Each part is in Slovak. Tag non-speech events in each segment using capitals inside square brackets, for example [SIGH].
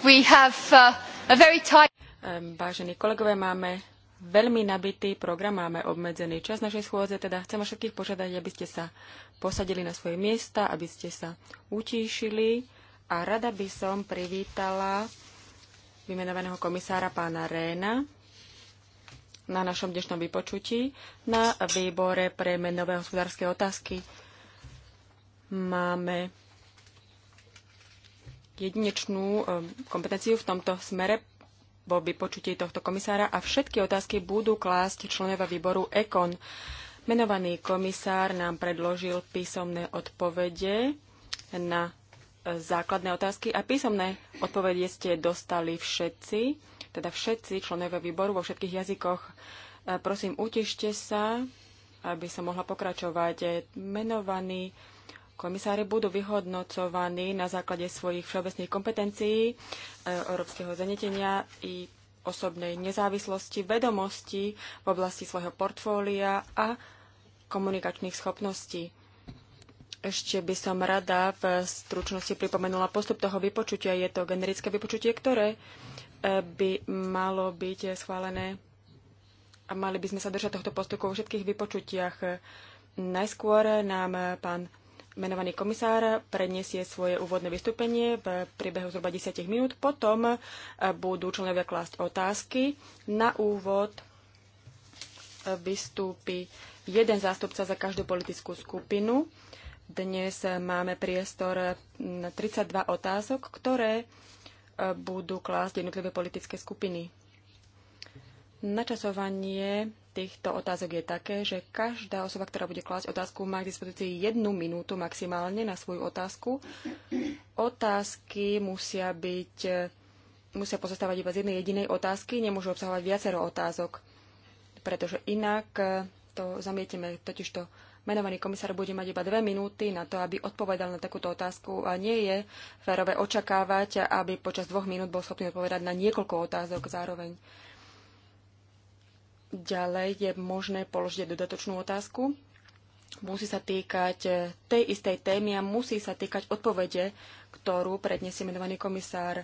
Uh, vážení kolegové, máme veľmi nabitý program, máme obmedzený čas našej schôdze, teda chcem vás všetkých požiadať, aby ste sa posadili na svoje miesta, aby ste sa utíšili a rada by som privítala vymenovaného komisára pána Réna na našom dnešnom vypočutí na výbore pre menové hospodárske otázky. Máme jedinečnú e, kompetenciu v tomto smere vo vypočutí tohto komisára a všetky otázky budú klásť členova výboru ECON. Menovaný komisár nám predložil písomné odpovede na e, základné otázky a písomné odpovede ste dostali všetci, teda všetci členovia výboru vo všetkých jazykoch. E, prosím, utište sa, aby som mohla pokračovať. Menovaný Komisári budú vyhodnocovaní na základe svojich všeobecných kompetencií, e, európskeho zanetenia i osobnej nezávislosti, vedomosti v oblasti svojho portfólia a komunikačných schopností. Ešte by som rada v stručnosti pripomenula postup toho vypočutia. Je to generické vypočutie, ktoré e, by malo byť schválené a mali by sme sa držať tohto postupu vo všetkých vypočutiach. Najskôr nám pán menovaný komisár predniesie svoje úvodné vystúpenie v priebehu zhruba 10 minút. Potom eh, budú členovia klásť otázky. Na úvod eh, vystúpi jeden zástupca za každú politickú skupinu. Dnes máme priestor na 32 otázok, ktoré eh, budú klásť jednotlivé politické skupiny. Načasovanie týchto otázok je také, že každá osoba, ktorá bude klásť otázku, má k dispozícii jednu minútu maximálne na svoju otázku. Otázky musia byť musia pozostávať iba z jednej jedinej otázky, nemôžu obsahovať viacero otázok, pretože inak eh, to zamietneme, totižto menovaný komisár bude mať iba dve minúty na to, aby odpovedal na takúto otázku a nie je férové očakávať, aby počas dvoch minút bol schopný odpovedať na niekoľko otázok zároveň. Ďalej je možné položiť dodatočnú otázku. Musí sa týkať tej istej témy a musí sa týkať odpovede, ktorú predniesie menovaný komisár.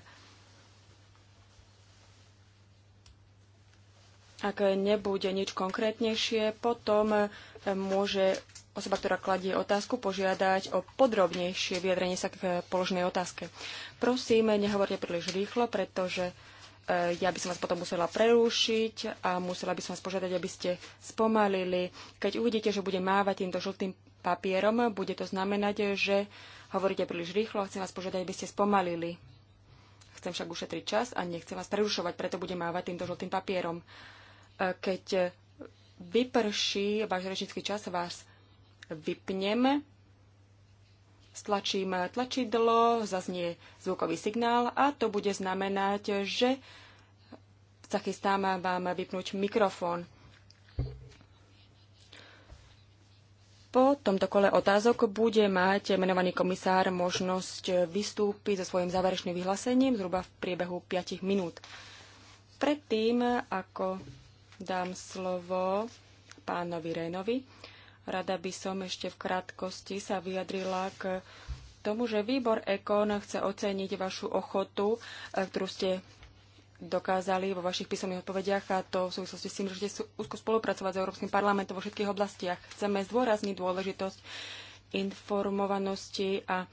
Ak nebude nič konkrétnejšie, potom môže osoba, ktorá kladie otázku, požiadať o podrobnejšie vyjadrenie sa k položnej otázke. Prosím, nehovorte príliš rýchlo, pretože E, ja by som vás potom musela prerušiť a musela by som vás požiadať, aby ste spomalili. Keď uvidíte, že bude mávať týmto žltým papierom, bude to znamenať, že hovoríte príliš rýchlo. Chcem vás požiadať, aby ste spomalili. Chcem však ušetriť čas a nechcem vás prerušovať, preto bude mávať týmto žltým papierom. E, keď vyprší váš rečnícky čas, vás vypnem stlačím tlačidlo, zaznie zvukový signál a to bude znamenať, že sa chystám vám vypnúť mikrofón. Po tomto kole otázok bude mať menovaný komisár možnosť vystúpiť so svojím záverečným vyhlásením zhruba v priebehu 5 minút. Predtým, ako dám slovo pánovi Rénovi, Rada by som ešte v krátkosti sa vyjadrila k tomu, že výbor EKON chce oceniť vašu ochotu, e, ktorú ste dokázali vo vašich písomných odpovediach a to v súvislosti s tým, že ste úzko spolupracovať s Európskym parlamentom vo všetkých oblastiach. Chceme zdôrazniť dôležitosť informovanosti a e,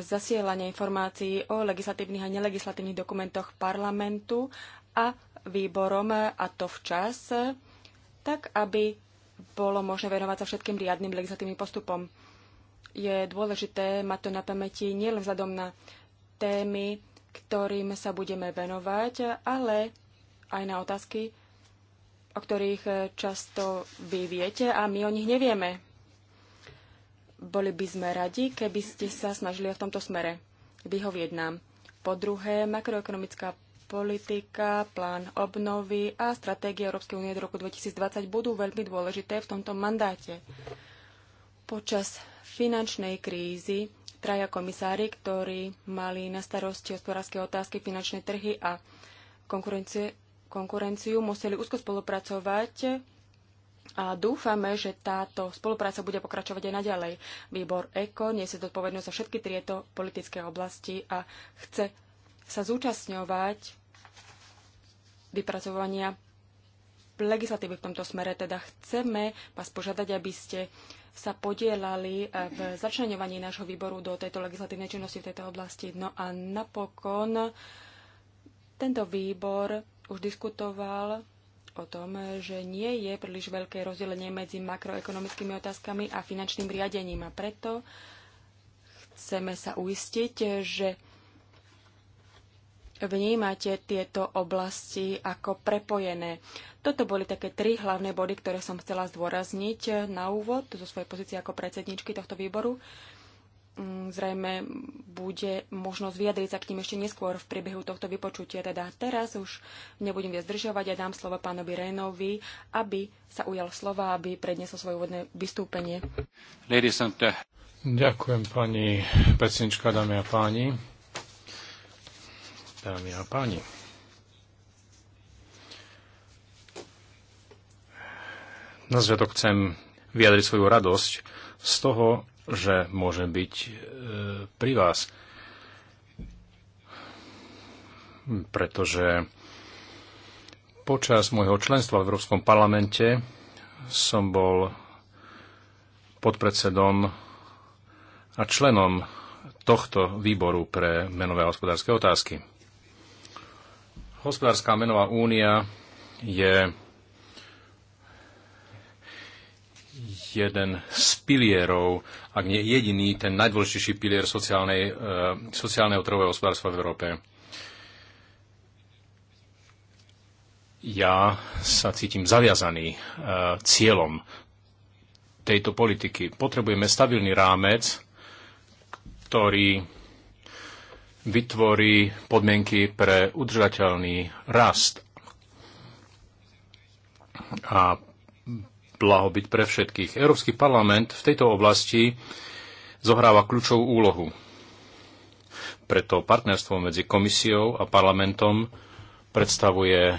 zasielania informácií o legislatívnych a nelegislatívnych dokumentoch parlamentu a výborom a to včas, tak aby bolo možné venovať sa všetkým riadnym legislatívnym postupom. Je dôležité mať to na pamäti nielen vzhľadom na témy, ktorým sa budeme venovať, ale aj na otázky, o ktorých často vy viete a my o nich nevieme. Boli by sme radi, keby ste sa snažili v tomto smere vyhovieť nám. Po druhé, makroekonomická politika, plán obnovy a stratégia Európskej únie do roku 2020 budú veľmi dôležité v tomto mandáte. Počas finančnej krízy traja komisári, ktorí mali na starosti hospodárske otázky, finančné trhy a konkurencie, konkurenciu, museli úzko spolupracovať a dúfame, že táto spolupráca bude pokračovať aj naďalej. Výbor ECO nesie zodpovednosť za všetky tieto politické oblasti a chce sa zúčastňovať vypracovania legislatívy v tomto smere. Teda chceme vás požiadať, aby ste sa podielali v začlenovaní nášho výboru do tejto legislatívnej činnosti v tejto oblasti. No a napokon tento výbor už diskutoval o tom, že nie je príliš veľké rozdelenie medzi makroekonomickými otázkami a finančným riadením. A preto chceme sa uistiť, že vnímate tieto oblasti ako prepojené. Toto boli také tri hlavné body, ktoré som chcela zdôrazniť na úvod zo svojej pozície ako predsedničky tohto výboru. Mm, Zrejme bude možnosť vyjadriť sa k ním ešte neskôr v priebehu tohto vypočutia. Teda teraz už nebudem viac zdržovať a dám slovo pánovi Rénovi, aby sa ujal slova, aby predniesol svoje úvodné vystúpenie. Ďakujem pani predsednička, dámy a páni dámy a páni. Na zvedok chcem vyjadriť svoju radosť z toho, že môžem byť e, pri vás. Pretože počas môjho členstva v Európskom parlamente som bol podpredsedom a členom tohto výboru pre menové a hospodárske otázky. Hospodárska menová únia je jeden z pilierov, ak nie jediný, ten najdôležitejší pilier sociálnej, e, sociálneho trhového hospodárstva v Európe. Ja sa cítim zaviazaný e, cieľom tejto politiky. Potrebujeme stabilný rámec, ktorý vytvorí podmienky pre udržateľný rast a blahobyt pre všetkých. Európsky parlament v tejto oblasti zohráva kľúčovú úlohu. Preto partnerstvo medzi komisiou a parlamentom predstavuje e,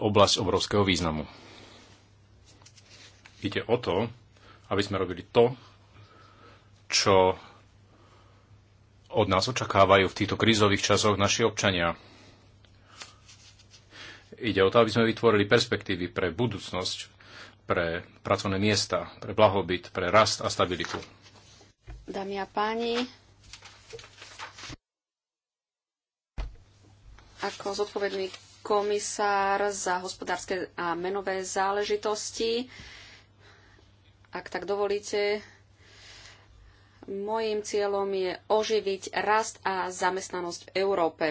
oblasť obrovského významu. Ide o to, aby sme robili to, čo od nás očakávajú v týchto krízových časoch naši občania. Ide o to, aby sme vytvorili perspektívy pre budúcnosť, pre pracovné miesta, pre blahobyt, pre rast a stabilitu. Dámy a páni, ako zodpovedný komisár za hospodárske a menové záležitosti. Ak tak dovolíte, Mojím cieľom je oživiť rast a zamestnanosť v Európe.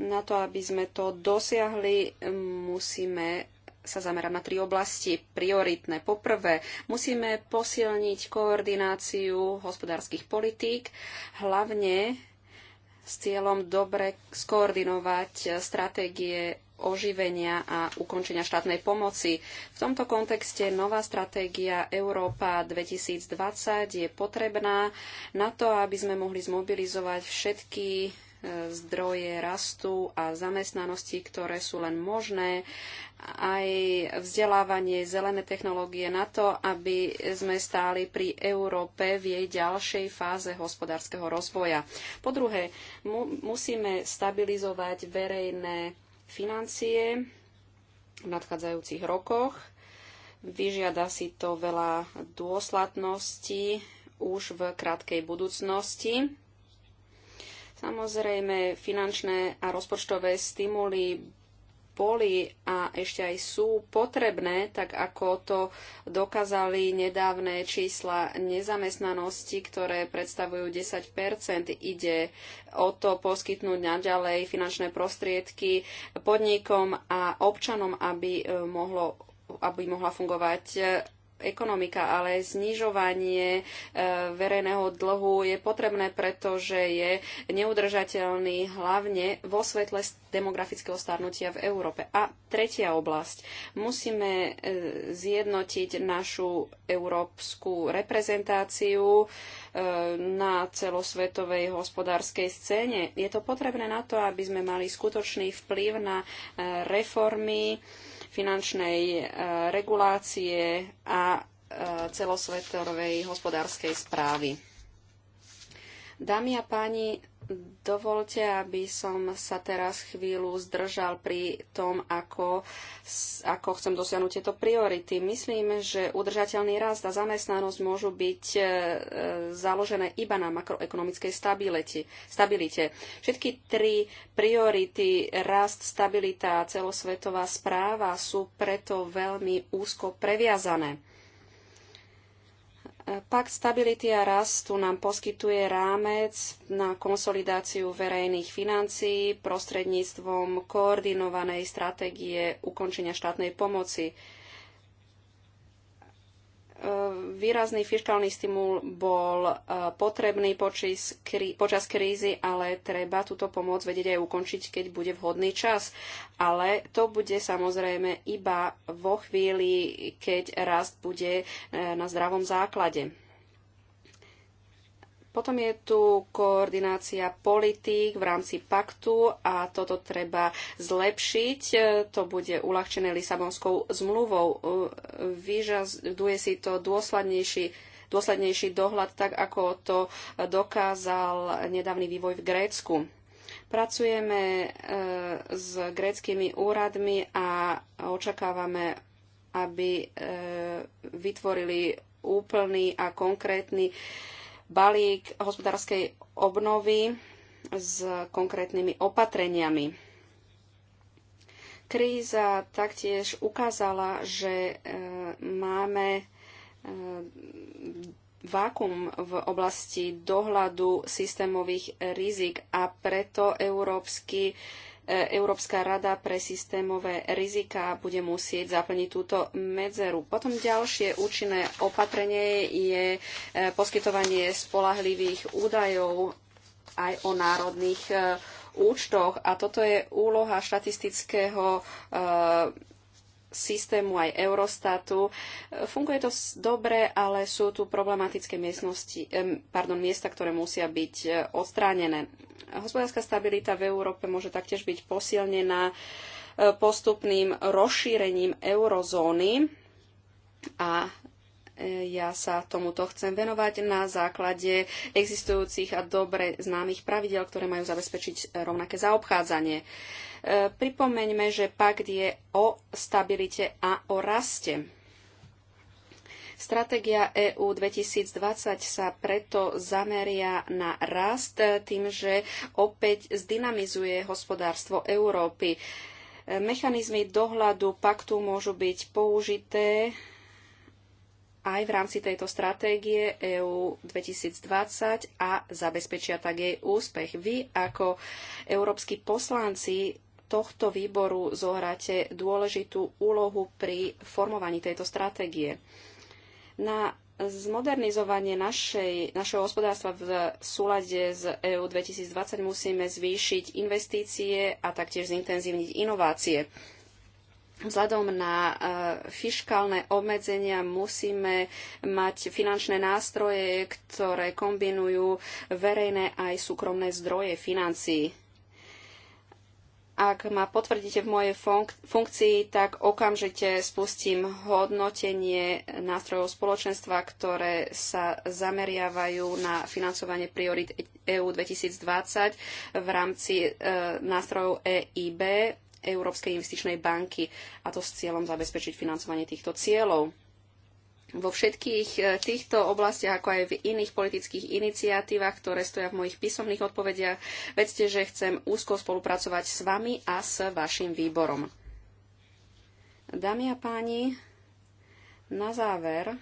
Na to, aby sme to dosiahli, musíme sa zamerať na tri oblasti prioritné. Poprvé, musíme posilniť koordináciu hospodárskych politík, hlavne s cieľom dobre skoordinovať stratégie oživenia a ukončenia štátnej pomoci. V tomto kontexte nová stratégia Európa 2020 je potrebná na to, aby sme mohli zmobilizovať všetky e, zdroje rastu a zamestnanosti, ktoré sú len možné, aj vzdelávanie zelené technológie na to, aby sme stáli pri Európe v jej ďalšej fáze hospodárskeho rozvoja. Po druhé, mu musíme stabilizovať verejné financie v nadchádzajúcich rokoch. Vyžiada si to veľa dôslednosti už v krátkej budúcnosti. Samozrejme, finančné a rozpočtové stimuly boli a ešte aj sú potrebné, tak ako to dokázali nedávne čísla nezamestnanosti, ktoré predstavujú 10 Ide o to poskytnúť naďalej finančné prostriedky podnikom a občanom, aby, eh, mohlo, aby mohla fungovať eh, ekonomika, ale znižovanie e, verejného dlhu je potrebné, pretože je neudržateľný hlavne vo svetle demografického starnutia v Európe. A tretia oblasť. Musíme e, zjednotiť našu európsku reprezentáciu e, na celosvetovej hospodárskej scéne. Je to potrebné na to, aby sme mali skutočný vplyv na reformy, finančnej e, regulácie a e, celosvetovej hospodárskej správy. Dámy a páni, dovolte, aby som sa teraz chvíľu zdržal pri tom, ako, ako chcem dosiahnuť tieto priority. Myslím, že udržateľný rast a zamestnanosť môžu byť e, založené iba na makroekonomickej stabilite. stabilite. Všetky tri priority rast, stabilita a celosvetová správa sú preto veľmi úzko previazané. Pakt stability a rastu nám poskytuje rámec na konsolidáciu verejných financií prostredníctvom koordinovanej stratégie ukončenia štátnej pomoci výrazný fiskálny stimul bol e, potrebný počas, krí, počas krízy, ale treba túto pomoc vedieť aj ukončiť, keď bude vhodný čas. Ale to bude samozrejme iba vo chvíli, keď rast bude e, na zdravom základe. Potom je tu koordinácia politík v rámci paktu a toto treba zlepšiť. E, to bude uľahčené Lisabonskou zmluvou. E, vyžaduje si to dôslednejší dôslednejší dohľad, tak ako to dokázal nedávny vývoj v Grécku. Pracujeme e, s gréckými úradmi a očakávame, aby vytvorili úplný a konkrétny balík hospodárskej obnovy s konkrétnymi opatreniami. Kríza taktiež ukázala, že e, máme e, vákum v oblasti dohľadu systémových rizik a preto Európsky E, Európska rada pre systémové rizika bude musieť zaplniť túto medzeru. Potom ďalšie účinné opatrenie je e, poskytovanie spolahlivých údajov aj o národných e, účtoch. A toto je úloha štatistického systému aj Eurostatu. Funguje to dobre, ale sú tu problematické miestnosti, pardon, miesta, ktoré musia byť e, odstránené. Hospodárska stabilita v Európe môže taktiež byť posilnená e, postupným rozšírením eurozóny a ja sa tomuto chcem venovať na základe existujúcich a dobre známych pravidel, ktoré majú zabezpečiť rovnaké zaobchádzanie. E, pripomeňme, že pakt je o stabilite a o raste. Stratégia EU 2020 sa preto zameria na rast tým, že opäť zdynamizuje hospodárstvo Európy. E, mechanizmy dohľadu paktu môžu byť použité aj v rámci tejto stratégie EU 2020 a zabezpečia tak jej úspech. Vy ako európsky poslanci tohto výboru zohráte dôležitú úlohu pri formovaní tejto stratégie. Na zmodernizovanie našej, našeho hospodárstva v súlade s EU 2020 musíme zvýšiť investície a taktiež zintenzívniť inovácie. Vzhľadom na e, fiškálne obmedzenia musíme mať finančné nástroje, ktoré kombinujú verejné aj súkromné zdroje financií. Ak ma potvrdíte v mojej funk- funkcii, tak okamžite spustím hodnotenie nástrojov spoločenstva, ktoré sa zameriavajú na financovanie priorit EU e 2020 v rámci e, nástrojov EIB Európskej investičnej banky a to s cieľom zabezpečiť financovanie týchto cieľov. Vo všetkých e, týchto oblastiach, ako aj v iných politických iniciatívach, ktoré stoja v mojich písomných odpovediach, vedzte, že chcem úzko spolupracovať s vami a s vašim výborom. Dámy a páni, na záver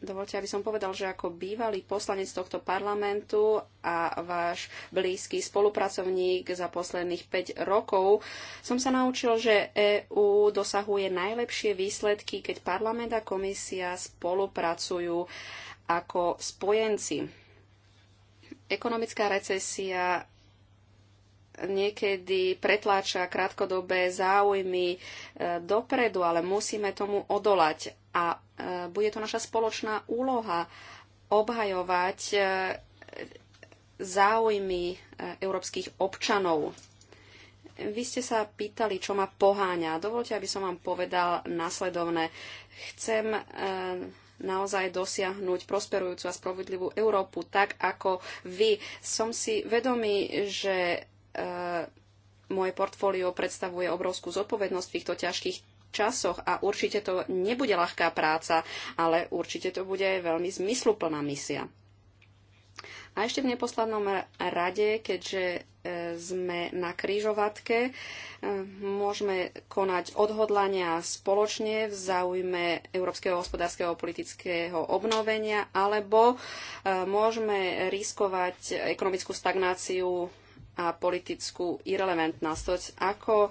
Dovolte, aby som povedal, že ako bývalý poslanec tohto parlamentu a váš blízky spolupracovník za posledných 5 rokov som sa naučil, že EÚ dosahuje najlepšie výsledky, keď parlament a komisia spolupracujú ako spojenci. Ekonomická recesia niekedy pretláča krátkodobé záujmy eh, dopredu, ale musíme tomu odolať a e, bude to naša spoločná úloha obhajovať e, záujmy e, európskych občanov. Vy ste sa pýtali, čo ma poháňa. Dovolte, aby som vám povedal nasledovné. Chcem naozaj dosiahnuť prosperujúcu a spravodlivú Európu, tak ako vy. Som si vedomý, že moje portfólio predstavuje obrovskú zodpovednosť v týchto ťažkých časoch a určite to nebude ľahká práca, ale určite to bude veľmi zmysluplná misia. A ešte v neposlednom rade, keďže e, sme na krížovatke, e, môžeme konať odhodlania spoločne v záujme európskeho hospodárskeho politického obnovenia, alebo e, môžeme riskovať ekonomickú stagnáciu a politickú irrelevantnosť. Ako e,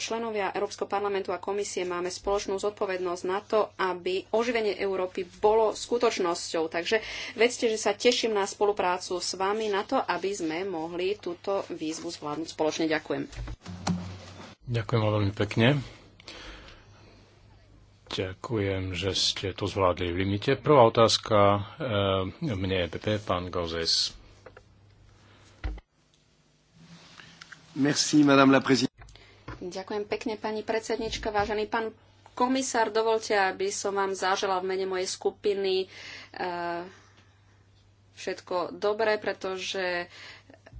členovia Európskeho parlamentu a komisie máme spoločnú zodpovednosť na to, aby oživenie Európy bolo skutočnosťou. Takže vedzte, že sa teším na spoluprácu s vami na to, aby sme mohli túto výzvu zvládnuť spoločne. Ďakujem. Ďakujem veľmi pekne. Ďakujem, že ste to zvládli v limite. Prvá otázka e, mne je PP, pán Gozes. Merci, madame la Ďakujem pekne, pani predsednička. Vážený pán komisár, dovolte, aby som vám zaželal v mene mojej skupiny eh, všetko dobré, pretože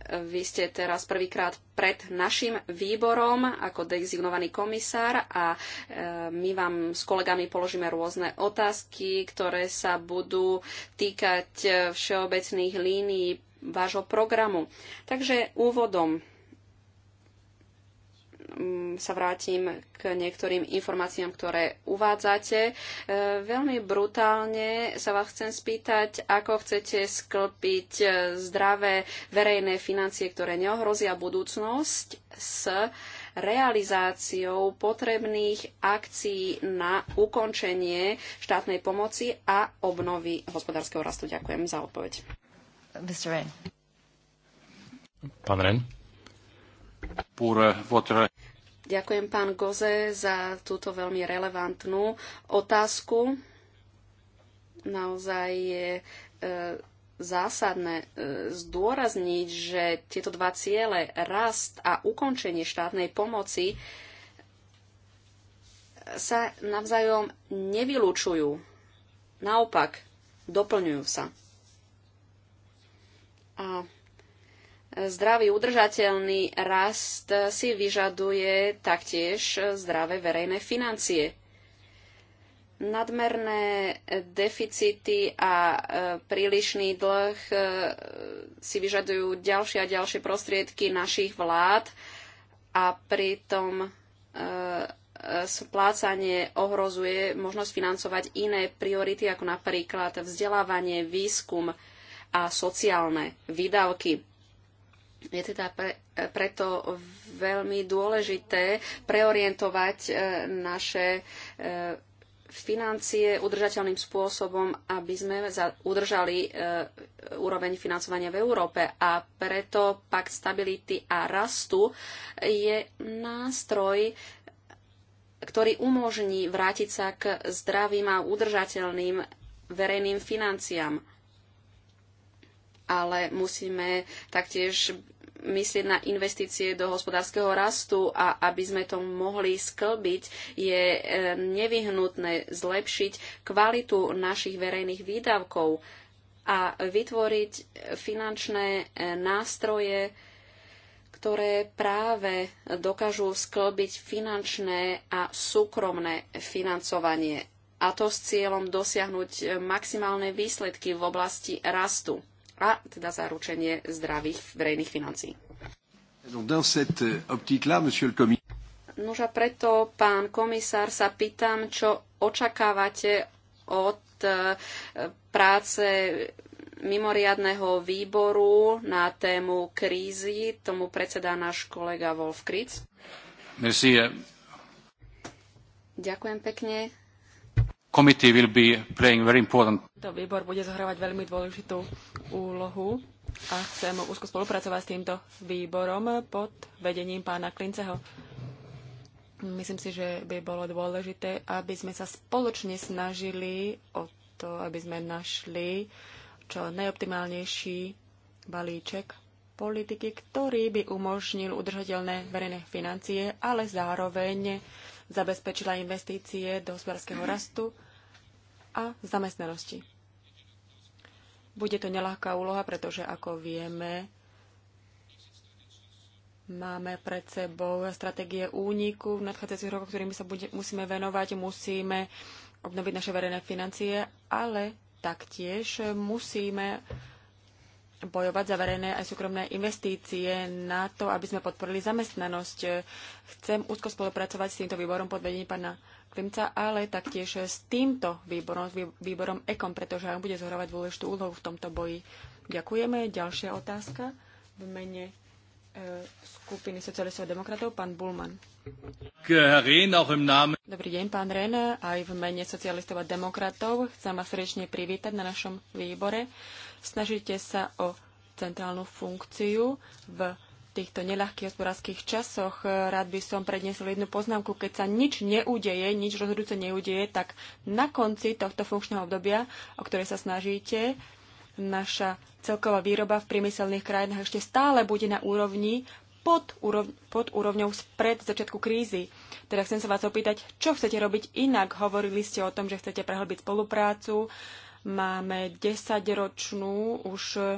vy ste teraz prvýkrát pred našim výborom ako dezignovaný komisár a eh, my vám s kolegami položíme rôzne otázky, ktoré sa budú týkať eh, všeobecných línií vášho programu. Takže úvodom Mm, sa vrátim k niektorým informáciám, ktoré uvádzate. E, veľmi brutálne sa vás chcem spýtať, ako chcete sklpiť e, zdravé verejné financie, ktoré neohrozia budúcnosť s realizáciou potrebných akcií na ukončenie štátnej pomoci a obnovy hospodárskeho rastu. Ďakujem za odpoveď. Pán Ren. Ďakujem pán Goze za túto veľmi relevantnú otázku. Naozaj je e, zásadné e, zdôrazniť, že tieto dva ciele, rast a ukončenie štátnej pomoci, sa navzájom nevylúčujú. Naopak, doplňujú sa. A Zdravý udržateľný rast si vyžaduje taktiež zdravé verejné financie. Nadmerné deficity a e, prílišný dlh e, si vyžadujú ďalšie a ďalšie prostriedky našich vlád a pritom e, splácanie ohrozuje možnosť financovať iné priority, ako napríklad vzdelávanie, výskum a sociálne výdavky. Je teda pre, preto veľmi dôležité preorientovať e, naše e, financie udržateľným spôsobom, aby sme udržali e, úroveň financovania v Európe. A preto Pakt stability a rastu je nástroj, ktorý umožní vrátiť sa k zdravým a udržateľným verejným financiám. Ale musíme taktiež myslieť na investície do hospodárskeho rastu a aby sme to mohli sklbiť, je e, nevyhnutné zlepšiť kvalitu našich verejných výdavkov a vytvoriť finančné e, nástroje, ktoré práve dokážu sklbiť finančné a súkromné financovanie. A to s cieľom dosiahnuť e, maximálne výsledky v oblasti rastu a teda zaručenie zdravých verejných financií. Euh, Nož a preto, pán komisár, sa pýtam, čo očakávate od e, práce mimoriadného výboru na tému krízy. Tomu predsedá náš kolega Wolf Kritz. Euh. Ďakujem pekne committee will be playing very important. výbor bude zohrávať veľmi dôležitú úlohu a chcem úzko spolupracovať s týmto výborom pod vedením pána Klinceho. Myslím si, že by bolo dôležité, aby sme sa spoločne snažili o to, aby sme našli čo najoptimálnejší balíček politiky, ktorý by umožnil udržateľné verejné financie, ale zároveň zabezpečila investície do hospodárskeho rastu a zamestnanosti. Bude to nelahká úloha, pretože ako vieme, máme pred sebou stratégie úniku v nadchádzajúcich rokoch, ktorými sa bude, musíme venovať, musíme obnoviť naše verejné financie, ale taktiež musíme bojovať za verejné aj súkromné investície na to, aby sme podporili zamestnanosť. Chcem úzko spolupracovať s týmto výborom pod vedením pána Klimca, ale taktiež s týmto výborom, výborom EKOM, pretože on bude zohrávať dôležitú úlohu v tomto boji. Ďakujeme. Ďalšia otázka v mene e, skupiny socialistov a demokratov, pán Bulman. Dobrý deň, pán Ren, aj v mene socialistov a demokratov. Chcem vás srdečne privítať na našom výbore. Snažíte sa o centrálnu funkciu v týchto neľahkých hospodárskych časoch e, rád by som predniesol jednu poznámku. Keď sa nič neudeje, nič rozhodujúce neudeje, tak na konci tohto funkčného obdobia, o ktoré sa snažíte, naša celková výroba v priemyselných krajinách ešte stále bude na úrovni pod, úrov, pod úrovňou spred začiatku krízy. Teda chcem sa vás opýtať, čo chcete robiť inak? Hovorili ste o tom, že chcete prehlbiť spoluprácu. Máme desaťročnú už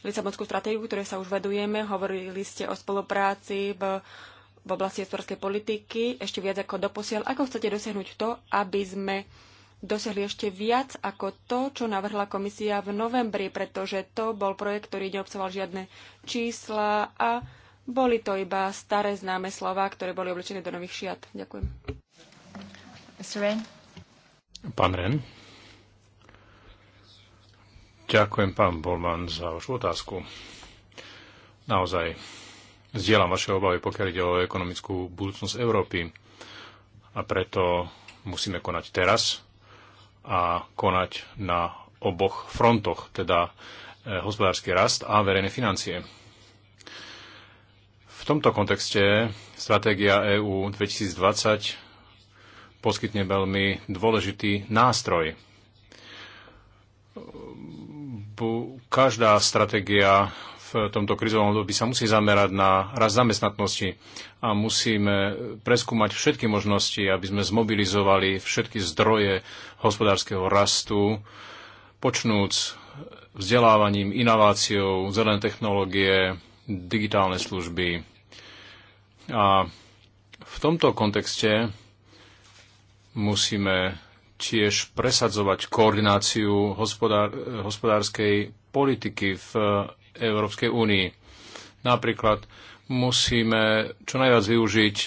Lisabonskú stratégiu, ktoré sa už vedujeme. Hovorili ste o spolupráci v, v oblasti hospodárskej politiky ešte viac ako doposiaľ. Ako chcete dosiahnuť to, aby sme dosiahli ešte viac ako to, čo navrhla komisia v novembri, pretože to bol projekt, ktorý neobsahoval žiadne čísla a boli to iba staré známe slova, ktoré boli oblečené do nových šiat. Ďakujem. Pán Ren. Ďakujem, pán Bolman, za vašu otázku. Naozaj, zdieľam vaše obavy, pokiaľ ide o ekonomickú budúcnosť Európy. A preto musíme konať teraz a konať na oboch frontoch, teda e, hospodársky rast a verejné financie. V tomto kontexte stratégia EU 2020 poskytne veľmi dôležitý nástroj každá stratégia v tomto krizovom období sa musí zamerať na rast zamestnatnosti a musíme preskúmať všetky možnosti, aby sme zmobilizovali všetky zdroje hospodárskeho rastu, počnúc vzdelávaním, inováciou, zelené technológie, digitálne služby. A v tomto kontexte musíme tiež presadzovať koordináciu hospodár, eh, hospodárskej politiky v eh, Európskej únii. Napríklad musíme čo najviac využiť e,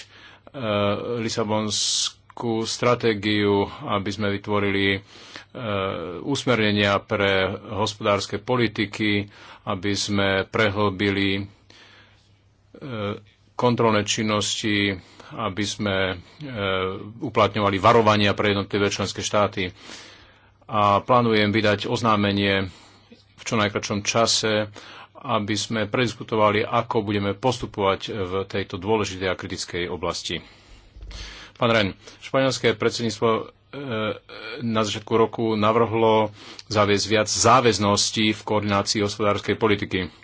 Lisabonskú stratégiu, aby sme vytvorili e, usmernenia pre hospodárske politiky, aby sme prehlbili e, kontrolné činnosti aby sme e, uplatňovali varovania pre jednotlivé členské štáty. A plánujem vydať oznámenie v čo najkračom čase, aby sme prediskutovali, ako budeme postupovať v tejto dôležitej a kritickej oblasti. Pán Reň, španielské predsedníctvo e, na začiatku roku navrhlo zaviesť viac záväzností v koordinácii hospodárskej politiky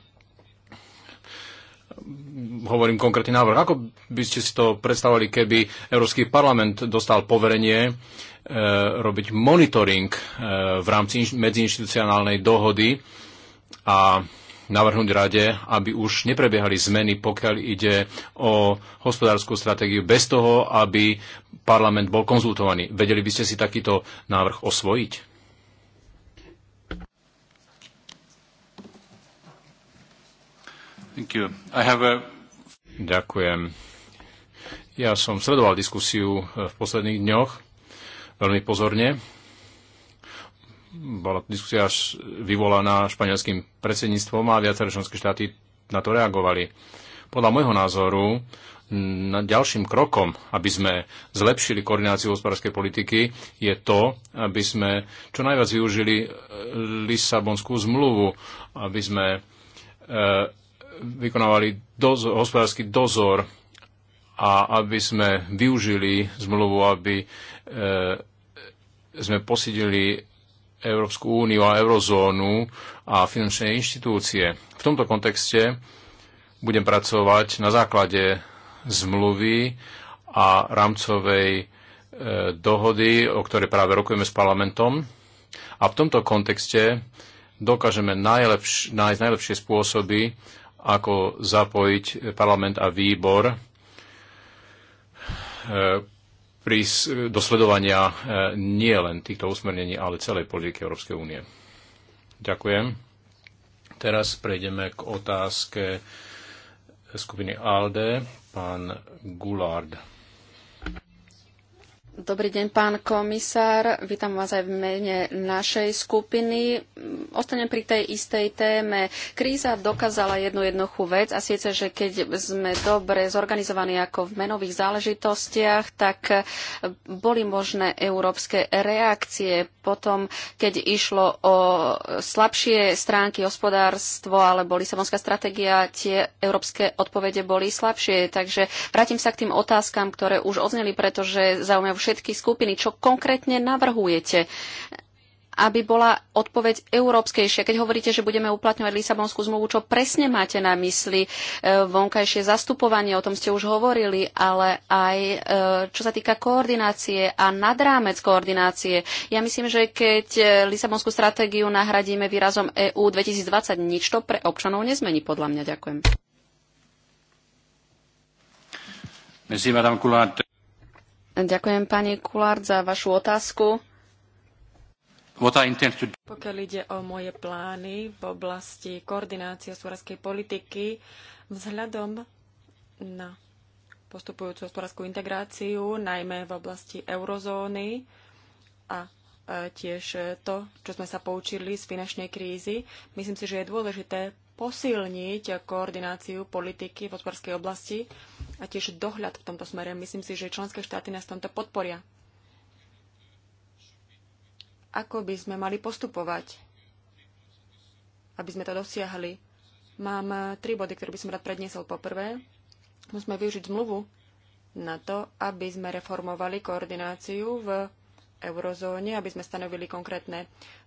hovorím konkrétny návrh. Ako by ste si to predstavovali, keby Európsky parlament dostal poverenie e, robiť monitoring e, v rámci medziinstitucionálnej dohody a navrhnúť rade, aby už neprebiehali zmeny, pokiaľ ide o hospodárskú stratégiu, bez toho, aby parlament bol konzultovaný. Vedeli by ste si takýto návrh osvojiť? Thank you. I have a Ďakujem. Ja som sledoval diskusiu eh, v posledných dňoch veľmi pozorne. Bola diskusia až vyvolaná španielským predsedníctvom a viaceré členské štáty na to reagovali. Podľa môjho názoru, ďalším krokom, aby sme zlepšili koordináciu hospodárskej politiky, je to, aby sme čo najviac využili eh, Lisabonskú zmluvu, aby sme eh, vykonávali dozor, hospodársky dozor a aby sme využili zmluvu, aby e, sme posilili Európsku úniu a eurozónu a finančné inštitúcie. V tomto kontexte budem pracovať na základe zmluvy a rámcovej e, dohody, o ktorej práve rokujeme s parlamentom. A v tomto kontexte dokážeme najlepš- nájsť najlepšie spôsoby, ako zapojiť parlament a výbor e, pri dosledovania e, nie len týchto usmernení, ale celej politiky Európskej únie. Ďakujem. Teraz prejdeme k otázke skupiny ALDE, pán Goulard. Dobrý deň, pán komisár. Vítam vás aj v mene našej skupiny. Ostanem pri tej istej téme. Kríza dokázala jednu jednoduchú vec a síce, že keď sme dobre zorganizovaní ako v menových záležitostiach, tak boli možné európske reakcie. Potom, keď išlo o slabšie stránky hospodárstvo alebo Lisabonská stratégia, tie európske odpovede boli slabšie. Takže vrátim sa k tým otázkam, ktoré už odzneli, pretože zaujímavé všetky skupiny. Čo konkrétne navrhujete? aby bola odpoveď európskejšia. Keď hovoríte, že budeme uplatňovať Lisabonskú zmluvu, čo presne máte na mysli? E, vonkajšie zastupovanie, o tom ste už hovorili, ale aj e, čo sa týka koordinácie a nadrámec koordinácie. Ja myslím, že keď e, Lisabonskú stratégiu nahradíme výrazom EU 2020, nič to pre občanov nezmení, podľa mňa. Ďakujem. Merci, Madame Coulard. Ďakujem pani Kulard za vašu otázku. Pokiaľ ide o moje plány v oblasti koordinácie hospodárskej politiky, vzhľadom na postupujúcu hospodárskú integráciu, najmä v oblasti eurozóny a e, tiež to, čo sme sa poučili z finančnej krízy, myslím si, že je dôležité posilniť koordináciu politiky v hospodárskej oblasti a tiež dohľad v tomto smere. Myslím si, že členské štáty nás tomto podporia. Ako by sme mali postupovať, aby sme to dosiahli? Mám tri body, ktoré by som rád predniesol. Poprvé, musíme využiť zmluvu na to, aby sme reformovali koordináciu v eurozóne, aby sme stanovili konkrétne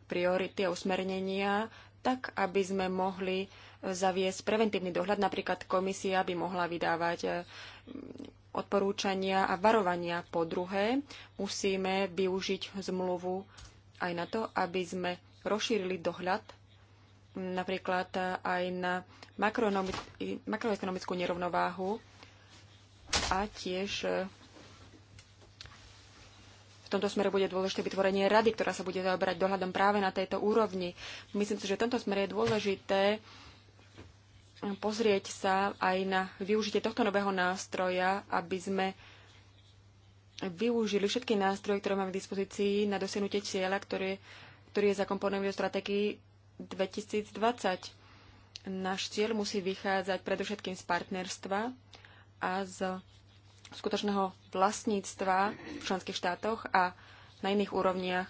priority a usmernenia tak aby sme mohli e, zaviesť preventívny dohľad. Napríklad komisia by mohla vydávať e, odporúčania a varovania. Po druhé, musíme využiť zmluvu aj na to, aby sme rozšírili dohľad napríklad e, aj na makroekonomickú nerovnováhu a tiež tomto smere bude dôležité vytvorenie rady, ktorá sa bude zaoberať dohľadom práve na tejto úrovni. Myslím si, že v tomto smere je dôležité pozrieť sa aj na využitie tohto nového nástroja, aby sme využili všetky nástroje, ktoré máme k dispozícii na dosiahnutie cieľa, ktorý, ktorý je zakomponovaný do strategii 2020. Náš cieľ musí vychádzať predovšetkým z partnerstva a z skutočného vlastníctva v členských štátoch a na iných úrovniach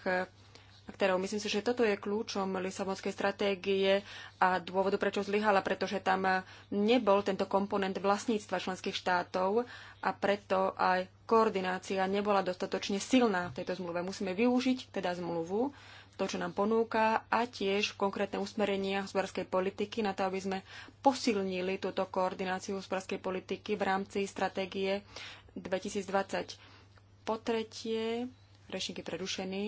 aktérov. E, myslím si, že toto je kľúčom Lisabonskej stratégie a dôvodu, prečo zlyhala, pretože tam e, nebol tento komponent vlastníctva členských štátov a preto aj koordinácia nebola dostatočne silná v tejto zmluve. Musíme využiť teda zmluvu to, čo nám ponúka a tiež konkrétne usmerenia hospodárskej politiky na to, aby sme posilnili túto koordináciu hospodárskej politiky v rámci stratégie 2020. Po tretie, rečník je prerušený,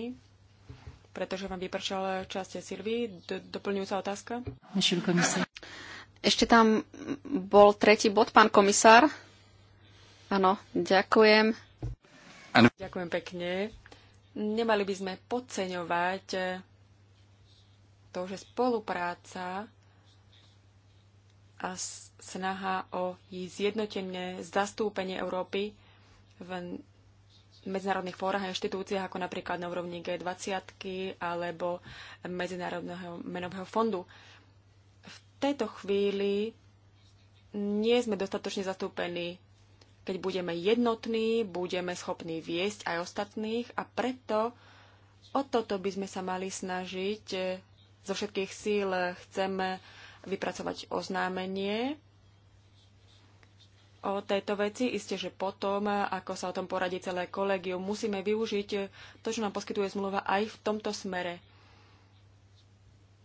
pretože vám vypršal časť Silvy. Doplňujúca otázka? Ešte tam bol tretí bod, pán komisár. Áno, ďakujem. Ano. Ďakujem pekne. Nemali by sme podceňovať eh, to, že spolupráca a snaha o jej zjednotené zastúpenie Európy v medzinárodných fórach a inštitúciách, ako napríklad na úrovni G20 alebo Medzinárodného menového fondu. V tejto chvíli nie sme dostatočne zastúpení keď budeme jednotní, budeme schopní viesť aj ostatných a preto o toto by sme sa mali snažiť zo všetkých síl. Chceme vypracovať oznámenie o tejto veci. Isté, že potom, ako sa o tom poradí celé kolegium, musíme využiť to, čo nám poskytuje zmluva aj v tomto smere.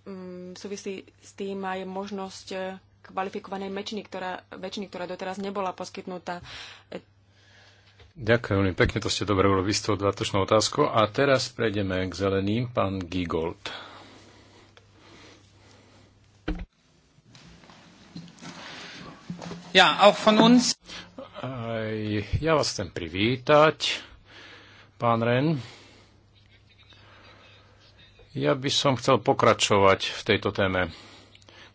Mm, súvisí s tým aj možnosť kvalifikovanej väčšiny, ktorá, väčšiny, ktorá doteraz nebola poskytnutá. Ďakujem veľmi pekne, to ste dobre urobili s tou dvatočnou otázkou. A teraz prejdeme k zeleným, pán Gigold. Ja, auch von uns. Aj, ja vás chcem privítať, pán Ren. Ja by som chcel pokračovať v tejto téme.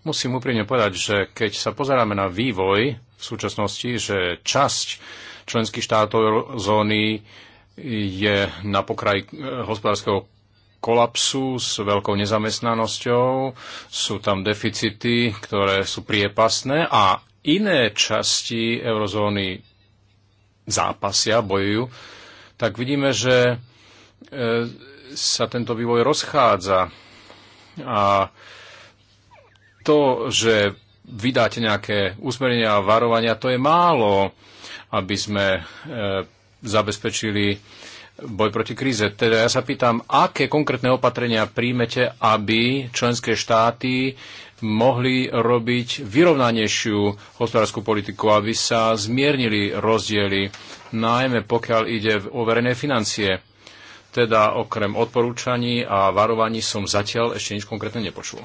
Musím úprimne povedať, že keď sa pozeráme na vývoj v súčasnosti, že časť členských štátov zóny je na pokraji eh, hospodárskeho kolapsu s veľkou nezamestnanosťou, sú tam deficity, ktoré sú priepasné a iné časti eurozóny zápasia, bojujú, tak vidíme, že eh, sa tento vývoj rozchádza. A to, že vydáte nejaké usmerenia a varovania, to je málo, aby sme e, zabezpečili boj proti kríze. Teda ja sa pýtam, aké konkrétne opatrenia príjmete, aby členské štáty mohli robiť vyrovnanejšiu hospodárskú politiku, aby sa zmiernili rozdiely, najmä pokiaľ ide o verejné financie. Teda okrem odporúčaní a varovaní som zatiaľ ešte nič konkrétne nepočul.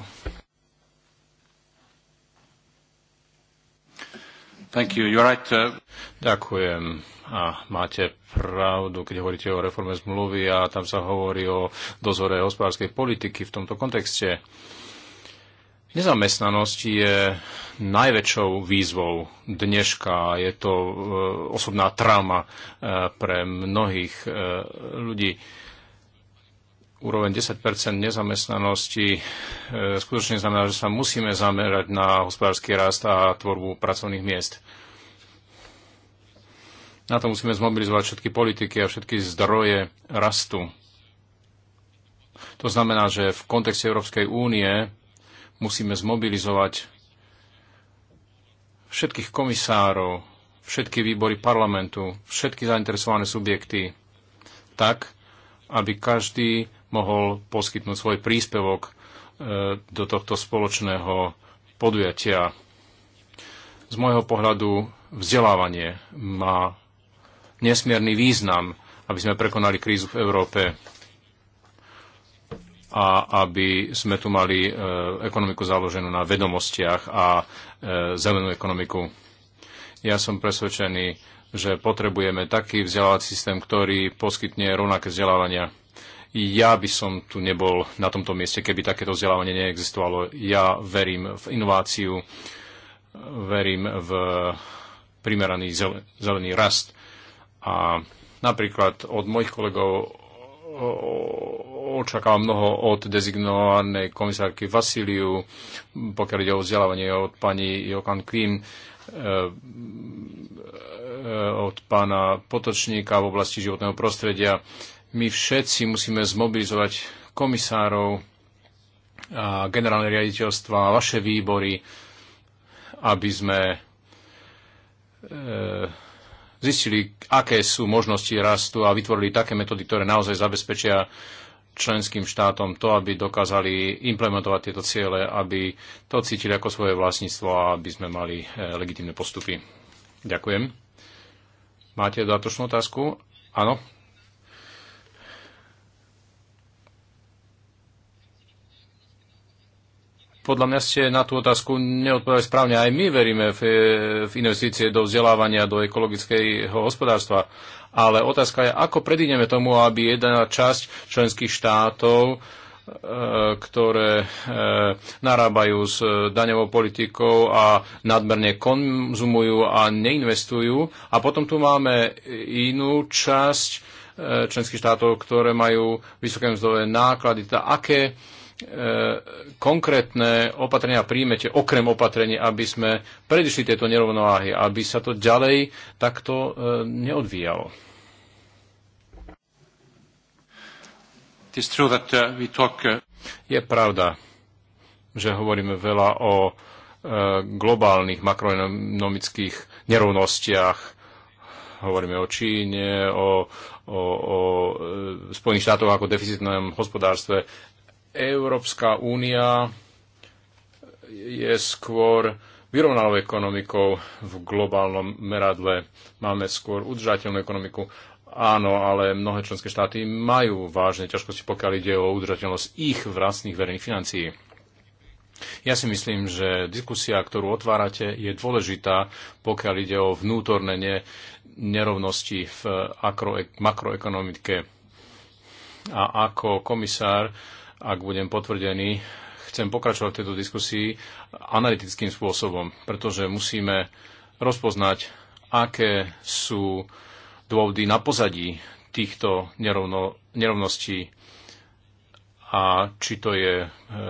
Thank you. You're right. Uh, Ďakujem. A máte pravdu, keď hovoríte o reforme zmluvy a tam sa hovorí o dozore hospodárskej politiky v tomto kontexte. Nezamestnanosť je najväčšou výzvou dneška. Je to e, osobná trauma e, pre mnohých e, ľudí úroveň 10 nezamestnanosti e, skutočne znamená, že sa musíme zamerať na hospodársky rast a tvorbu pracovných miest. Na to musíme zmobilizovať všetky politiky a všetky zdroje rastu. To znamená, že v kontexte Európskej únie musíme zmobilizovať všetkých komisárov, všetky výbory parlamentu, všetky zainteresované subjekty, tak, aby každý mohol poskytnúť svoj príspevok e, do tohto spoločného podujatia. Z môjho pohľadu vzdelávanie má nesmierny význam, aby sme prekonali krízu v Európe a aby sme tu mali e, ekonomiku založenú na vedomostiach a e, zelenú ekonomiku. Ja som presvedčený, že potrebujeme taký vzdelávací systém, ktorý poskytne rovnaké vzdelávania ja by som tu nebol na tomto mieste, keby takéto vzdelávanie neexistovalo. Ja verím v inováciu, verím v primeraný zelený rast. A napríklad od mojich kolegov očakávam mnoho od dezignovanej komisárky Vasiliu, pokiaľ ide o vzdelávanie od pani Jokan Kvím, e, e, od pána Potočníka v oblasti životného prostredia my všetci musíme zmobilizovať komisárov, a generálne riaditeľstva, a vaše výbory, aby sme e, zistili, aké sú možnosti rastu a vytvorili také metódy, ktoré naozaj zabezpečia členským štátom to, aby dokázali implementovať tieto ciele, aby to cítili ako svoje vlastníctvo a aby sme mali e, legitimné postupy. Ďakujem. Máte dodatočnú otázku? Áno, podľa mňa ste na tú otázku neodpovedali správne. Aj my veríme v, v investície do vzdelávania, do ekologického hospodárstva. Ale otázka je, ako predídeme tomu, aby jedna časť členských štátov, e, ktoré e, narábajú s e, daňovou politikou a nadmerne konzumujú a neinvestujú. A potom tu máme inú časť členských štátov, ktoré majú vysoké mzdové náklady. Teda aké E, konkrétne opatrenia príjmete, okrem opatrení, aby sme predišli tieto nerovnováhy, aby sa to ďalej takto e, neodvíjalo? Uh, uh, Je pravda, že hovoríme veľa o e, globálnych makroekonomických nerovnostiach. Hovoríme o Číne, o, o, o Spojených štátoch ako deficitnom hospodárstve. Európska únia je skôr vyrovnanou ekonomikou v globálnom meradle. Máme skôr udržateľnú ekonomiku. Áno, ale mnohé členské štáty majú vážne ťažkosti, pokiaľ ide o udržateľnosť ich vlastných verejných financií. Ja si myslím, že diskusia, ktorú otvárate, je dôležitá, pokiaľ ide o vnútorné nerovnosti v makroekonomike. A ako komisár ak budem potvrdený, chcem pokračovať v tejto diskusii analytickým spôsobom, pretože musíme rozpoznať, aké sú dôvody na pozadí týchto nerovno, nerovností a či to je e, e,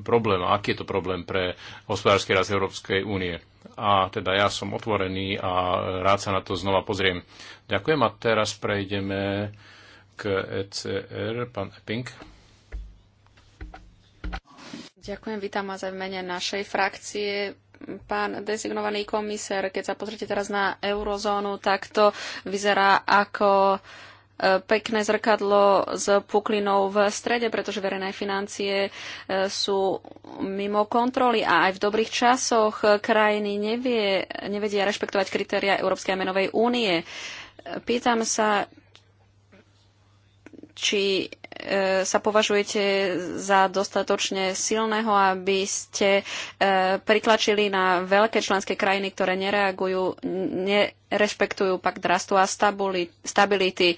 problém, a aký je to problém pre hospodársky rast Európskej únie. A teda ja som otvorený a rád sa na to znova pozriem. Ďakujem a teraz prejdeme k ECR, pán Epping. Ďakujem, vítam vás aj v mene našej frakcie pán dezignovaný komisár, keď sa pozrite teraz na eurozónu, tak to vyzerá ako e, pekné zrkadlo s puklinou v strede, pretože verejné financie e, sú mimo kontroly a aj v dobrých časoch krajiny nevie, nevedia rešpektovať kritéria Európskej menovej únie. Pýtam sa, či e, sa považujete za dostatočne silného, aby ste e, pritlačili na veľké členské krajiny, ktoré nereagujú, nerešpektujú pak drastu a stability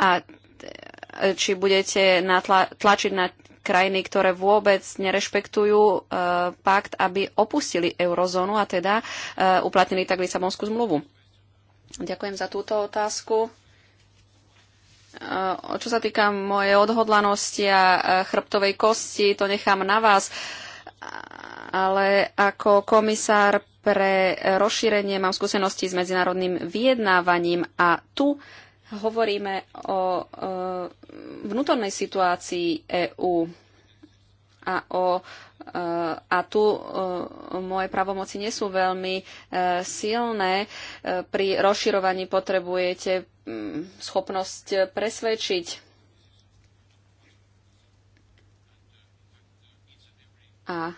a e, či budete natla- tlačiť na krajiny, ktoré vôbec nerešpektujú pakt, aby opustili eurozónu a teda uplatnili tak Lisabonskú zmluvu. Ďakujem za túto otázku. Eh, čo sa týka mojej odhodlanosti a eh, chrbtovej kosti, to nechám na vás. Ale ako komisár pre rozšírenie mám skúsenosti s medzinárodným vyjednávaním a tu hovoríme o eh, vnútornej situácii EÚ a o e, a tu e, moje pravomoci nie sú veľmi e, silné. Pri rozširovaní potrebujete mm, schopnosť presvedčiť. A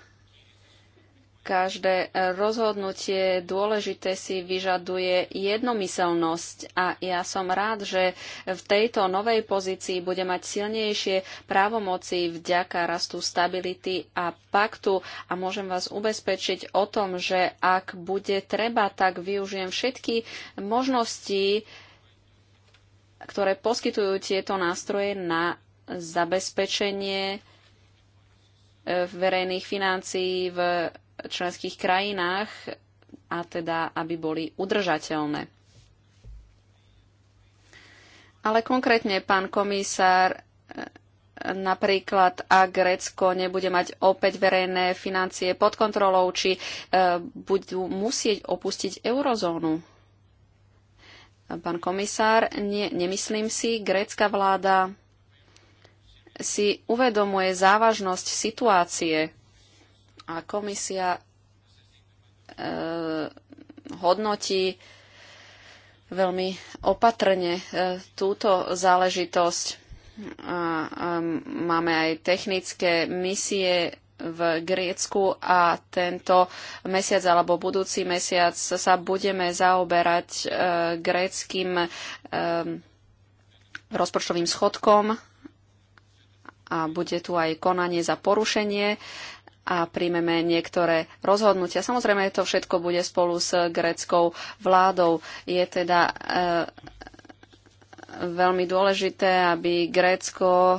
Každé rozhodnutie dôležité si vyžaduje jednomyselnosť a ja som rád, že v tejto novej pozícii bude mať silnejšie právomoci vďaka rastu stability a paktu a môžem vás ubezpečiť o tom, že ak bude treba, tak využijem všetky možnosti, ktoré poskytujú tieto nástroje na zabezpečenie eh, verejných financií v členských krajinách a teda, aby boli udržateľné. Ale konkrétne, pán komisár, eh, napríklad ak Grécko nebude mať opäť verejné financie pod kontrolou, či e, budú musieť opustiť eurozónu. Pán komisár, nie, nemyslím si, grécka vláda si uvedomuje závažnosť situácie a komisia e, hodnotí veľmi opatrne e, túto záležitosť. A, a máme aj technické misie v Grécku a tento mesiac alebo budúci mesiac sa budeme zaoberať e, gréckým e, rozpočtovým schodkom a bude tu aj konanie za porušenie a príjmeme niektoré rozhodnutia. Samozrejme, to všetko bude spolu s greckou vládou. Je teda e, veľmi dôležité, aby Grécko e,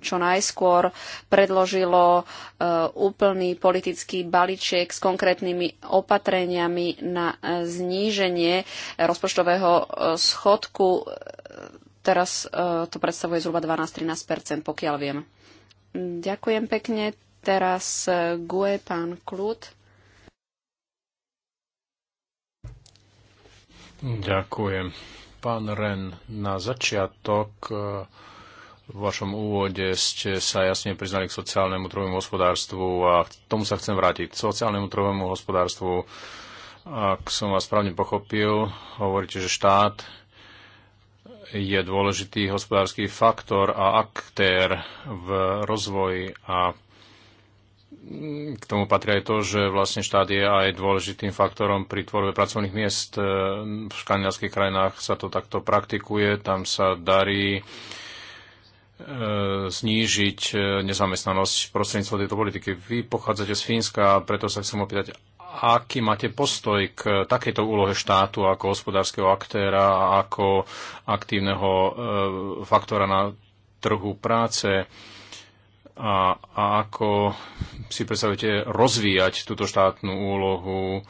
čo najskôr predložilo e, úplný politický balíček s konkrétnymi opatreniami na e, zníženie rozpočtového e, schodku. Teraz e, to predstavuje zhruba 12-13 pokiaľ viem. Ďakujem pekne. Teraz eh, Gue, pán Klut. Ďakujem. Pán Ren, na začiatok eh, v vašom úvode ste sa jasne priznali k sociálnemu trhovému hospodárstvu a k tomu sa chcem vrátiť. K sociálnemu trhovému hospodárstvu, ak som vás správne pochopil, hovoríte, že štát je dôležitý hospodársky faktor a aktér v rozvoji a k tomu patrí aj to, že vlastne štát je aj dôležitým faktorom pri tvorbe pracovných miest. E, v škandinávských krajinách sa to takto praktikuje, tam sa darí e, znížiť e, nezamestnanosť prostredníctvom tejto politiky. Vy pochádzate z Fínska, preto sa chcem opýtať, aký máte postoj k takejto úlohe štátu ako hospodárskeho aktéra a ako aktívneho faktora na trhu práce a, a ako si predstavujete rozvíjať túto štátnu úlohu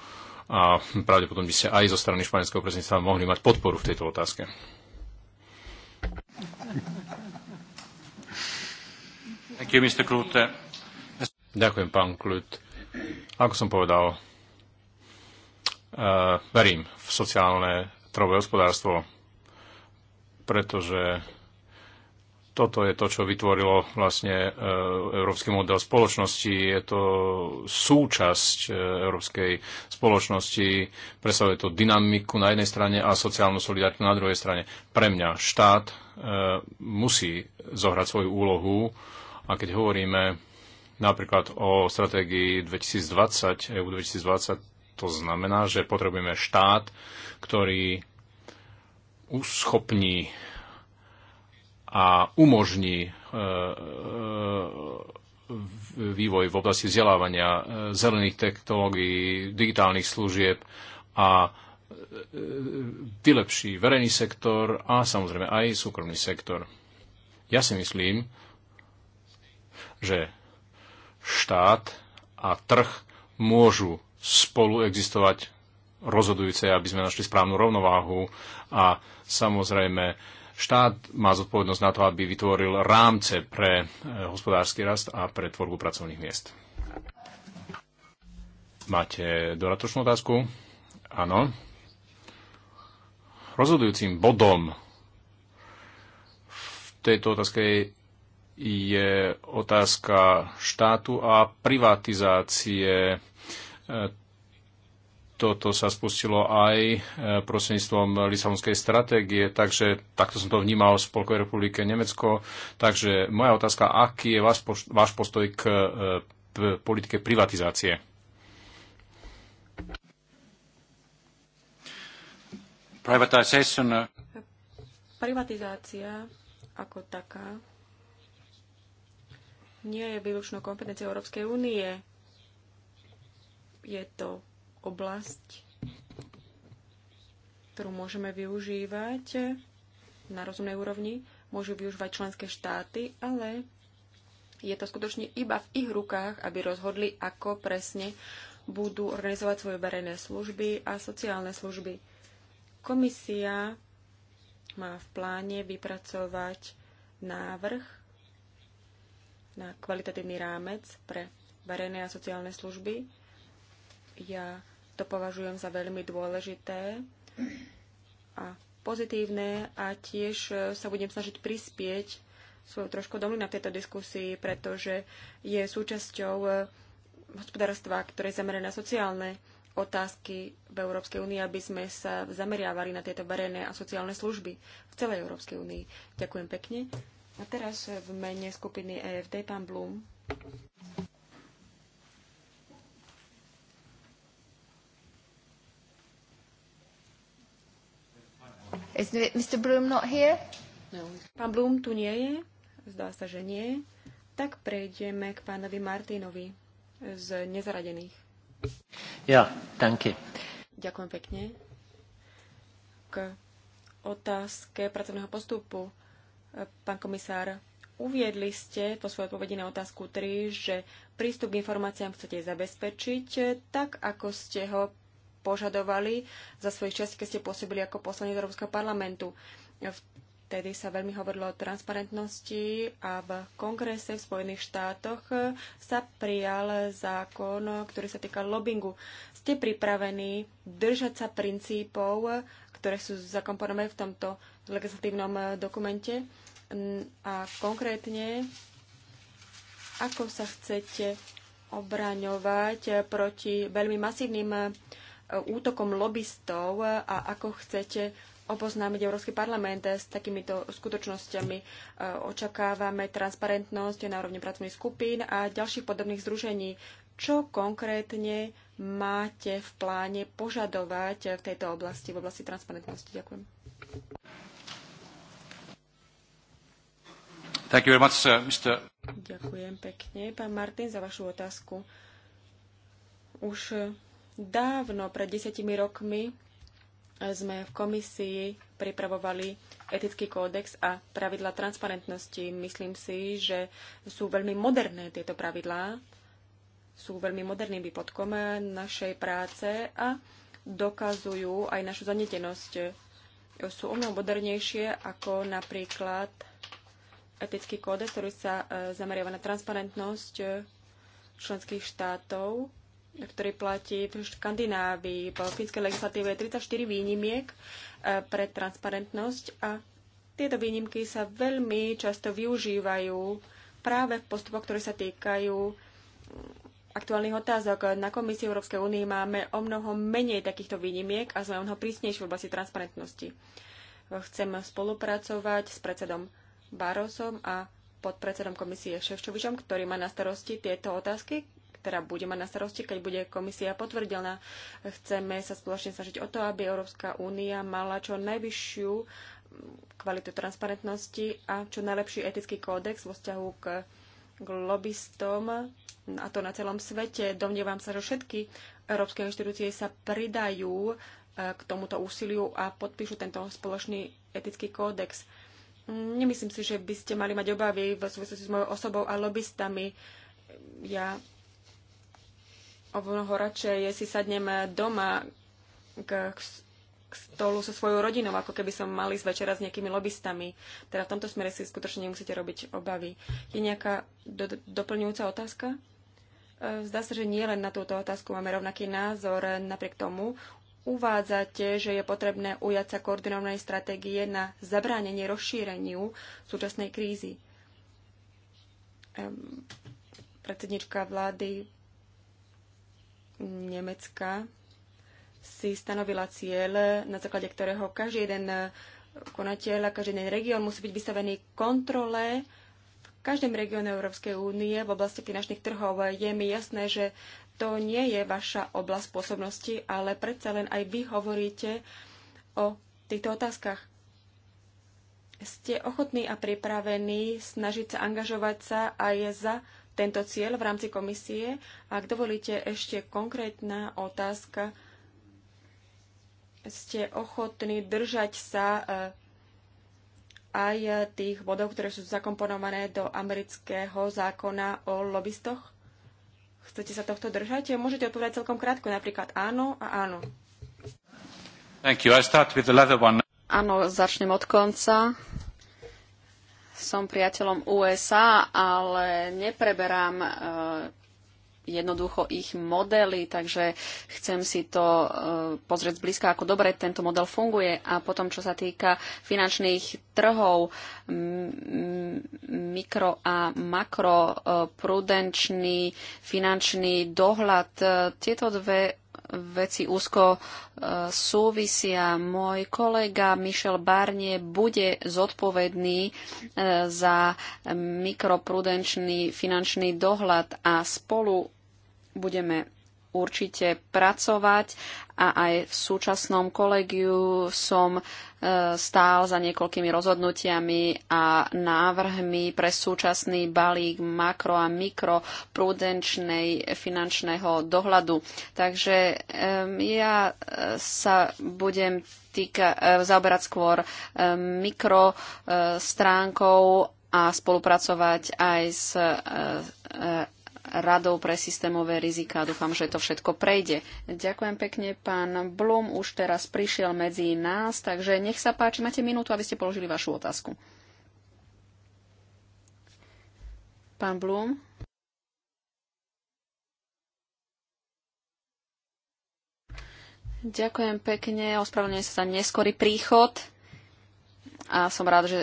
a pravdepodobne by ste aj zo strany španielského predsedníctva mohli mať podporu v tejto otázke. You, Ďakujem, pán Klut. Ako som povedal, e, verím v sociálne trové hospodárstvo, pretože toto je to, čo vytvorilo vlastne e, európsky model spoločnosti. Je to súčasť e, európskej spoločnosti, predstavuje to dynamiku na jednej strane a sociálnu solidaritu na druhej strane. Pre mňa štát e, musí zohrať svoju úlohu a keď hovoríme napríklad o stratégii 2020, EU 2020, to znamená, že potrebujeme štát, ktorý uschopní a umožní e, e, vývoj v oblasti vzdelávania e, zelených technológií, digitálnych služieb a vylepší verejný sektor a samozrejme aj súkromný sektor. Ja si myslím, že štát a trh môžu spolu existovať rozhodujúce, aby sme našli správnu rovnováhu a samozrejme Štát má zodpovednosť na to, aby vytvoril rámce pre eh, hospodársky rast a pre tvorbu pracovných miest. Máte doradočnú otázku? Áno. Rozhodujúcim bodom v tejto otázke je otázka štátu a privatizácie eh, toto sa spustilo aj e, prostredníctvom Lisabonskej stratégie, takže takto som to vnímal v Spolkovej republike Nemecko. Takže moja otázka, aký je váš, váš postoj k e, politike privatizácie? E. Privatizácia ako taká nie je výlučnou kompetenciou Európskej únie. Je to oblasť, ktorú môžeme využívať na rozumnej úrovni, môžu využívať členské štáty, ale je to skutočne iba v ich rukách, aby rozhodli, ako presne budú organizovať svoje verejné služby a sociálne služby. Komisia má v pláne vypracovať návrh na kvalitatívny rámec pre verejné a sociálne služby. Ja to považujem za veľmi dôležité a pozitívne a tiež e, sa budem snažiť prispieť svoju trošku domy na tejto diskusii, pretože je súčasťou e, hospodárstva, ktoré je zamerané na sociálne otázky v Európskej únii, aby sme sa zameriavali na tieto verejné a sociálne služby v celej Európskej únii. Ďakujem pekne. A teraz e, v mene skupiny EFD pán Blum. Is Mr. Bloom not here? No. Pán Bloom tu nie je? Zdá sa, že nie. Tak prejdeme k pánovi Martinovi z nezaradených. Ja, danke. Ďakujem pekne. K otázke pracovného postupu. Pán komisár, uviedli ste po svojej odpovedi na otázku 3, že prístup k informáciám chcete zabezpečiť tak, ako ste ho požadovali za svojich časti, keď ste pôsobili ako poslanec Európskeho parlamentu. Vtedy sa veľmi hovorilo o transparentnosti a v kongrese v Spojených štátoch sa prijal zákon, ktorý sa týka lobbingu. Ste pripravení držať sa princípov, ktoré sú zakomponované v tomto legislatívnom dokumente? A konkrétne, ako sa chcete obraňovať proti veľmi masívnym útokom lobbystov a ako chcete oboznámiť Európsky parlament s takýmito skutočnosťami. Očakávame transparentnosť na úrovni pracovných skupín a ďalších podobných združení. Čo konkrétne máte v pláne požadovať v tejto oblasti, v oblasti transparentnosti? Ďakujem. Thank you very much, Mr. Ďakujem pekne, pán Martin, za vašu otázku. Už Dávno, pred desiatimi rokmi, sme v komisii pripravovali etický kódex a pravidla transparentnosti. Myslím si, že sú veľmi moderné tieto pravidlá, sú veľmi moderným výpodkom našej práce a dokazujú aj našu zanetenosť. Sú o mnoho modernejšie ako napríklad etický kódex, ktorý sa e, zameriava na transparentnosť členských štátov ktorý platí v Škandinávii. Po fínskej legislatíve je 34 výnimiek e, pre transparentnosť a tieto výnimky sa veľmi často využívajú práve v postupoch, ktoré sa týkajú mm, aktuálnych otázok. Na Komisii Európskej únie máme o mnoho menej takýchto výnimiek a sme o mnoho prísnejší v oblasti transparentnosti. Chcem spolupracovať s predsedom Barosom a podpredsedom komisie Ševčovičom, ktorý má na starosti tieto otázky, teda bude mať na starosti, keď bude komisia potvrdená. Chceme sa spoločne snažiť o to, aby Európska únia mala čo najvyššiu kvalitu transparentnosti a čo najlepší etický kódex vo vzťahu k globistom a to na celom svete. Domnievam sa, že všetky európske inštitúcie sa pridajú eh, k tomuto úsiliu a podpíšu tento spoločný etický kódex. Nemyslím si, že by ste mali mať obavy v súvislosti s mojou osobou a lobbystami. Ja o mnoho radšej si sadnem doma k, k, k stolu so svojou rodinou, ako keby som mali ísť večera s nejakými lobbystami. Teda v tomto smere si skutočne nemusíte robiť obavy. Je nejaká do, doplňujúca otázka? E, zdá sa, že nie len na túto otázku máme rovnaký názor. E, napriek tomu uvádzate, že je potrebné ujať sa koordinovanej stratégie na zabránenie rozšíreniu súčasnej krízy. Predsednička vlády Nemecka si stanovila cieľ, na základe ktorého každý jeden konateľ a každý jeden región musí byť vystavený kontrole v každom regióne Európskej únie v oblasti finančných trhov. Je mi jasné, že to nie je vaša oblasť pôsobnosti, ale predsa len aj vy hovoríte o týchto otázkach. Ste ochotní a pripravení snažiť sa angažovať sa aj za tento cieľ v rámci komisie. Ak dovolíte, ešte konkrétna otázka. Ste ochotní držať sa eh, aj tých bodov, ktoré sú zakomponované do amerického zákona o lobbystoch? Chcete sa tohto držať? Môžete odpovedať celkom krátko, napríklad áno a áno. Áno, začnem od konca som priateľom USA, ale nepreberám e, jednoducho ich modely, takže chcem si to e, pozrieť zblízka, ako dobre tento model funguje. A potom, čo sa týka finančných trhov, mikro a makro, e, prudenčný finančný dohľad, tieto dve veci úzko e, súvisia. Môj kolega Michel Barnie bude zodpovedný e, za mikroprudenčný finančný dohľad a spolu budeme určite pracovať a aj v súčasnom kolegiu som e, stál za niekoľkými rozhodnutiami a návrhmi pre súčasný balík makro a mikro prudenčnej finančného dohľadu. Takže ja e, sa budem týka, e, zaoberať skôr mikro stránkou a spolupracovať aj s radou pre systémové rizika. Dúfam, že to všetko prejde. Ďakujem pekne, pán Blum už teraz prišiel medzi nás, takže nech sa páči, máte minútu, aby ste položili vašu otázku. Pán Blum. Ďakujem pekne, ospravedlňujem sa za neskorý príchod a som rád, že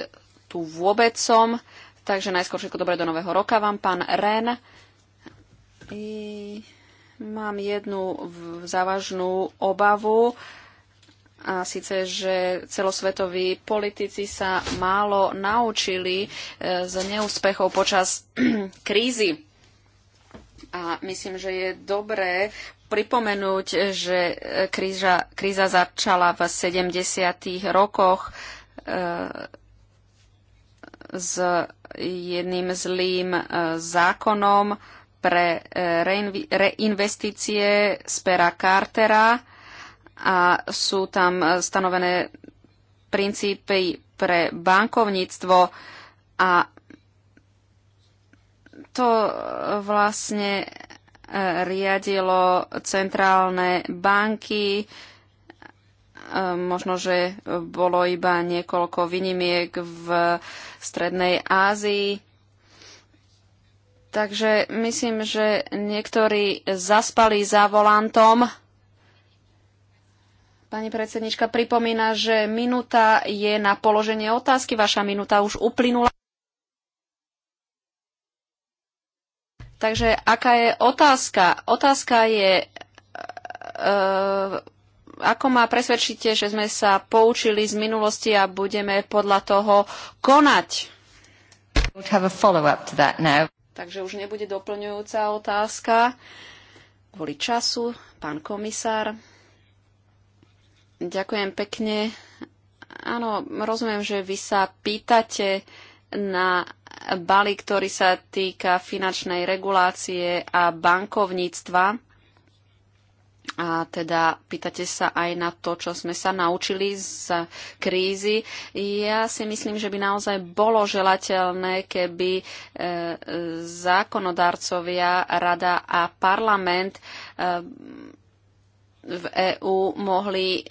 tu vôbec som. Takže najskôr všetko dobré do nového roka vám, pán Ren. I mám jednu závažnú obavu, a síce, že celosvetoví politici sa málo naučili e, z neúspechov počas [CLEARS THROAT] krízy. A myslím, že je dobré pripomenúť, že e, kríza, kríza začala v 70. rokoch e, s jedným zlým zákonom, pre e, reinvestície z pera Cartera a sú tam e, stanovené princípy pre bankovníctvo a to vlastne e, riadilo centrálne banky. Možno, že bolo iba niekoľko výnimiek v Strednej Ázii Takže myslím, že niektorí zaspali za volantom. Pani predsednička pripomína, že minúta je na položenie otázky. Vaša minúta už uplynula. Takže aká je otázka? Otázka je, e, e, ako ma presvedčíte, že sme sa poučili z minulosti a budeme podľa toho konať? We'll have a follow-up to that now. Takže už nebude doplňujúca otázka kvôli času. Pán komisár, ďakujem pekne. Áno, rozumiem, že vy sa pýtate na balík, ktorý sa týka finančnej regulácie a bankovníctva. A teda pýtate sa aj na to, čo sme sa naučili z krízy. Ja si myslím, že by naozaj bolo želateľné, keby e, zákonodarcovia, rada a parlament e, v EÚ mohli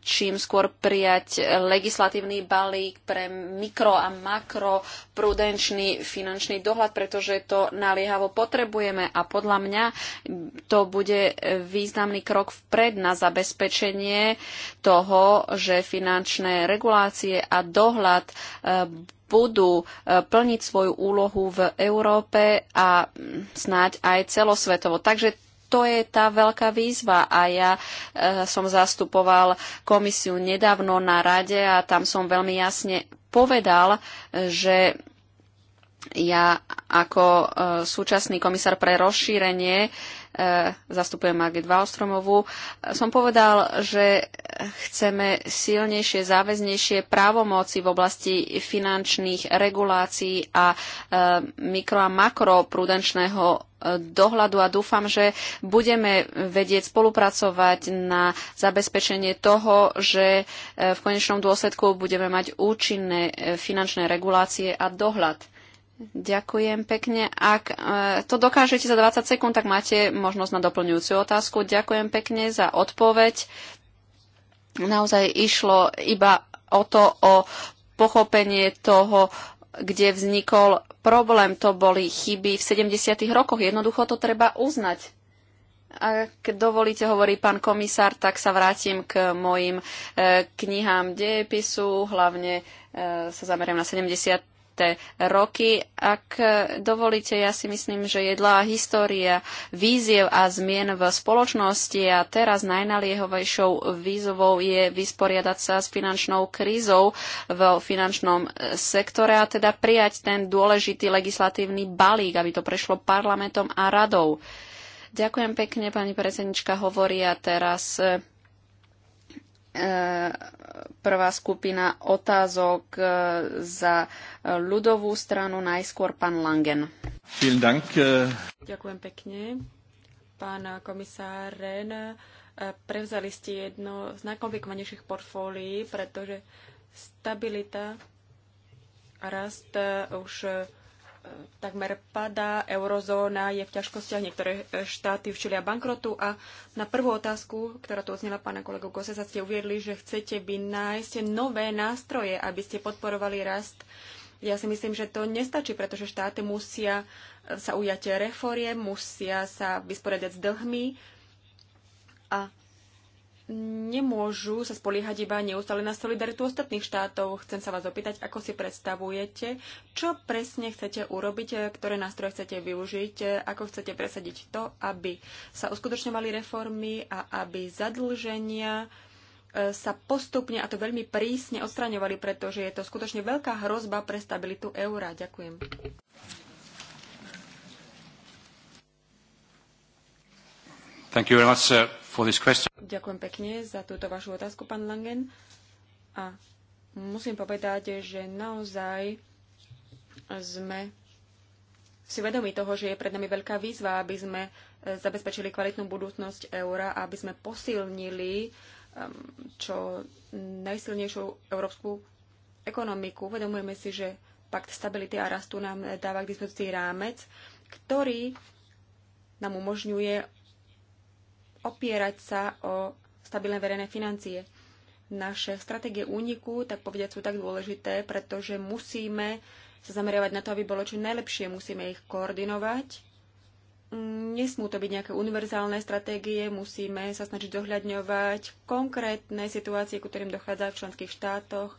čím skôr prijať legislatívny balík pre mikro a makro prudenčný finančný dohľad, pretože to naliehavo potrebujeme a podľa mňa to bude významný krok vpred na zabezpečenie toho, že finančné regulácie a dohľad e, budú e, plniť svoju úlohu v Európe a snáď aj celosvetovo. Takže to je tá veľká výzva a ja e, som zastupoval komisiu nedávno na rade a tam som veľmi jasne povedal, že ja ako e, súčasný komisár pre rozšírenie E, zastupujem Margit Wallstromovú, e, som povedal, že chceme silnejšie, záväznejšie právomoci v oblasti finančných regulácií a e, mikro a makro prudenčného dohľadu a dúfam, že budeme vedieť spolupracovať na zabezpečenie toho, že v konečnom dôsledku budeme mať účinné finančné regulácie a dohľad. Ďakujem pekne. Ak e, to dokážete za 20 sekúnd, tak máte možnosť na doplňujúcu otázku. Ďakujem pekne za odpoveď. Naozaj išlo iba o to, o pochopenie toho, kde vznikol problém. To boli chyby v 70. rokoch. Jednoducho to treba uznať. Ak dovolíte, hovorí pán komisár, tak sa vrátim k mojim e, knihám dejepisu, hlavne e, sa zameriam na 70 určité roky. Ak dovolíte, ja si myslím, že je dlhá história víziev a zmien v spoločnosti a teraz najnaliehovejšou výzovou je vysporiadať sa s finančnou krízou v finančnom sektore a teda prijať ten dôležitý legislatívny balík, aby to prešlo parlamentom a radou. Ďakujem pekne, pani predsednička hovorí a teraz prvá skupina otázok e, za ľudovú stranu, najskôr pán Langen. E. Ďakujem pekne. Pán komisár Ren, e, prevzali ste jedno z najkomplikovanejších portfólií, pretože stabilita a rast už takmer padá, eurozóna je v ťažkostiach, niektoré štáty včelia bankrotu a na prvú otázku, ktorá tu odznela pána kolegu Gosesa, ste uviedli, že chcete by nájsť nové nástroje, aby ste podporovali rast. Ja si myslím, že to nestačí, pretože štáty musia sa ujať reforie, musia sa vysporiadať s dlhmi a nemôžu sa spoliehať iba neustále na solidaritu ostatných štátov. Chcem sa vás opýtať, ako si predstavujete, čo presne chcete urobiť, ktoré nástroje chcete využiť, ako chcete presadiť to, aby sa uskutočňovali reformy a aby zadlženia e, sa postupne a to veľmi prísne odstraňovali, pretože je to skutočne veľká hrozba pre stabilitu eura. Ďakujem. Much, Ďakujem pekne za túto vašu otázku, pán Langen. A musím povedať, že naozaj sme si vedomi toho, že je pred nami veľká výzva, aby sme eh, zabezpečili kvalitnú budúcnosť eura, aby sme posilnili ehm, čo najsilnejšiu európsku ekonomiku. Uvedomujeme si, že Pakt stability a rastu nám dáva k dispozícii rámec, ktorý nám umožňuje opierať sa o stabilné verejné financie. Naše stratégie úniku, tak povediať, sú tak dôležité, pretože musíme sa zameriavať na to, aby bolo čo najlepšie. Musíme ich koordinovať. Nesmú to byť nejaké univerzálne stratégie, musíme sa snažiť dohľadňovať konkrétne situácie, ku ktorým dochádza v členských štátoch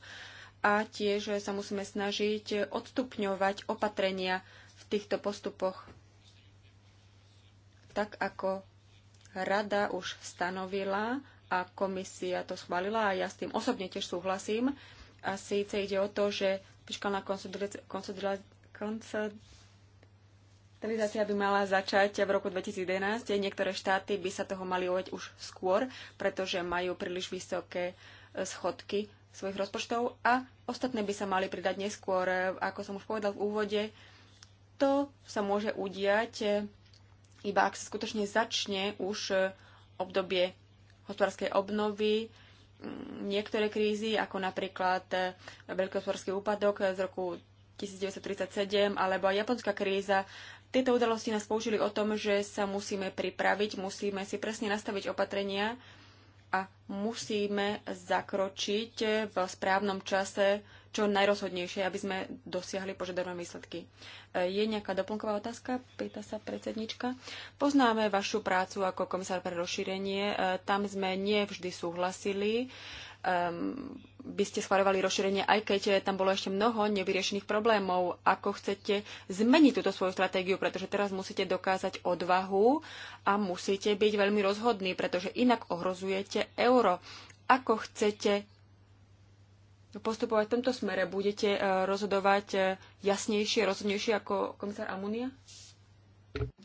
a tiež sa musíme snažiť odstupňovať opatrenia v týchto postupoch, tak ako Rada už stanovila a komisia to schválila a ja s tým osobne tiež súhlasím. A síce ide o to, že fiskálna konsolidácia by mala začať v roku 2011. Niektoré štáty by sa toho mali ujať už skôr, pretože majú príliš vysoké e, schodky svojich rozpočtov a ostatné by sa mali pridať neskôr. E, ako som už povedal v úvode, to sa môže udiať e, iba ak sa skutočne začne už e, obdobie hospodárskej obnovy, niektoré krízy, ako napríklad e, veľký hospodársky úpadok z roku 1937 alebo aj japonská kríza, tieto udalosti nás poučili o tom, že sa musíme pripraviť, musíme si presne nastaviť opatrenia a musíme zakročiť v správnom čase čo najrozhodnejšie, aby sme dosiahli požadované výsledky. E, je nejaká doplnková otázka? Pýta sa predsednička. Poznáme vašu prácu ako komisár pre rozšírenie. E, tam sme nevždy súhlasili. By ehm, ste schváľovali rozšírenie, aj keď tam bolo ešte mnoho nevyriešených problémov. Ako chcete zmeniť túto svoju stratégiu, pretože teraz musíte dokázať odvahu a musíte byť veľmi rozhodní, pretože inak ohrozujete euro. Ako chcete postupovať v tomto smere? Budete e, rozhodovať e, jasnejšie, rozhodnejšie ako komisár Amunia?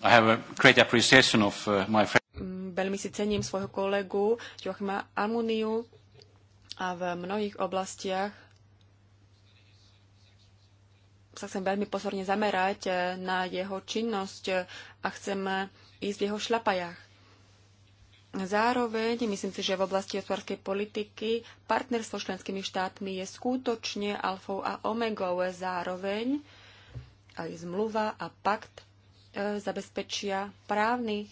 I have a great appreciation of uh, my friend. Mm, veľmi si cením svojho kolegu Joachima Almuniu a v mnohých oblastiach sa chcem veľmi pozorne zamerať e, na jeho činnosť a chcem ísť v jeho šľapajách. Zároveň myslím si, že v oblasti hospodárskej politiky partnerstvo s členskými štátmi je skutočne alfou a omegou. Zároveň aj zmluva a pakt e, zabezpečia právny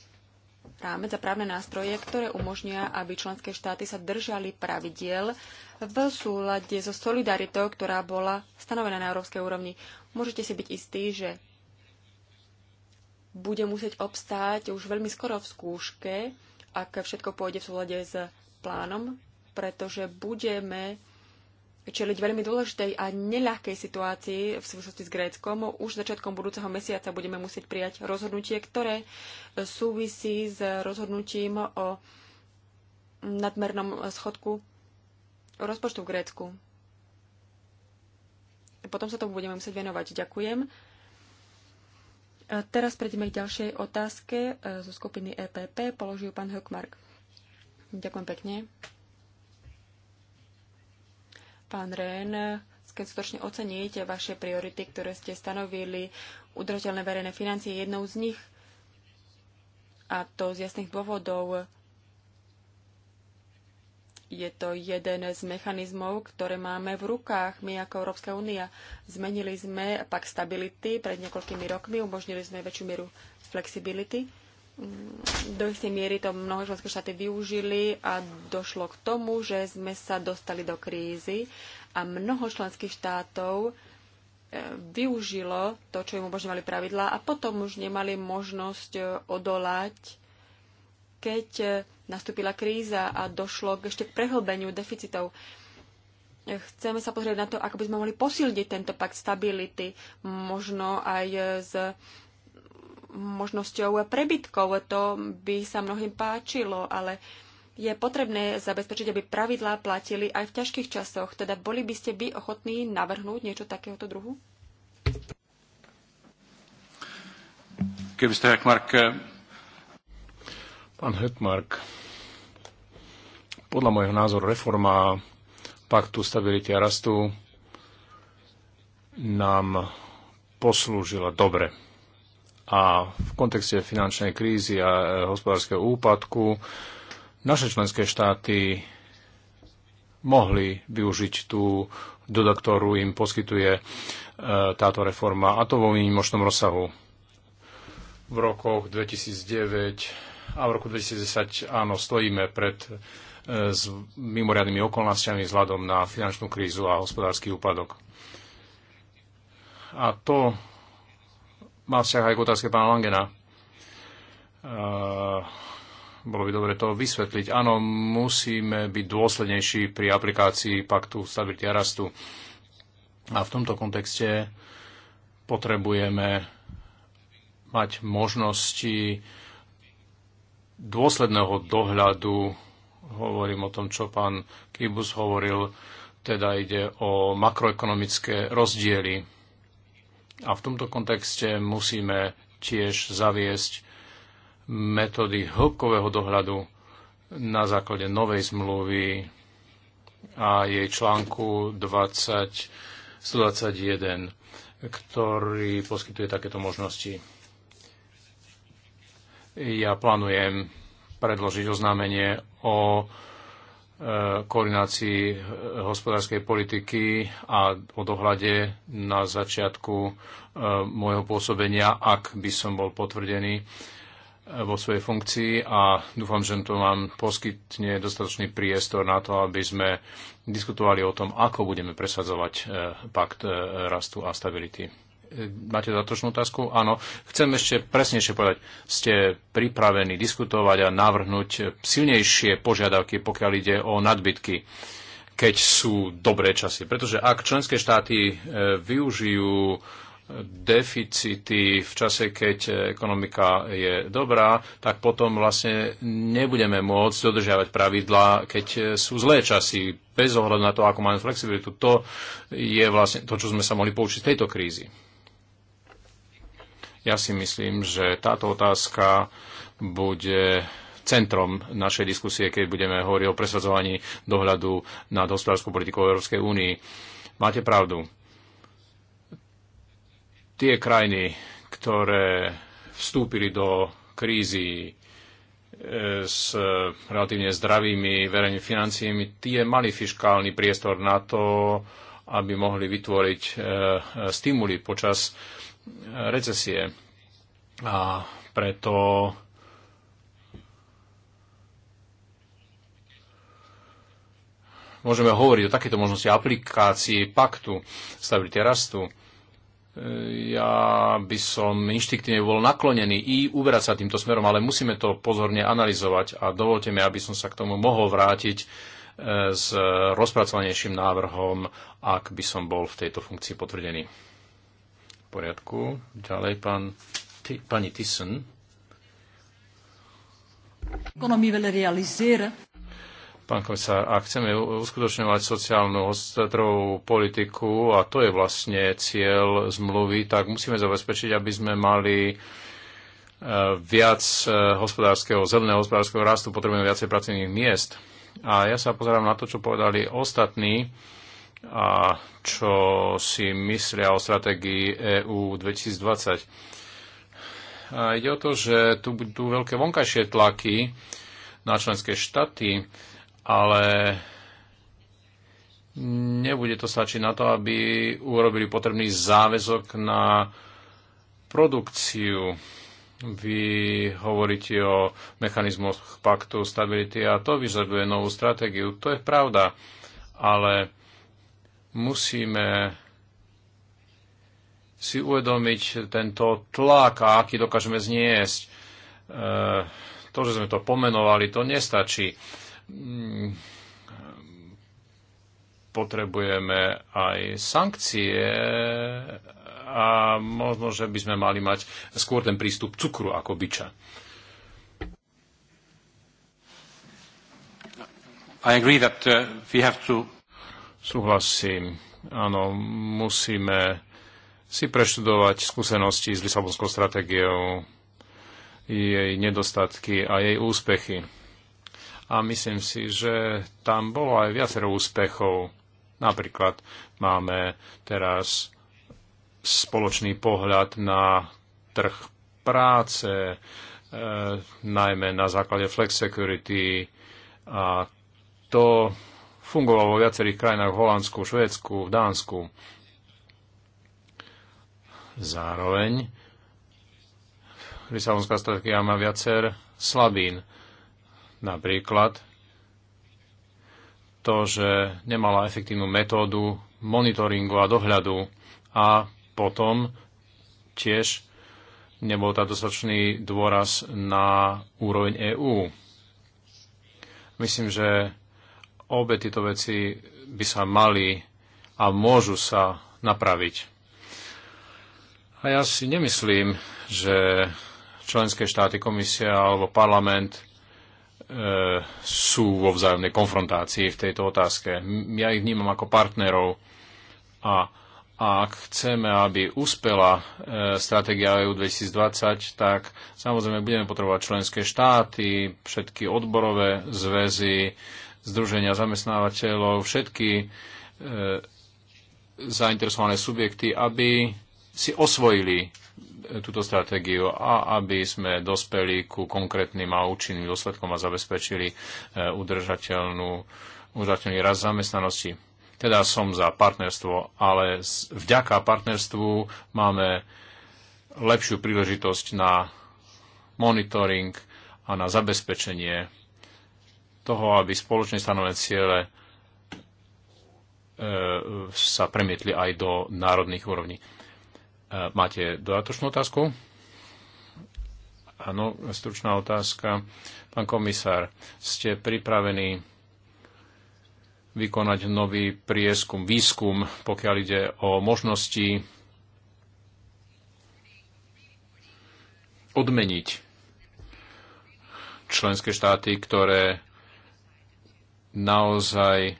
rámec a právne nástroje, ktoré umožnia, aby členské štáty sa držali pravidiel v súlade so solidaritou, ktorá bola stanovená na európskej úrovni. Môžete si byť istí, že bude musieť obstáť už veľmi skoro v skúške, ak všetko pôjde v súlade s plánom, pretože budeme čeliť veľmi dôležitej a neľahkej situácii v súvislosti s Gréckom. Už začiatkom budúceho mesiaca budeme musieť prijať rozhodnutie, ktoré súvisí s rozhodnutím o nadmernom schodku rozpočtu v Grécku. Potom sa tomu budeme musieť venovať. Ďakujem teraz prejdeme k ďalšej otázke e, zo skupiny EPP. Položil pán Hökmark. Ďakujem pekne. Pán Rén, keď skutočne oceníte vaše priority, ktoré ste stanovili, udržateľné verejné financie je jednou z nich. A to z jasných dôvodov je to jeden z mechanizmov, ktoré máme v rukách my ako Európska únia. Zmenili sme pak stability pred niekoľkými rokmi, umožnili sme väčšiu mieru flexibility. Do istej miery to mnohé členské štáty využili a došlo k tomu, že sme sa dostali do krízy a mnoho členských štátov e, využilo to, čo im umožňovali pravidlá a potom už nemali možnosť e, odolať keď e, nastúpila kríza a došlo k ešte k prehlbeniu deficitov. Chceme sa pozrieť na to, ako by sme mohli posilniť tento pakt stability, možno aj e, s možnosťou prebytkov. To by sa mnohým páčilo, ale je potrebné zabezpečiť, aby pravidlá platili aj v ťažkých časoch. Teda boli by ste vy ochotní navrhnúť niečo takéhoto druhu? Keby ste, Mark, Pán Hetmark, podľa môjho názoru reforma paktu stability a rastu nám poslúžila dobre. A v kontexte finančnej krízy a e, hospodárskeho úpadku naše členské štáty mohli využiť tú doda, ktorú im poskytuje e, táto reforma, a to vo výnimočnom rozsahu. V rokoch 2009 a v roku 2010 áno, stojíme pred e, s mimoriadnými okolnostiami vzhľadom na finančnú krízu a hospodársky úpadok. A to má vzťah aj k otázke pána Langena. E, bolo by dobre to vysvetliť. Áno, musíme byť dôslednejší pri aplikácii paktu stability a rastu. A v tomto kontexte potrebujeme mať možnosti dôsledného dohľadu, hovorím o tom, čo pán Kibus hovoril, teda ide o makroekonomické rozdiely. A v tomto kontexte musíme tiež zaviesť metódy hĺbkového dohľadu na základe novej zmluvy a jej článku 20, 121, ktorý poskytuje takéto možnosti. Ja plánujem predložiť oznámenie o e, koordinácii e, hospodárskej politiky a o dohľade na začiatku e, môjho pôsobenia, ak by som bol potvrdený vo svojej funkcii a dúfam, že to vám poskytne dostatočný priestor na to, aby sme diskutovali o tom, ako budeme presadzovať pakt rastu a stability. E, máte zatočnú otázku? Áno. Chcem ešte presnejšie povedať. Ste pripravení diskutovať a navrhnúť silnejšie požiadavky, pokiaľ ide o nadbytky, keď sú dobré časy. Pretože ak členské štáty e, využijú deficity v čase, keď e, ekonomika je dobrá, tak potom vlastne nebudeme môcť dodržiavať pravidlá, keď sú zlé časy, bez ohľadu na to, ako máme flexibilitu. To je vlastne to, čo sme sa mohli poučiť z tejto krízy. Ja si myslím, že táto otázka bude centrom našej diskusie, keď budeme hovoriť o presadzovaní dohľadu nad hospodárskou politikou Európskej únii. Máte pravdu. Tie krajiny, ktoré vstúpili do krízy e, s relatívne zdravými verejnými financiami, tie mali fiskálny priestor na to, aby mohli vytvoriť e, stimuly počas recesie. A preto môžeme hovoriť o takéto možnosti aplikácii paktu stability rastu. E, ja by som inštiktívne bol naklonený i uberať sa týmto smerom, ale musíme to pozorne analyzovať a dovolte mi, aby som sa k tomu mohol vrátiť e, s rozpracovanejším návrhom, ak by som bol v tejto funkcii potvrdený. V poriadku. Ďalej pán, t- pani Thyssen. Pán komisár, ak chceme uskutočňovať sociálnu ostrovú politiku, a to je vlastne cieľ zmluvy, tak musíme zabezpečiť, aby sme mali e, viac e, hospodárskeho, zeleného hospodárskeho rastu, potrebujeme viacej pracovných miest. A ja sa pozerám na to, čo povedali ostatní a čo si myslia o stratégii EÚ 2020. A ide o to, že tu budú veľké vonkajšie tlaky na členské štáty, ale nebude to stačiť na to, aby urobili potrebný záväzok na produkciu. Vy hovoríte o mechanizmoch paktu stability a to vyžaduje novú stratégiu. To je pravda, ale musíme si uvedomiť tento tlak a aký dokážeme zniesť. E, to, že sme to pomenovali, to nestačí. Mm, potrebujeme aj sankcie a možno, že by sme mali mať skôr ten prístup cukru ako byča. I agree that uh, we have to Súhlasím. Áno, musíme si preštudovať skúsenosti s Lisabonskou stratégiou, jej nedostatky a jej úspechy. A myslím si, že tam bolo aj viacero úspechov. Napríklad máme teraz spoločný pohľad na trh práce, e, najmä na základe flex security a to fungoval vo viacerých krajinách v Holandsku, Švédsku, v Dánsku. Zároveň Lisabonská strategia má viacer slabín. Napríklad to, že nemala efektívnu metódu monitoringu a dohľadu a potom tiež nebol tá dostatočný dôraz na úroveň EÚ. Myslím, že Obe tieto veci by sa mali a môžu sa napraviť. A ja si nemyslím, že členské štáty, komisia alebo parlament e, sú vo vzájomnej konfrontácii v tejto otázke. Ja ich vnímam ako partnerov a ak chceme, aby uspela e, stratégia EU 2020, tak samozrejme budeme potrebovať členské štáty, všetky odborové zväzy, združenia zamestnávateľov, všetky e, zainteresované subjekty, aby si osvojili e, túto stratégiu a aby sme dospeli ku konkrétnym a účinným dôsledkom a zabezpečili e, udržateľnú, udržateľný rast zamestnanosti. Teda som za partnerstvo, ale vďaka partnerstvu máme lepšiu príležitosť na monitoring a na zabezpečenie toho, aby spoločne stanovené ciele e, sa premietli aj do národných úrovní. E, máte dodatočnú otázku? Áno, stručná otázka. Pán komisár, ste pripravení vykonať nový prieskum, výskum, pokiaľ ide o možnosti odmeniť členské štáty, ktoré naozaj e,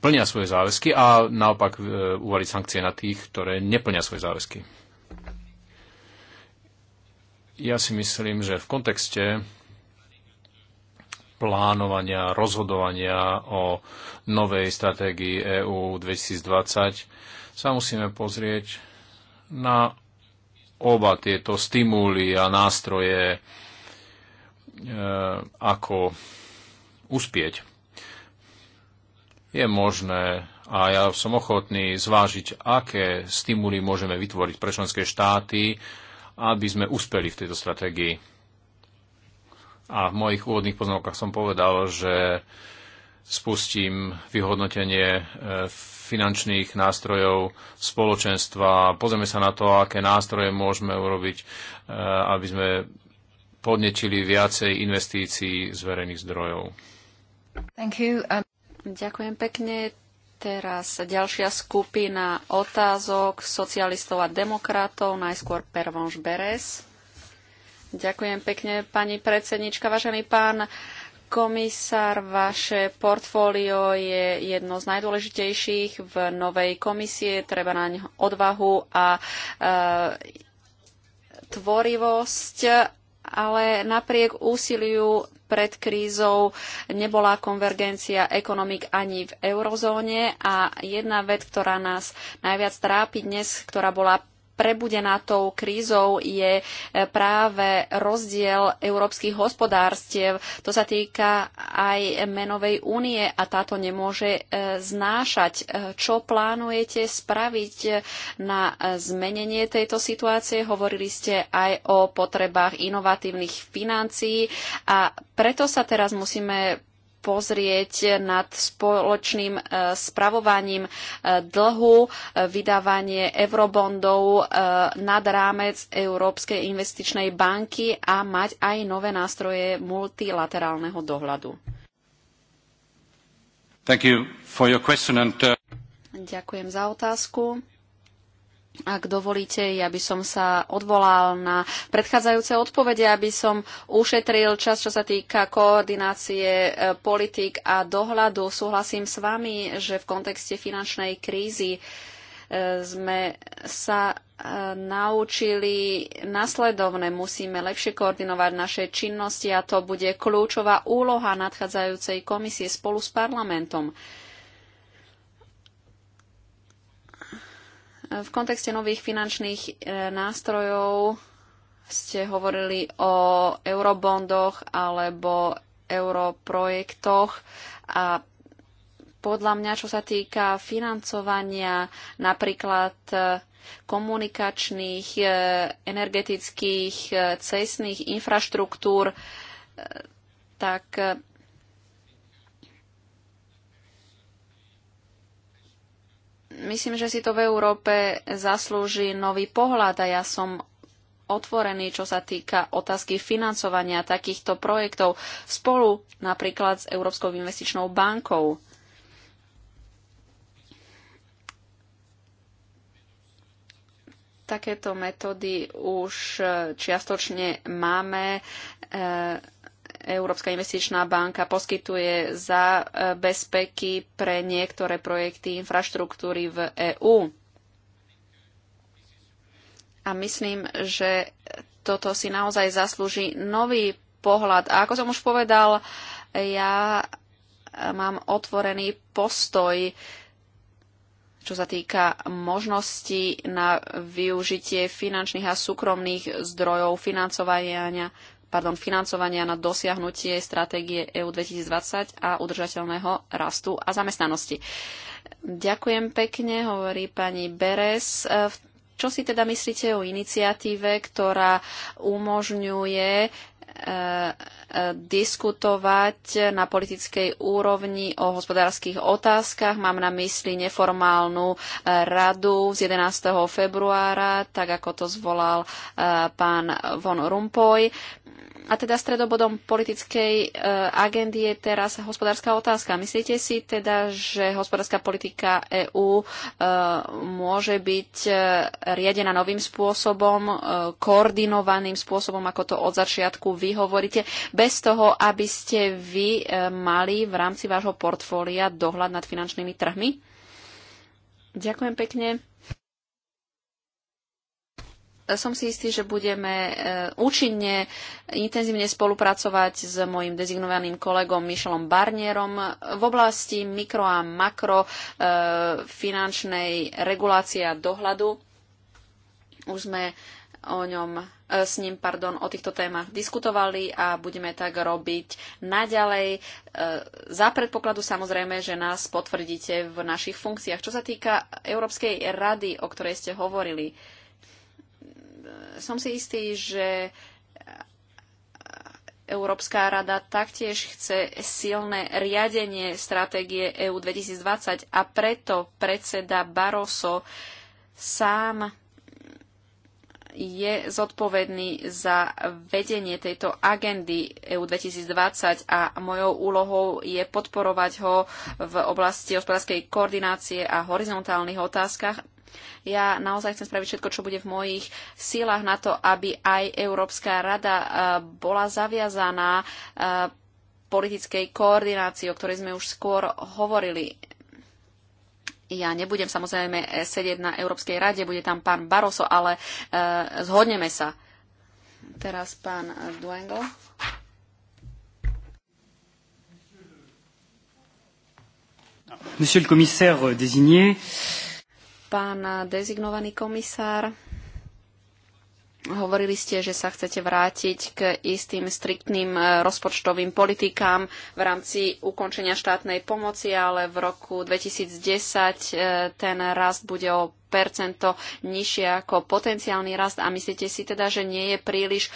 plnia svoje záväzky a naopak e, uvaliť sankcie na tých, ktoré neplnia svoje záväzky. Ja si myslím, že v kontexte plánovania, rozhodovania o novej stratégii EÚ 2020 sa musíme pozrieť na oba tieto stimuly a nástroje, Eh, ako uspieť. Je možné a ja som ochotný zvážiť, aké stimuly môžeme vytvoriť pre členské štáty, aby sme uspeli v tejto stratégii. A v mojich úvodných poznámkach som povedal, že spustím vyhodnotenie eh, finančných nástrojov spoločenstva. Pozrieme sa na to, aké nástroje môžeme urobiť, eh, aby sme podnečili viacej investícií z verejných zdrojov. Thank you. Um... Ďakujem pekne. Teraz ďalšia skupina otázok socialistov a demokratov, najskôr Pervonš Beres. Ďakujem pekne, pani predsednička. Vážený pán komisár, vaše portfólio je jedno z najdôležitejších v novej komisie. Treba naň odvahu a e, tvorivosť ale napriek úsiliu pred krízou nebola konvergencia ekonomik ani v eurozóne a jedna vec, ktorá nás najviac trápi dnes, ktorá bola prebudená tou krízou je e, práve rozdiel európskych hospodárstiev. To sa týka aj menovej únie a táto nemôže e, znášať. E, čo plánujete spraviť na zmenenie tejto situácie? Hovorili ste aj o potrebách inovatívnych financií a preto sa teraz musíme pozrieť nad spoločným e, spravovaním e, dlhu, e, vydávanie eurobondov nad rámec Európskej investičnej banky a mať aj nové nástroje multilaterálneho dohľadu. You and... Uh, Ďakujem za otázku. Ak dovolíte, ja by som sa odvolal na predchádzajúce odpovede, aby som ušetril čas, čo sa týka koordinácie e, politik a dohľadu. Súhlasím s vami, že v kontexte finančnej krízy e, sme sa e, naučili nasledovne. Musíme lepšie koordinovať naše činnosti a to bude kľúčová úloha nadchádzajúcej komisie spolu s parlamentom. V kontexte nových finančných e, nástrojov ste hovorili o eurobondoch alebo europrojektoch a podľa mňa, čo sa týka financovania napríklad e, komunikačných, e, energetických, cestných infraštruktúr, tak Myslím, že si to v Európe zaslúži nový pohľad a ja som otvorený, čo sa týka otázky financovania takýchto projektov spolu napríklad s Európskou investičnou bankou. Takéto metódy už čiastočne máme. E Európska investičná banka poskytuje za bezpeky pre niektoré projekty infraštruktúry v EÚ. A myslím, že toto si naozaj zaslúži nový pohľad. A ako som už povedal, ja mám otvorený postoj, čo sa týka možnosti na využitie finančných a súkromných zdrojov financovania pardon, financovania na dosiahnutie stratégie EU 2020 a udržateľného rastu a zamestnanosti. Ďakujem pekne, hovorí pani Beres. E, čo si teda myslíte o iniciatíve, ktorá umožňuje diskutovať na politickej úrovni o hospodárskych otázkach. Mám na mysli neformálnu eh, radu z 11. februára, tak ako to zvolal eh, pán von Rumpoy. A teda stredobodom politickej e, agendy je teraz hospodárska otázka. Myslíte si teda, že hospodárska politika EÚ e, môže byť e, riadená novým spôsobom, koordinovaným spôsobom, ako to od začiatku vy hovoríte, bez toho, aby ste vy mali v rámci vášho portfólia dohľad nad finančnými trhmi? Ďakujem pekne som si istý, že budeme eh, účinne, intenzívne spolupracovať s mojim dezignovaným kolegom Michelom Barnierom v oblasti mikro a makro eh, finančnej regulácie a dohľadu. Už sme o ňom, eh, s ním, pardon, o týchto témach diskutovali a budeme tak robiť naďalej. Za predpokladu samozrejme, že nás potvrdíte v našich funkciách. Čo sa týka Európskej rady, o ktorej ste hovorili, som si istý, že Európska rada taktiež chce silné riadenie stratégie EU 2020 a preto predseda Barroso sám je zodpovedný za vedenie tejto agendy EU 2020 a mojou úlohou je podporovať ho v oblasti hospodárskej koordinácie a horizontálnych otázkach ja naozaj chcem spraviť všetko, čo bude v mojich sílach na to, aby aj Európska rada eh, bola zaviazaná eh, politickej koordinácii, o ktorej sme už skôr hovorili. Ja nebudem samozrejme eh, sedieť na Európskej rade, bude tam pán Baroso, ale zhodneme sa. Teraz pán Duengo. Monsieur le commissaire désigné, euh, Pán dezignovaný komisár, hovorili ste, že sa chcete vrátiť k istým striktným eh, rozpočtovým politikám v rámci ukončenia štátnej pomoci, ale v roku 2010 eh, ten rast bude o percento nižšie ako potenciálny rast a myslíte si teda, že nie je príliš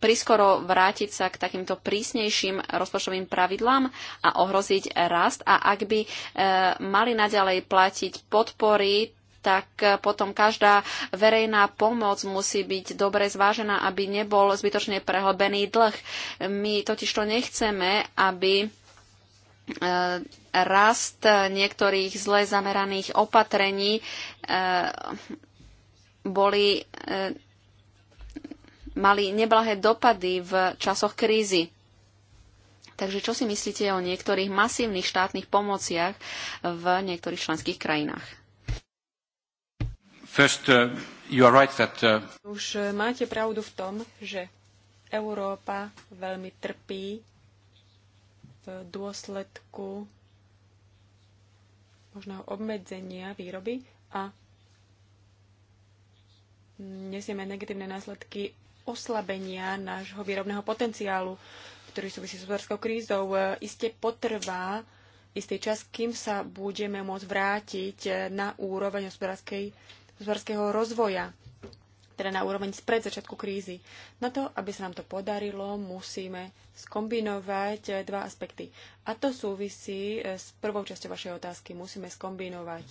priskoro vrátiť sa k takýmto prísnejším rozpočtovým pravidlám a ohroziť rast a ak by e, mali naďalej platiť podpory, tak eh, potom každá verejná pomoc musí byť dobre zvážená, aby nebol zbytočne prehlbený dlh. My totiž to nechceme, aby eh, rast niektorých zle zameraných opatrení eh, boli, mali neblahé dopady v časoch krízy. Takže čo si myslíte o niektorých masívnych štátnych pomociach v niektorých členských krajinách? First, uh, you are right that, uh... Už uh, máte pravdu v tom, že Európa veľmi trpí v dôsledku možného obmedzenia výroby a nesieme negatívne následky oslabenia nášho výrobného potenciálu, ktorý súvisí s hospodárskou krízou. Uh, Isté potrvá istý čas, kým sa budeme môcť vrátiť uh, na úroveň hospodárskej hospodárskeho rozvoja, teda na úroveň spred začiatku krízy. Na to, aby sa nám to podarilo, musíme skombinovať eh, dva aspekty. A to súvisí eh, s prvou časťou vašej otázky. Musíme skombinovať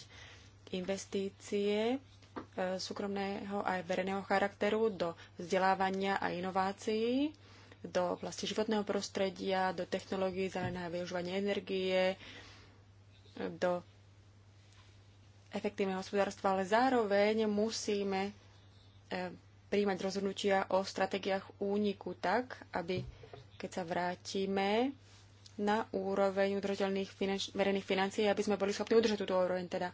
investície eh, súkromného aj verejného charakteru do vzdelávania a inovácií, do oblasti životného prostredia, do technológií zeleného využívania energie, do efektívne hospodárstvo, ale zároveň musíme e, príjmať rozhodnutia o stratégiách úniku tak, aby keď sa vrátime na úroveň udržateľných finanč- verejných financií, aby sme boli schopní udržať túto úroveň. Teda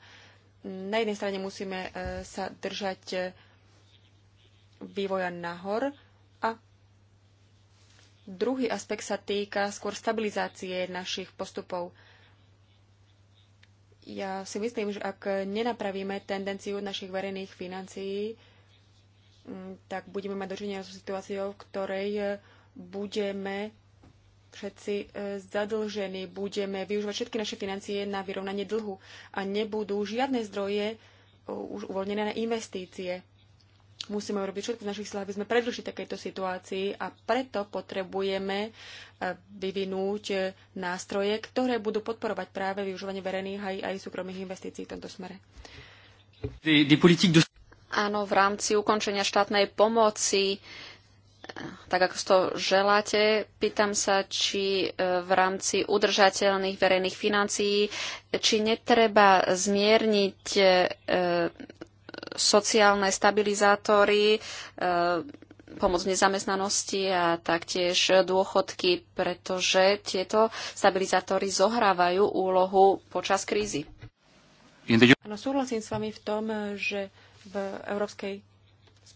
mm, na jednej strane musíme e, sa držať e, vývoja nahor a druhý aspekt sa týka skôr stabilizácie našich postupov. Ja si myslím, že ak nenapravíme tendenciu našich verejných financií, mm, tak budeme mať dočinenia so situáciou, v ktorej e, budeme všetci e, zadlžení, budeme využívať všetky naše financie na vyrovnanie dlhu a nebudú žiadne zdroje e, už uvoľnené na investície musíme urobiť všetko z našich síl, aby sme predlžili takejto situácii a preto potrebujeme eh, vyvinúť eh, nástroje, ktoré budú podporovať práve využívanie verejných aj, aj súkromných investícií v tomto smere. Áno, v rámci ukončenia štátnej pomoci eh, tak ako to želáte. Pýtam sa, či v rámci udržateľných verejných financií, či netreba zmierniť sociálne stabilizátory, e, pomoc v nezamestnanosti a taktiež dôchodky, pretože tieto stabilizátory zohrávajú úlohu počas krízy. Ano, súhlasím s vami v tom, že v európskej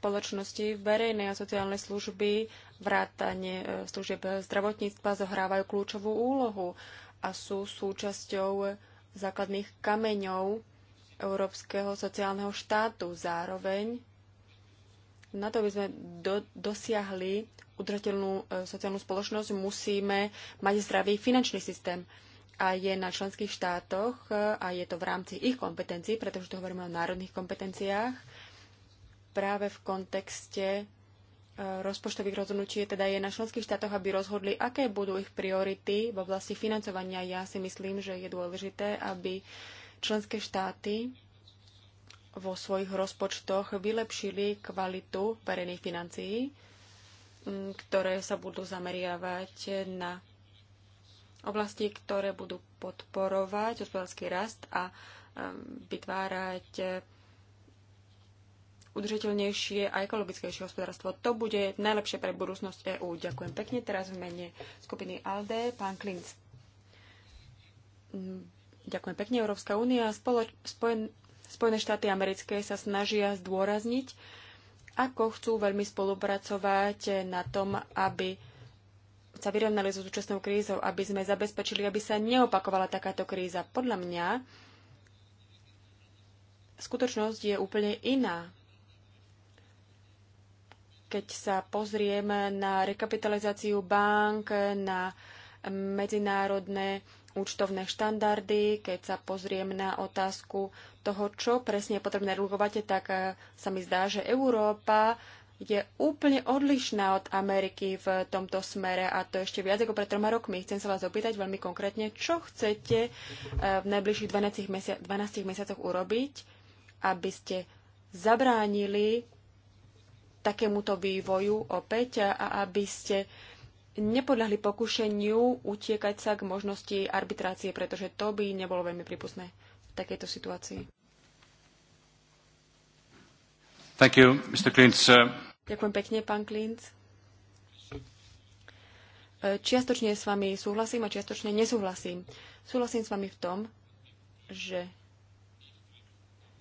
spoločnosti verejnej a sociálnej služby vrátanie e, služieb zdravotníctva zohrávajú kľúčovú úlohu a sú súčasťou základných kameňov európskeho sociálneho štátu. Zároveň na to, aby sme do, dosiahli udržateľnú e, sociálnu spoločnosť, musíme mať zdravý finančný systém. A je na členských štátoch e, a je to v rámci ich kompetencií, pretože tu hovoríme o národných kompetenciách, práve v kontexte e, rozpočtových rozhodnutí teda je na členských štátoch, aby rozhodli, aké budú ich priority v oblasti financovania. Ja si myslím, že je dôležité, aby Členské štáty vo svojich rozpočtoch vylepšili kvalitu verejných financií, mm, ktoré sa budú zameriavať na oblasti, ktoré budú podporovať hospodársky rast a vytvárať e, udržateľnejšie a ekologickejšie hospodárstvo. To bude najlepšie pre budúcnosť EÚ. Ďakujem pekne. Teraz v mene skupiny ALDE, pán Klinc. Ďakujem pekne. Európska únia a Spojen, Spojené štáty americké sa snažia zdôrazniť, ako chcú veľmi spolupracovať na tom, aby sa vyrovnali so súčasnou krízou, aby sme zabezpečili, aby sa neopakovala takáto kríza. Podľa mňa skutočnosť je úplne iná. Keď sa pozrieme na rekapitalizáciu bank, na medzinárodné účtovné štandardy, keď sa pozriem na otázku toho, čo presne je potrebné regulovať, tak e, sa mi zdá, že Európa je úplne odlišná od Ameriky v tomto smere a to ešte viac ako pred troma rokmi. Chcem sa vás opýtať veľmi konkrétne, čo chcete e, v najbližších 12, mesia- 12 mesiacoch urobiť, aby ste zabránili takémuto vývoju opäť a aby ste nepodľahli pokušeniu utiekať sa k možnosti arbitrácie, pretože to by nebolo veľmi prípustné v takejto situácii. Thank you, Mr. Klintz. Ďakujem pekne, pán Klintz. E, čiastočne s vami súhlasím a čiastočne nesúhlasím. Súhlasím s vami v tom, že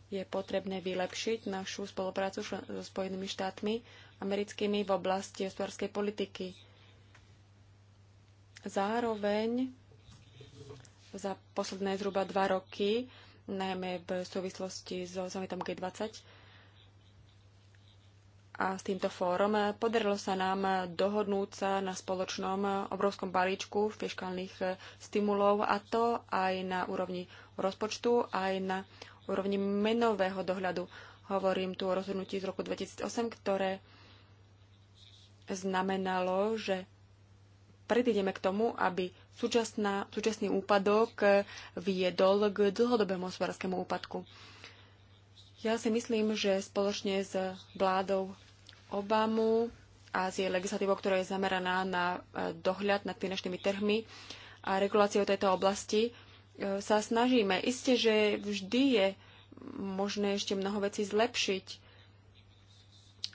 je potrebné vylepšiť našu spoluprácu so Spojenými štátmi americkými v oblasti hospodárskej politiky Zároveň za posledné zhruba dva roky, najmä v súvislosti so summitom G20 a s týmto fórom, podarilo sa nám dohodnúť sa na spoločnom obrovskom balíčku fiskálnych stimulov a to aj na úrovni rozpočtu, aj na úrovni menového dohľadu. Hovorím tu o rozhodnutí z roku 2008, ktoré znamenalo, že predídeme k tomu, aby súčasná, súčasný úpadok eh, viedol k dlhodobému hospodárskému úpadku. Ja si myslím, že spoločne s vládou Obamu a s jej legislatívou, ktorá je zameraná na eh, dohľad nad finančnými trhmi a reguláciou tejto oblasti, eh, sa snažíme. Isté, že vždy je možné ešte mnoho vecí zlepšiť,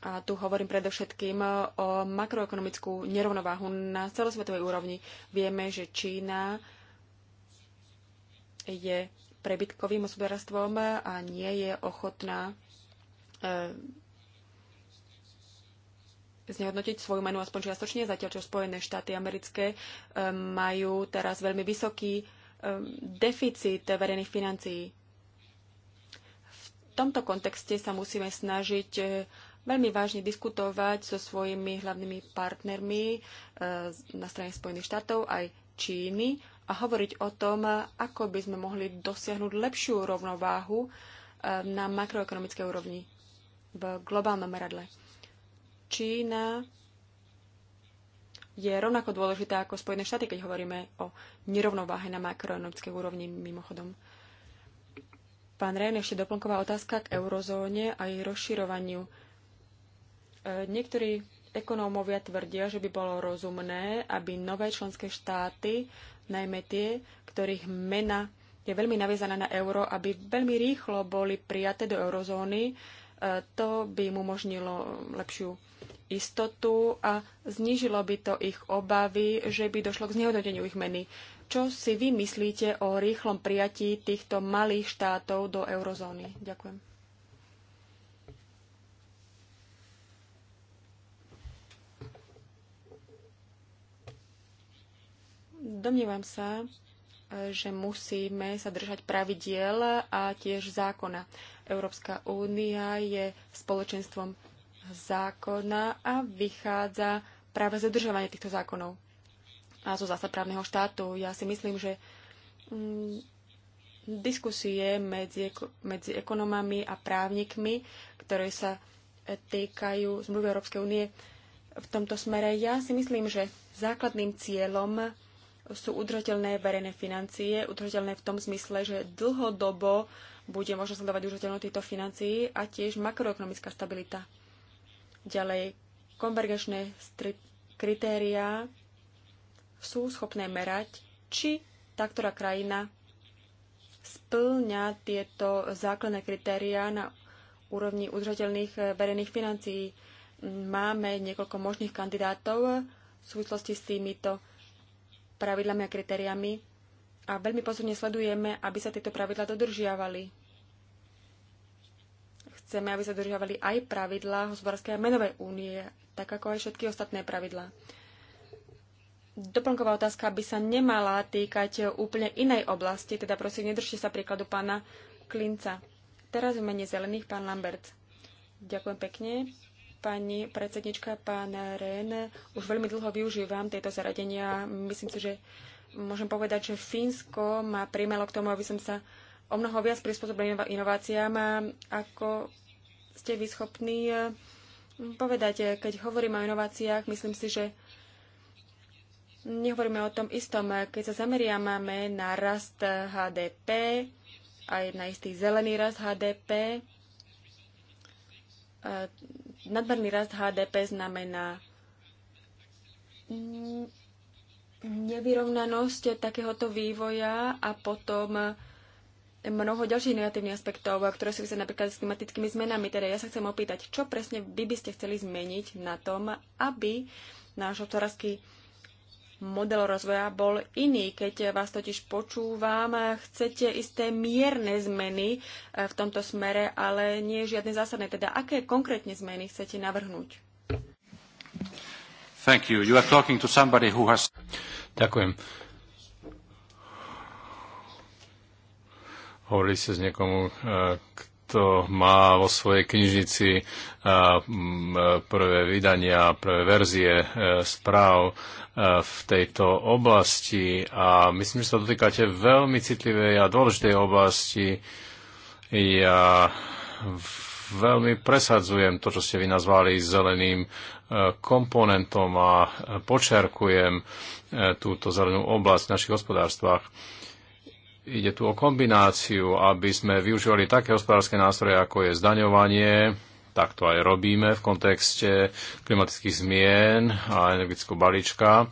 a tu hovorím predovšetkým e, o makroekonomickú nerovnováhu na celosvetovej úrovni. Vieme, že Čína je prebytkovým hospodárstvom a nie je ochotná e, znehodnotiť svoju menu aspoň čiastočne, zatiaľ čo Spojené štáty americké e, majú teraz veľmi vysoký deficit verejných financií. V tomto kontexte sa musíme snažiť veľmi vážne diskutovať so svojimi hlavnými partnermi eh, na strane Spojených štátov aj Číny a hovoriť o tom, ako by sme mohli dosiahnuť lepšiu rovnováhu eh, na makroekonomickej úrovni v globálnom meradle. Čína je rovnako dôležitá ako Spojené štáty, keď hovoríme o nerovnováhe na makroekonomickej úrovni mimochodom. Pán Rejn, ešte doplnková otázka k eurozóne a jej rozširovaniu. E, niektorí ekonómovia tvrdia, že by bolo rozumné, aby nové členské štáty, najmä tie, ktorých mena je veľmi naviazaná na euro, aby veľmi rýchlo boli prijaté do eurozóny, e, to by im umožnilo lepšiu istotu a znížilo by to ich obavy, že by došlo k znehodnoteniu ich meny. Čo si vy myslíte o rýchlom prijatí týchto malých štátov do eurozóny? Ďakujem. Domnívam sa, že musíme sa držať pravidiel a tiež zákona. Európska únia je spoločenstvom zákona a vychádza práve z dodržovania týchto zákonov a zo zásad právneho štátu. Ja si myslím, že mm, diskusie medzi, medzi ekonomami a právnikmi, ktoré sa týkajú zmluvy Európskej únie v tomto smere. Ja si myslím, že základným cieľom sú udržateľné verejné financie, udržateľné v tom zmysle, že dlhodobo bude možno sledovať udržateľnú týchto financií a tiež makroekonomická stabilita. Ďalej, konvergenčné kritériá sú schopné merať, či tá, ktorá krajina splňa tieto základné kritériá na úrovni udržateľných verejných financií. Máme niekoľko možných kandidátov v súvislosti s týmito pravidlami a kritériami a veľmi pozorne sledujeme, aby sa tieto pravidla dodržiavali. Chceme, aby sa dodržiavali aj pravidlá hospodárskej a menovej únie, tak ako aj všetky ostatné pravidlá. Doplnková otázka by sa nemala týkať úplne inej oblasti, teda prosím, nedržte sa príkladu pána Klinca. Teraz v mene zelených pán Lambert. Ďakujem pekne. Pani predsednička, pán Ren, už veľmi dlho využívam tieto zaradenia. Myslím si, že môžem povedať, že Fínsko ma primelo k tomu, aby som sa o mnoho viac prispôsobila inováciám. Ako ste vy schopní eh, povedať, eh, keď hovoríme o inováciách, myslím si, že nehovoríme o tom istom. Keď sa zameriame na rast HDP, aj na istý zelený rast HDP, eh, nadmerný rast HDP znamená nevyrovnanosť takéhoto vývoja a potom mnoho ďalších negatívnych aspektov, ktoré súvisia napríklad s klimatickými zmenami. Teda ja sa chcem opýtať, čo presne vy by ste chceli zmeniť na tom, aby náš hospodársky model rozvoja bol iný. Keď vás totiž počúvam, chcete isté mierne zmeny eh, v tomto smere, ale nie žiadne zásadné. Teda aké konkrétne zmeny chcete navrhnúť? Thank you. You are talking to somebody who has... Ďakujem. Hovorili ste s niekomu, eh, to má vo svojej knižnici prvé vydania, prvé verzie e, správ e, v tejto oblasti a myslím, že sa dotýkate veľmi citlivej a dôležitej oblasti. Ja veľmi presadzujem to, čo ste vy nazvali zeleným e, komponentom a počerkujem túto zelenú oblasť v našich hospodárstvách Ide tu o kombináciu, aby sme využívali také hospodárske nástroje, ako je zdaňovanie, tak to aj robíme v kontexte klimatických zmien a energetického balíčka.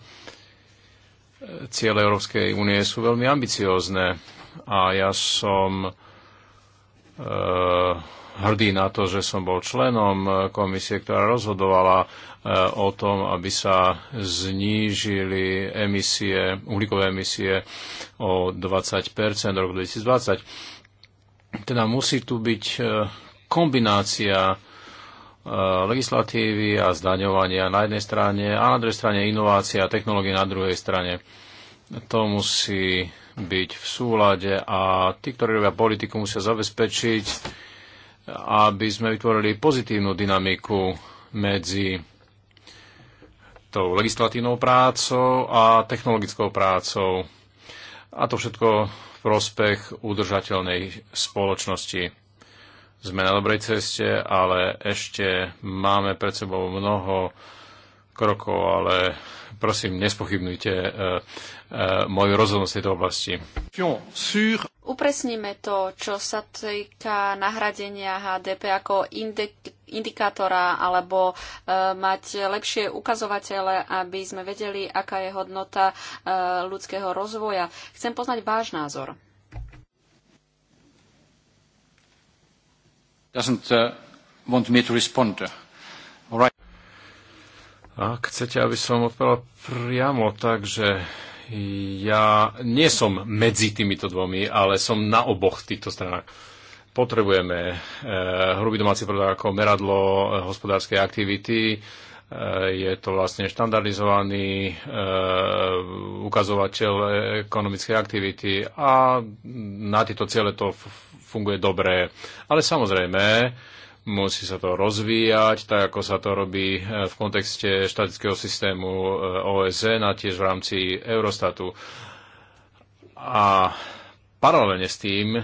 Ciele Európskej únie sú veľmi ambiciózne a ja som e, hrdý na to, že som bol členom eh, komisie, ktorá rozhodovala eh, o tom, aby sa znížili emisie, uhlíkové emisie o 20 do roku 2020. Teda musí tu byť eh, kombinácia legislatívy a zdaňovania na jednej strane a na druhej strane inovácia a technológie na druhej strane. To musí byť v súlade a tí, ktorí robia politiku, musia zabezpečiť, aby sme vytvorili pozitívnu dynamiku medzi tou legislatívnou prácou a technologickou prácou. A to všetko v prospech udržateľnej spoločnosti. Sme na dobrej ceste, ale ešte máme pred sebou mnoho krokov, ale prosím, nespochybnujte uh, uh, moju rozhodnosť v tejto oblasti. Upresníme to, čo sa týka nahradenia HDP ako indikátora alebo e, mať lepšie ukazovatele, aby sme vedeli, aká je hodnota e, ľudského rozvoja. Chcem poznať váš názor. Doesn't uh, want me to respond. All right. Ak chcete, aby som odpovedal priamo, takže ja nie som medzi týmito dvomi, ale som na oboch týchto stranách. Potrebujeme e, hrubý domáci produkt ako meradlo eh, hospodárskej aktivity, e, je to vlastne štandardizovaný e, ukazovateľ ekonomickej aktivity a na tieto ciele to funguje dobre. Ale samozrejme, e, musí sa to rozvíjať, tak ako sa to robí e, v kontexte štatického systému e, OSN a tiež v rámci Eurostatu. A paralelne s tým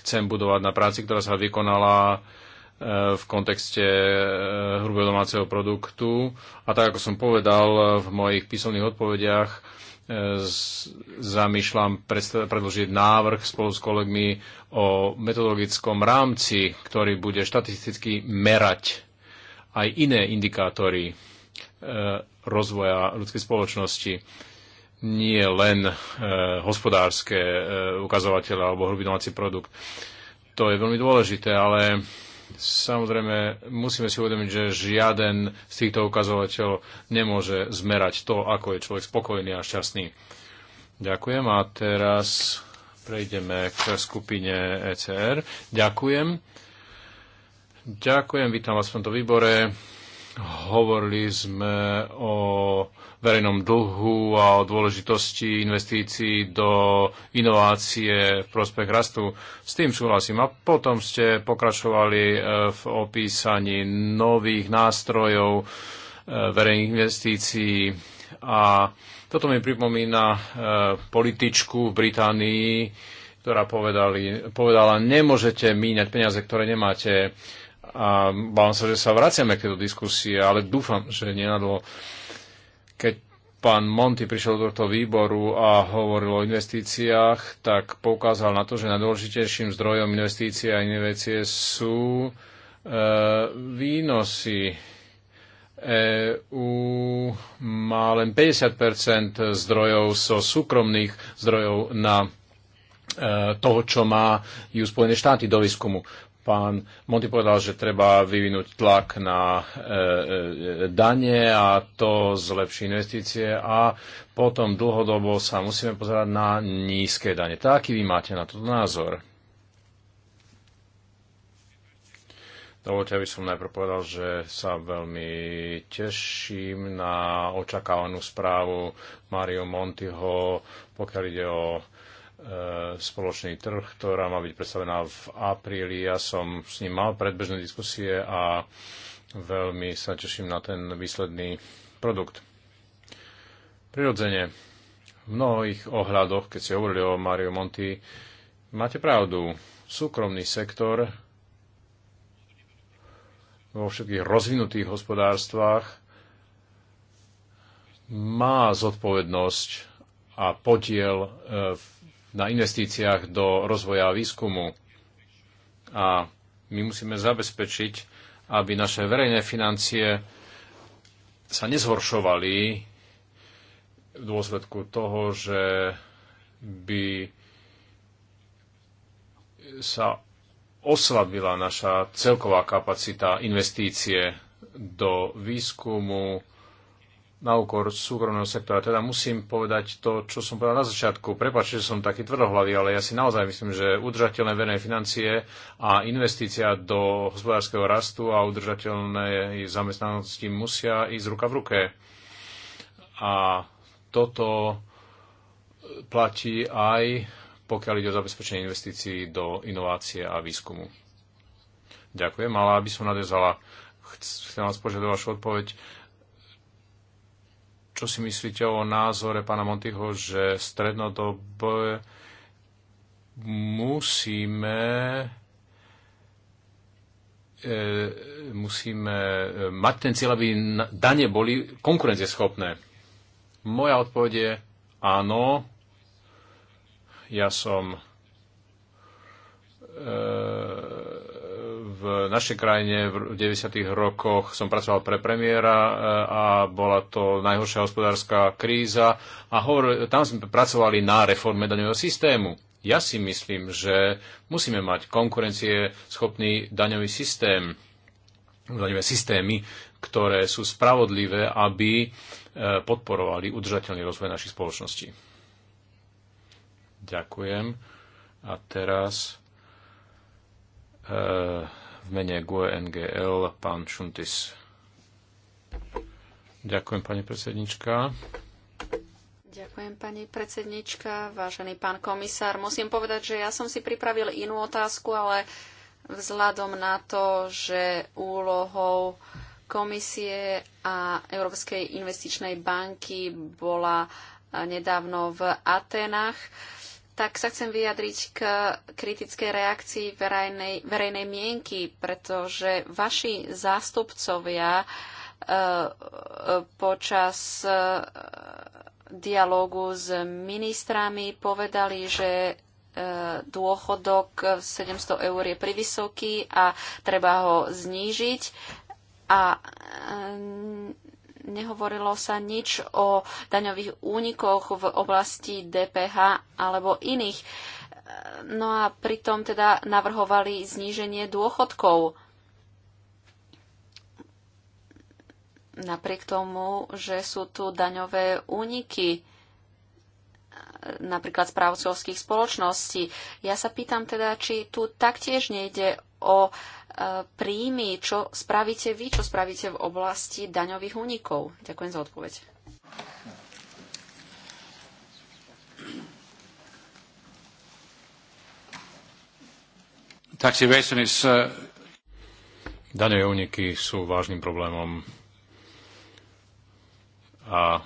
chcem budovať na práci, ktorá sa vykonala e, v kontexte hrubého domáceho produktu. A tak, ako som povedal v mojich písomných odpovediach, zamýšľam predložiť návrh spolu s kolegmi o metodologickom rámci, ktorý bude štatisticky merať aj iné indikátory e, rozvoja ľudskej spoločnosti, nie len e, hospodárske e, ukazovatele alebo hrubý domáci produkt. To je veľmi dôležité, ale Samozrejme, musíme si uvedomiť, že žiaden z týchto ukazovateľov nemôže zmerať to, ako je človek spokojný a šťastný. Ďakujem a teraz prejdeme k skupine ECR. Ďakujem. Ďakujem, vítam vás v tomto výbore. Hovorili sme o verejnom dlhu a o dôležitosti investícií do inovácie v prospech rastu. S tým súhlasím. A potom ste pokračovali e, v opísaní nových nástrojov e, verejných investícií a toto mi pripomína e, političku v Británii, ktorá povedali, povedala, nemôžete míňať peniaze, ktoré nemáte. A bávam sa, že sa vraciame k tejto diskusii, ale dúfam, že nenadlo. Keď pán Monty prišiel do tohto výboru a hovoril o investíciách, tak poukázal na to, že najdôležitejším zdrojom investície a inovácie sú e, výnosy. EU má len 50 zdrojov zo so súkromných zdrojov na e, toho, čo má ju Spojené štáty do výskumu. Pán Monty povedal, že treba vyvinúť tlak na e, e, dane a to zlepší investície a potom dlhodobo sa musíme pozerať na nízke dane. Taký vy máte na toto názor. Dovolte, aby som najprv povedal, že sa veľmi teším na očakávanú správu Mario Montiho, pokiaľ ide o E, spoločný trh, ktorá má byť predstavená v apríli. Ja som s ním mal predbežné diskusie a veľmi sa teším na ten výsledný produkt. Prirodzene, v mnohých ohľadoch, keď ste hovorili o Mario Monti, máte pravdu. Súkromný sektor vo všetkých rozvinutých hospodárstvách má zodpovednosť a podiel e, v na investíciách do rozvoja a výskumu. A my musíme zabezpečiť, aby naše verejné financie sa nezhoršovali v dôsledku toho, že by sa oslabila naša celková kapacita investície do výskumu, na úkor súkromného sektora. Teda musím povedať to, čo som povedal na začiatku. Prepačte, že som taký tvrdohlavý, ale ja si naozaj myslím, že udržateľné verejné financie a investícia do hospodárskeho rastu a udržateľnej zamestnanosti musia ísť ruka v ruke. A toto platí aj pokiaľ ide o zabezpečenie investícií do inovácie a výskumu. Ďakujem, ale aby som nadezala, chcem vás požiadať vašu odpoveď čo si myslíte o názore pána Montyho, že strednodobo musíme e, musíme mať ten cieľ, aby dane boli konkurencieschopné. Moja odpoveď je áno. Ja som e, v našej krajine v 90. rokoch som pracoval pre premiéra e, a bola to najhoršia hospodárska kríza a hovor, tam sme pracovali na reforme daňového systému. Ja si myslím, že musíme mať konkurencie schopný daňový systém, daňové systémy, ktoré sú spravodlivé, aby e, podporovali udržateľný rozvoj našich spoločností. Ďakujem. A teraz e, v mene GUE NGL pán Šuntis. Ďakujem, pani predsednička. Ďakujem, pani predsednička. Vážený pán komisár, musím povedať, že ja som si pripravil inú otázku, ale vzhľadom na to, že úlohou komisie a Európskej investičnej banky bola eh, nedávno v Atenách tak sa chcem vyjadriť k kritickej reakcii verejnej, verejnej mienky, pretože vaši zástupcovia e, e počas e, dialógu s ministrami povedali, že e, dôchodok 700 eur je privysoký a treba ho znížiť. A Nehovorilo sa nič o daňových únikoch v oblasti DPH alebo iných. No a pritom teda navrhovali zníženie dôchodkov. Napriek tomu, že sú tu daňové úniky napríklad správcovských spoločností. Ja sa pýtam teda, či tu taktiež nejde o e, príjmy, čo spravíte vy, čo spravíte v oblasti daňových únikov? Ďakujem za odpoveď. E, Daňové úniky sú vážnym problémom a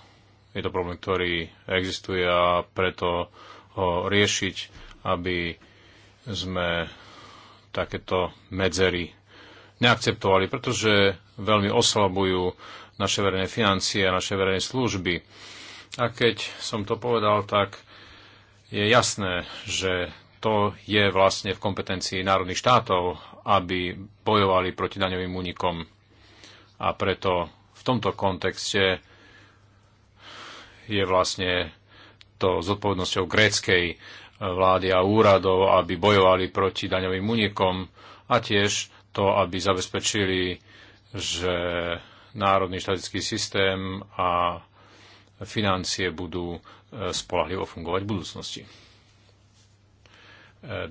je to problém, ktorý existuje a preto ho riešiť, aby sme takéto medzery neakceptovali, pretože veľmi oslabujú naše verejné financie a naše verejné služby. A keď som to povedal, tak je jasné, že to je vlastne v kompetencii národných štátov, aby bojovali proti daňovým únikom. A preto v tomto kontexte je vlastne to zodpovednosťou gréckej vlády a úradov, aby bojovali proti daňovým únikom a tiež to, aby zabezpečili, že národný štatický systém a financie budú e, spolahlivo fungovať v budúcnosti. E,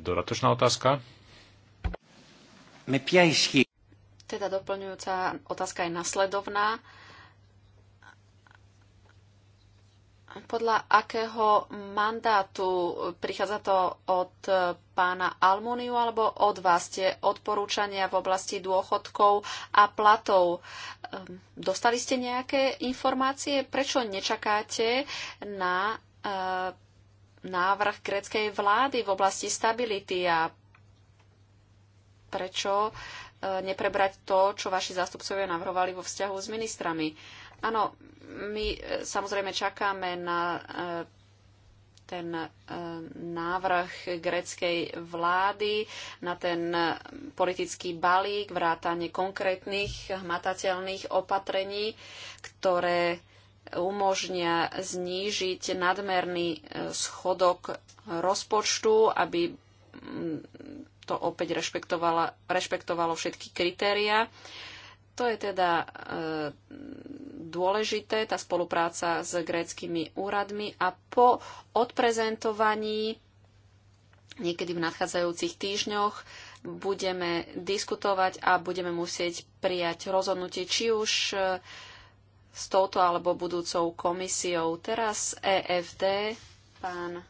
dodatočná otázka? Teda doplňujúca otázka je nasledovná. podľa akého mandátu prichádza to od pána Almuniu alebo od vás tie odporúčania v oblasti dôchodkov a platov? Ehm, dostali ste nejaké informácie? Prečo nečakáte na ehm, návrh greckej vlády v oblasti stability a prečo ehm, neprebrať to, čo vaši zástupcovia navrhovali vo vzťahu s ministrami? Áno, my e, samozrejme čakáme na e, ten e, návrh greckej vlády, na ten politický balík, vrátanie konkrétnych hmatateľných opatrení, ktoré umožnia znížiť nadmerný schodok rozpočtu, aby mm, to opäť rešpektovalo všetky kritéria. To je teda e, dôležité, tá spolupráca s gréckými úradmi a po odprezentovaní niekedy v nadchádzajúcich týždňoch budeme diskutovať a budeme musieť prijať rozhodnutie, či už e, s touto alebo budúcou komisiou. Teraz EFD, pán,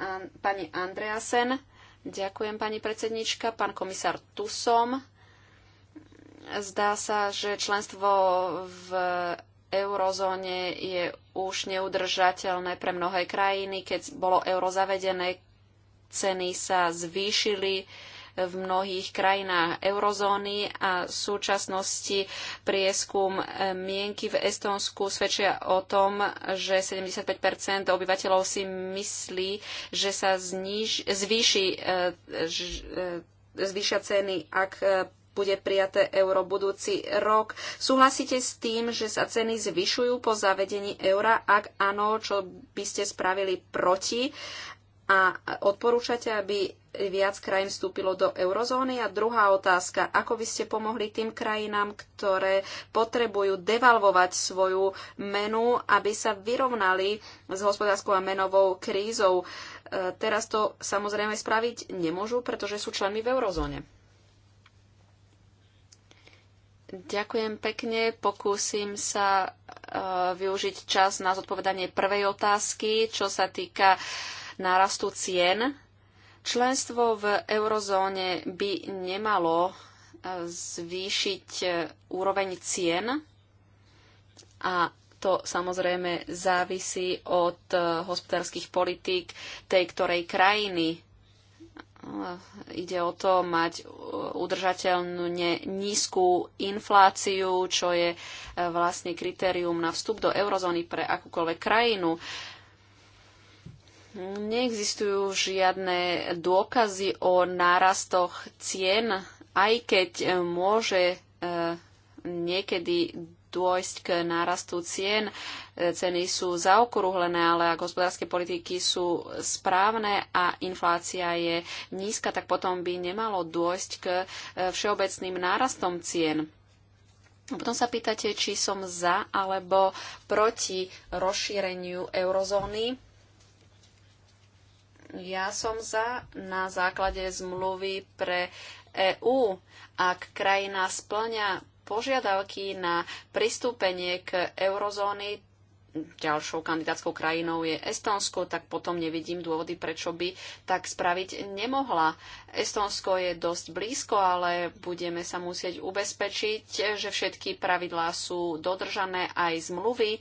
an, pani Andreasen. Ďakujem, pani predsednička. Pán komisár, Tusom. Zdá sa, že členstvo v eurozóne je už neudržateľné pre mnohé krajiny. Keď bolo euro zavedené, ceny sa zvýšili v mnohých krajinách eurozóny a v súčasnosti prieskum mienky v Estonsku svedčia o tom, že 75 obyvateľov si myslí, že sa zvýši, e, e, zvýšia ceny, ak bude prijaté euro budúci rok. Súhlasíte s tým, že sa ceny zvyšujú po zavedení eura? Ak áno, čo by ste spravili proti? A odporúčate, aby viac krajín vstúpilo do eurozóny? A druhá otázka, ako by ste pomohli tým krajinám, ktoré potrebujú devalvovať svoju menu, aby sa vyrovnali s hospodárskou a menovou krízou? E, teraz to samozrejme spraviť nemôžu, pretože sú členmi v eurozóne. Ďakujem pekne. Pokúsim sa e, využiť čas na zodpovedanie prvej otázky, čo sa týka nárastu cien. Členstvo v eurozóne by nemalo e, zvýšiť e, úroveň cien a to samozrejme závisí od hospodárskych politík tej ktorej krajiny ide o to mať udržateľne nízku infláciu, čo je e, vlastne kritérium na vstup do eurozóny pre akúkoľvek krajinu. Neexistujú žiadne dôkazy o nárastoch cien, aj keď e, môže e, niekedy dôjsť k nárastu cien. Ceny sú zaokrúhlené, ale ak hospodárske politiky sú správne a inflácia je nízka, tak potom by nemalo dôjsť k e, všeobecným nárastom cien. Potom sa pýtate, či som za alebo proti rozšíreniu eurozóny. Ja som za na základe zmluvy pre EÚ. Ak krajina splňa požiadavky na pristúpenie k eurozóny ďalšou kandidátskou krajinou je Estonsko, tak potom nevidím dôvody, prečo by tak spraviť nemohla. Estonsko je dosť blízko, ale budeme sa musieť ubezpečiť, že všetky pravidlá sú dodržané aj zmluvy.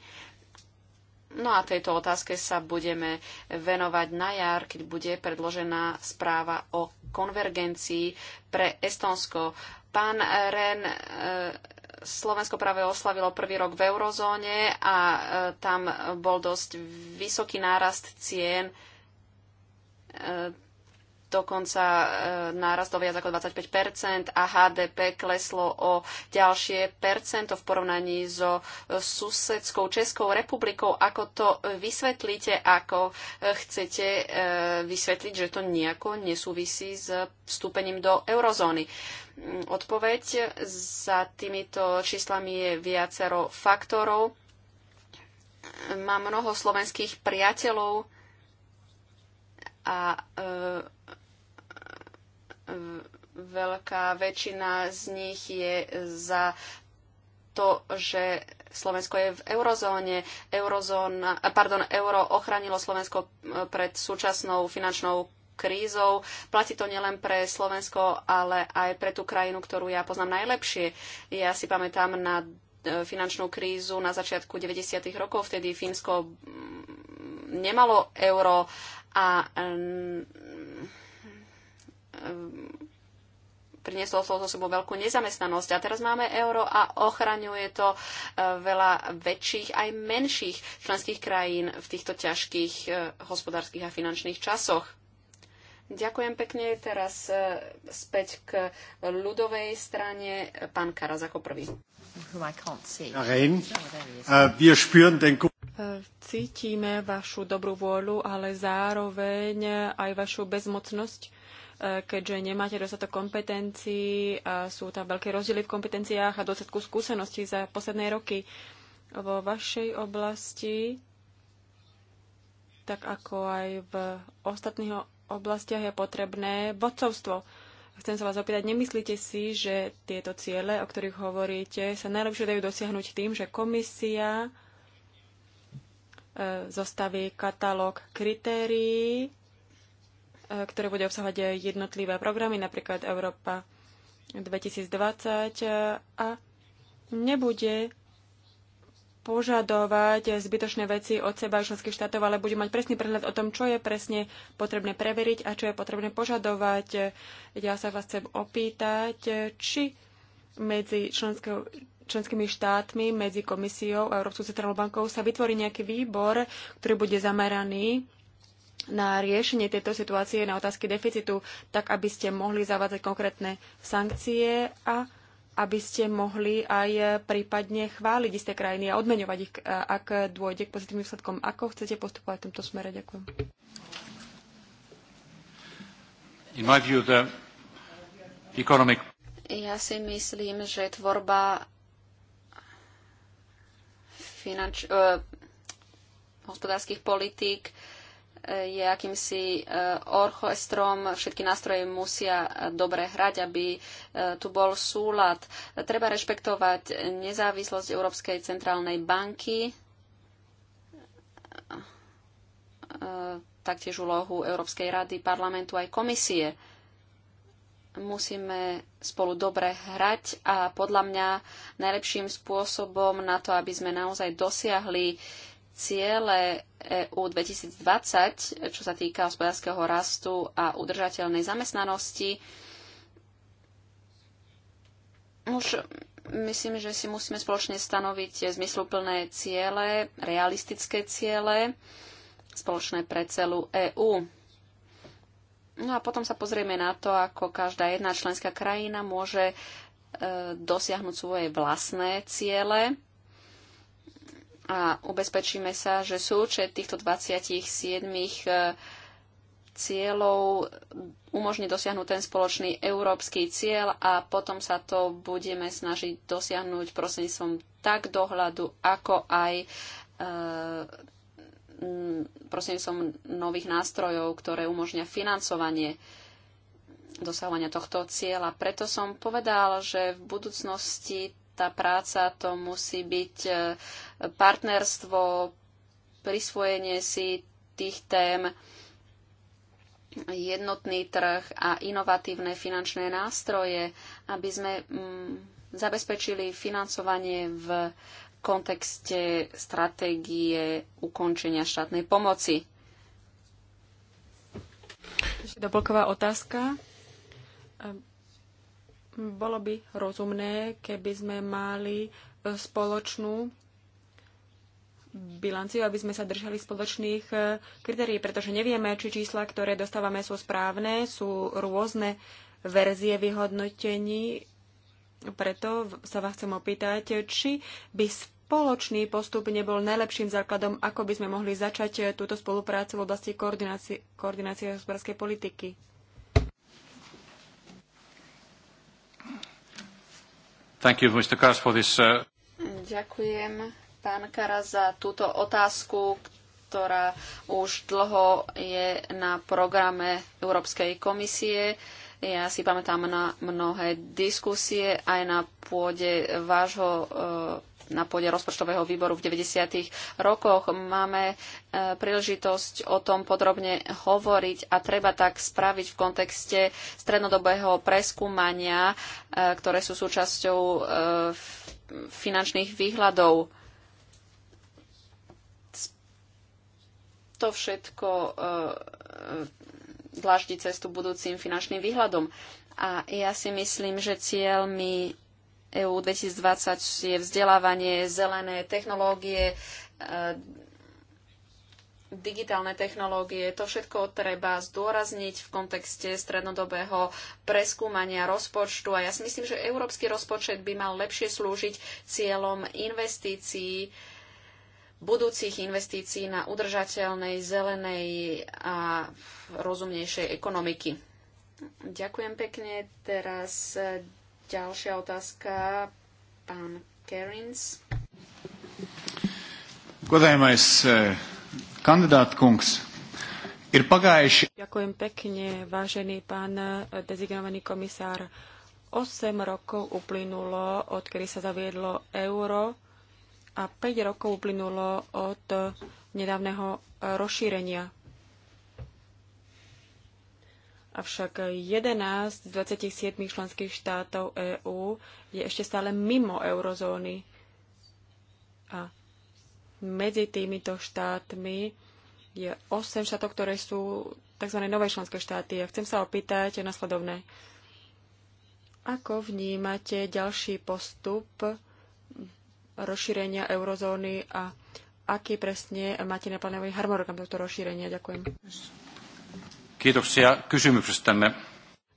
No a tejto otázke sa budeme venovať na jar, keď bude predložená správa o konvergencii pre Estonsko Pán Ren, e, Slovensko práve oslavilo prvý rok v eurozóne a e, tam bol dosť vysoký nárast cien, e, dokonca nárast o viac ako 25 a HDP kleslo o ďalšie percento v porovnaní so susedskou Českou republikou. Ako to vysvetlíte, ako chcete vysvetliť, že to nejako nesúvisí s vstúpením do eurozóny? odpoveď. Za týmito číslami je viacero faktorov. Mám mnoho slovenských priateľov a e, e, veľká väčšina z nich je za to, že Slovensko je v eurozóne. Eurozóna, pardon, euro ochránilo Slovensko e, pred súčasnou finančnou krízou. Platí to nielen pre Slovensko, ale aj pre tú krajinu, ktorú ja poznám najlepšie. Ja si pamätám na e, finančnú krízu na začiatku 90. rokov. Vtedy Fínsko nemalo euro a mm, e, prinieslo to so sebou veľkú nezamestnanosť. A teraz máme euro a ochraňuje to e, veľa väčších aj menších členských krajín v týchto ťažkých hospodárskych a finančných časoch. Ďakujem pekne. Teraz e, späť k ľudovej strane. Pán Karas ako prvý. Oh, e, e, cítime vašu dobrú vôľu, ale zároveň aj vašu bezmocnosť, keďže nemáte dostatok kompetencií a sú tam veľké rozdiely v kompetenciách a dostatku skúseností za posledné roky. Vo vašej oblasti tak ako aj v ostatných oblastiach je potrebné vodcovstvo. Chcem sa vás opýtať, nemyslíte si, že tieto ciele, o ktorých hovoríte, sa najlepšie dajú dosiahnuť tým, že komisia e, zostaví katalóg kritérií, e, ktoré bude obsahovať jednotlivé programy, napríklad Európa 2020 e, a nebude požadovať zbytočné veci od seba členských štátov, ale bude mať presný prehľad o tom, čo je presne potrebné preveriť a čo je potrebné požadovať. Ja sa vás chcem opýtať, či medzi členského, členskými štátmi, medzi komisiou a Európskou centrálnou bankou sa vytvorí nejaký výbor, ktorý bude zameraný na riešenie tejto situácie, na otázky deficitu, tak aby ste mohli zavádzať konkrétne sankcie a aby ste mohli aj prípadne chváliť isté krajiny a odmeňovať ich, ak dôjde k pozitívnym výsledkom. Ako chcete postupovať v tomto smere? Ďakujem. View, economic... Ja si myslím, že tvorba finanč... uh, hospodárskych politík je akýmsi eh, orchestrom, všetky nástroje musia eh, dobre hrať, aby eh, tu bol súlad. Treba rešpektovať nezávislosť Európskej centrálnej banky, taktiež úlohu Európskej rady, parlamentu aj komisie. Musíme spolu dobre hrať a podľa mňa najlepším spôsobom na to, aby sme naozaj dosiahli uh, ciele EU 2020, čo sa týka hospodárskeho rastu a udržateľnej zamestnanosti, už myslím, že si musíme spoločne stanoviť zmysluplné ciele, realistické ciele, spoločné pre celú EÚ. No a potom sa pozrieme na to, ako každá jedna členská krajina môže e, dosiahnuť svoje vlastné ciele a ubezpečíme sa, že súčet týchto 27 eh, cieľov umožní dosiahnuť ten spoločný európsky cieľ a potom sa to budeme snažiť dosiahnuť prostredníctvom tak dohľadu, ako aj e, prostredníctvom nových nástrojov, ktoré umožňa financovanie dosahovania tohto cieľa. Preto som povedal, že v budúcnosti tá práca to musí byť e, partnerstvo, prisvojenie si tých tém, jednotný trh a inovatívne finančné nástroje, aby sme mm, zabezpečili financovanie v kontexte stratégie ukončenia štátnej pomoci. Doplková otázka. Bolo by rozumné, keby sme mali e, spoločnú bilanciu, aby sme sa držali spoločných e, kritérií, pretože nevieme, či čísla, ktoré dostávame, sú správne, sú rôzne verzie vyhodnotení. Preto sa vás chcem opýtať, či by spoločný postup nebol najlepším základom, ako by sme mohli začať e, túto spoluprácu v oblasti koordinácie, koordinácie hospodárskej politiky. Thank you, Mr. Karas, for this, uh... Ďakujem, pán Kara za túto otázku, ktorá už dlho je na programe Európskej komisie. Ja si pamätám na mnohé diskusie aj na pôde vášho uh, na pôde rozpočtového výboru v 90. rokoch. Máme e, príležitosť o tom podrobne hovoriť a treba tak spraviť v kontexte strednodobého preskúmania, e, ktoré sú súčasťou e, finančných výhľadov. To všetko dlaždí cestu budúcim finančným výhľadom. A ja si myslím, že cieľmi EU 2020 je vzdelávanie, zelené technológie, e, digitálne technológie. To všetko treba zdôrazniť v kontexte strednodobého preskúmania rozpočtu. A ja si myslím, že európsky rozpočet by mal lepšie slúžiť cieľom investícií, budúcich investícií na udržateľnej, zelenej a rozumnejšej ekonomiky. Ďakujem pekne. Teraz Ďalšia otázka, pán Kerins. Godājamais e, kandidát kungs, ir pagājuši... Ďakujem pekne, vážený pán e, dezignovaný komisár. 8 rokov uplynulo, odkedy sa zaviedlo euro a 5 rokov uplynulo od nedávneho e, rozšírenia Avšak 11 z 27 členských štátov EÚ je ešte stále mimo eurozóny. A medzi týmito štátmi je 8 štátov, ktoré sú tzv. nové členské štáty. A chcem sa opýtať nasledovné. Ako vnímate ďalší postup rozšírenia eurozóny a aký presne máte naplánovaný harmonogram tohto rozšírenia? Ďakujem. Kiitoksia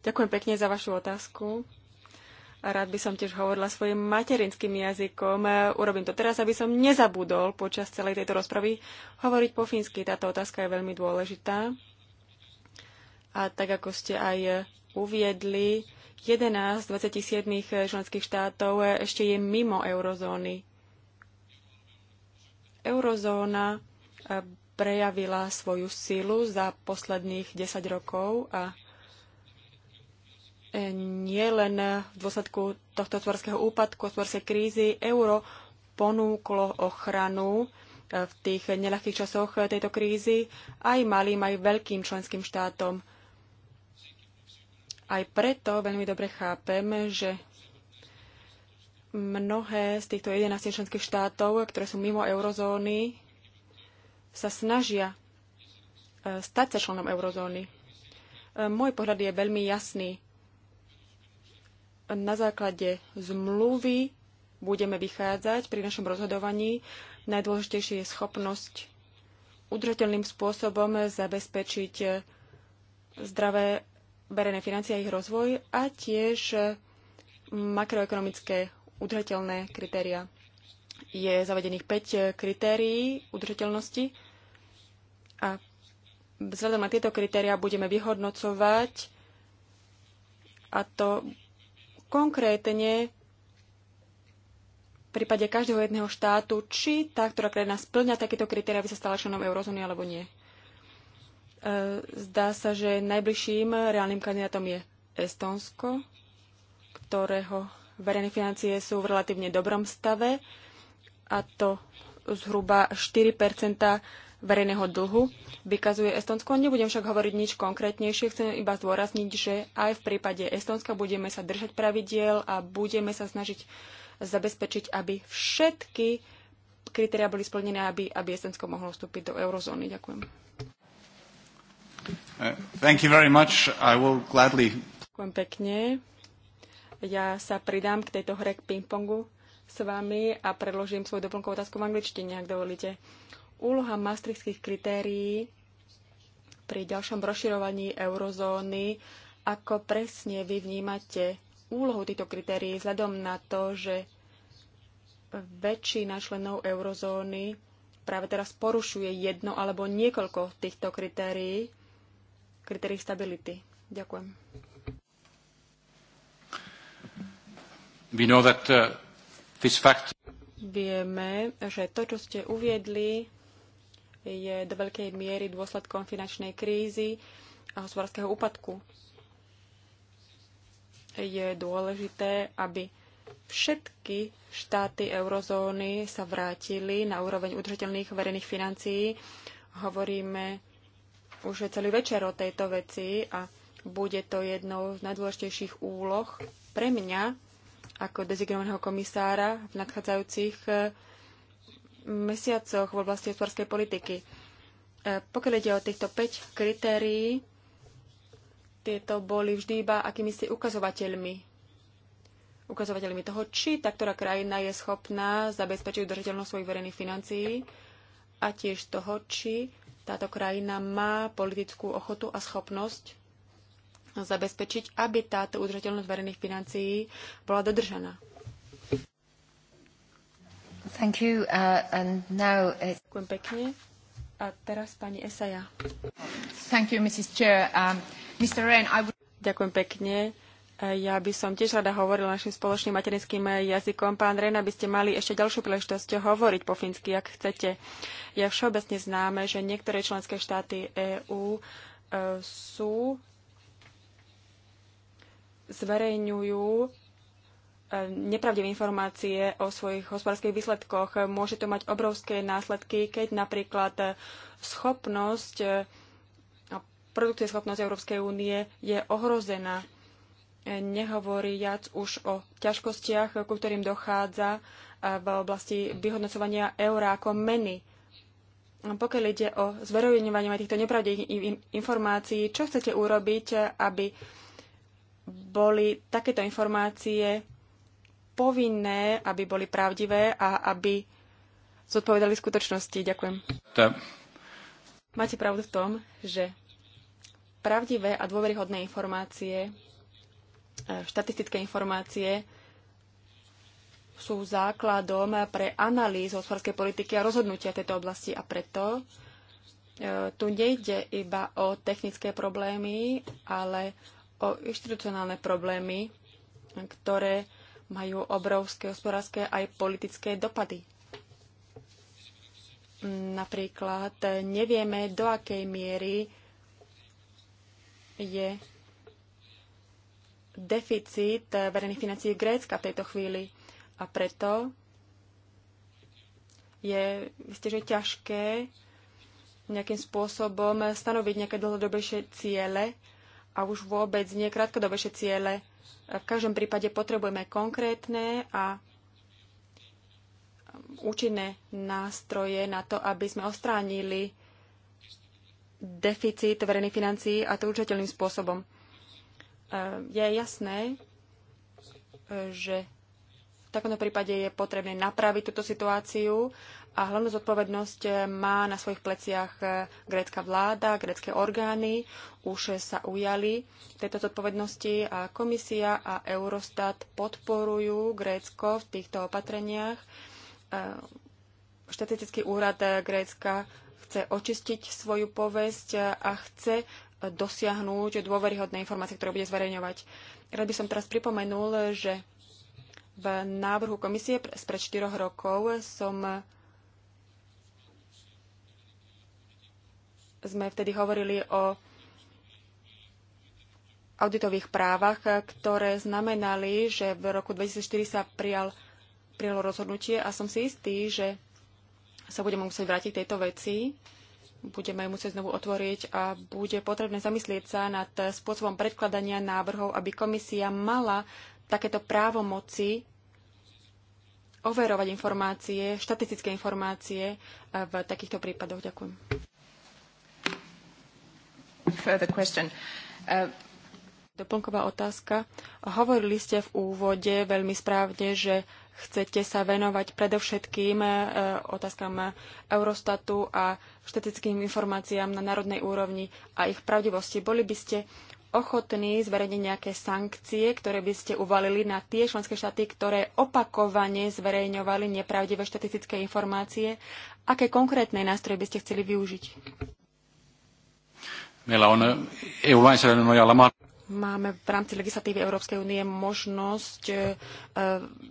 Ďakujem pekne za vašu otázku. Rád by som tiež hovorila svojim materinským jazykom. E, urobím to teraz, aby som nezabudol počas celej tejto rozpravy hovoriť po fínsky. Táto otázka je veľmi dôležitá. A tak, ako ste aj uviedli, 11 z 27 členských štátov ešte je mimo eurozóny. Eurozóna e, prejavila svoju sílu za posledných 10 rokov a e, nie len v dôsledku tohto tvorského úpadku, tvorskej krízy, euro ponúklo ochranu e, v tých neľahkých časoch e, tejto krízy aj malým, aj veľkým členským štátom. Aj preto veľmi dobre chápem, že mnohé z týchto 11 členských štátov, ktoré sú mimo eurozóny, sa snažia e, stať sa členom eurozóny. E, môj pohľad je veľmi jasný. Na základe zmluvy budeme vychádzať pri našom rozhodovaní. Najdôležitejšie je schopnosť udržateľným spôsobom zabezpečiť e, zdravé verejné financie a ich rozvoj a tiež makroekonomické udržateľné kritéria je zavedených 5 e, kritérií udržateľnosti a vzhľadom na tieto kritéria budeme vyhodnocovať a to konkrétne v prípade každého jedného štátu, či tá, ktorá krajina splňa takéto kritéria, by sa stala členom eurozóny alebo nie. E, zdá sa, že najbližším reálnym kandidátom je Estónsko, ktorého verejné financie sú v relatívne dobrom stave a to zhruba 4 verejného dlhu vykazuje Estonsko. Nebudem však hovoriť nič konkrétnejšie, chcem iba zdôrazniť, že aj v prípade Estonska budeme sa držať pravidiel a budeme sa snažiť zabezpečiť, aby všetky kritéria boli splnené, aby, aby Estonsko mohlo vstúpiť do eurozóny. Ďakujem. Uh, thank you very much. I will gladly... Ďakujem pekne. Ja sa pridám k tejto hre k ping-pongu s vami a predložím svoju doplnkovú otázku v angličtine, ak dovolíte. Úloha maastrichtských kritérií pri ďalšom rozširovaní eurozóny, ako presne vy vnímate úlohu týchto kritérií vzhľadom na to, že väčšina členov eurozóny práve teraz porušuje jedno alebo niekoľko týchto kritérií, kritérií stability. Ďakujem. We know that uh, Vieme, že to, čo ste uviedli, je do veľkej miery dôsledkom finančnej krízy a hospodárskeho úpadku. Je dôležité, aby všetky štáty eurozóny sa vrátili na úroveň udržateľných verejných financií. Hovoríme už celý večer o tejto veci a bude to jednou z najdôležitejších úloh pre mňa ako dezignovaného komisára v nadchádzajúcich eh, mesiacoch v oblasti hospodárskej politiky. Eh, pokiaľ ide o týchto 5 kritérií, tieto boli vždy iba akýmisi ukazovateľmi. Ukazovateľmi toho, či tá ktorá krajina je schopná zabezpečiť udržateľnosť svojich verejných financií a tiež toho, či táto krajina má politickú ochotu a schopnosť zabezpečiť, aby táto udržateľnosť verejných financií bola dodržaná. Thank you, uh, and now Ďakujem pekne. A teraz pani Esaja. Thank you, Mrs. Chair. Um, Mr. I would... Ďakujem pekne. E, ja by som tiež rada hovorila našim spoločným materinským e, jazykom. Pán Ren, aby ste mali ešte ďalšiu príležitosť hovoriť po fínsky, ak chcete. Je všeobecne známe, že niektoré členské štáty EÚ e, sú zverejňujú e, nepravdivé informácie o svojich hospodárskych výsledkoch. Môže to mať obrovské následky, keď napríklad e, schopnosť e, produkcie schopnosť Európskej únie je ohrozená. Nehovoriac už o ťažkostiach, ku ktorým dochádza v oblasti vyhodnocovania eurá ako meny. Pokiaľ ide o zverejňovanie týchto nepravdivých informácií, čo chcete urobiť, aby boli takéto informácie povinné, aby boli pravdivé a aby zodpovedali skutočnosti. Ďakujem. Tá. Máte pravdu v tom, že pravdivé a dôveryhodné informácie, e, štatistické informácie sú základom pre analýzu hospodárskej politiky a rozhodnutia tejto oblasti a preto e, tu nejde iba o technické problémy, ale o inštitucionálne problémy, ktoré majú obrovské hospodárske aj politické dopady. Napríklad nevieme, do akej miery je deficit verejných financí Grécka v tejto chvíli. A preto je isté, že ťažké nejakým spôsobom stanoviť nejaké dlhodobejšie ciele a už vôbec nie krátkodobejšie ciele. V každom prípade potrebujeme konkrétne a um, účinné nástroje na to, aby sme ostránili deficit verejných financií a to určiteľným spôsobom. Um, je jasné, um, že v takomto prípade je potrebné napraviť túto situáciu a hlavnú zodpovednosť eh, má na svojich pleciach eh, grécka vláda, grécké orgány už eh, sa ujali tejto zodpovednosti a komisia a Eurostat podporujú Grécko v týchto opatreniach. Štatistický úrad Grécka chce očistiť svoju povesť a chce dosiahnuť dôveryhodné informácie, ktoré bude zverejňovať. Rád by som teraz pripomenul, že v návrhu komisie spred 4 rokov som sme vtedy hovorili o auditových právach, ktoré znamenali, že v roku 2004 sa prijal, prijalo rozhodnutie a som si istý, že sa budeme musieť vrátiť k tejto veci, budeme ju musieť znovu otvoriť a bude potrebné zamyslieť sa nad spôsobom predkladania návrhov, aby komisia mala takéto právomoci overovať informácie, štatistické informácie v takýchto prípadoch. Ďakujem. Further question. Uh, Doplnková otázka. Hovorili ste v úvode veľmi správne, že chcete sa venovať predovšetkým uh, otázkam Eurostatu a štatickým informáciám na národnej úrovni a ich pravdivosti. Boli by ste ochotní zverejniť nejaké sankcie, ktoré by ste uvalili na tie členské štáty, ktoré opakovane zverejňovali nepravdivé štatistické informácie? Aké konkrétne nástroje by ste chceli využiť? Meillä on eh, EU-lainsäädännön nojalla Máme v rámci legislatívy Európskej únie možnosť eh,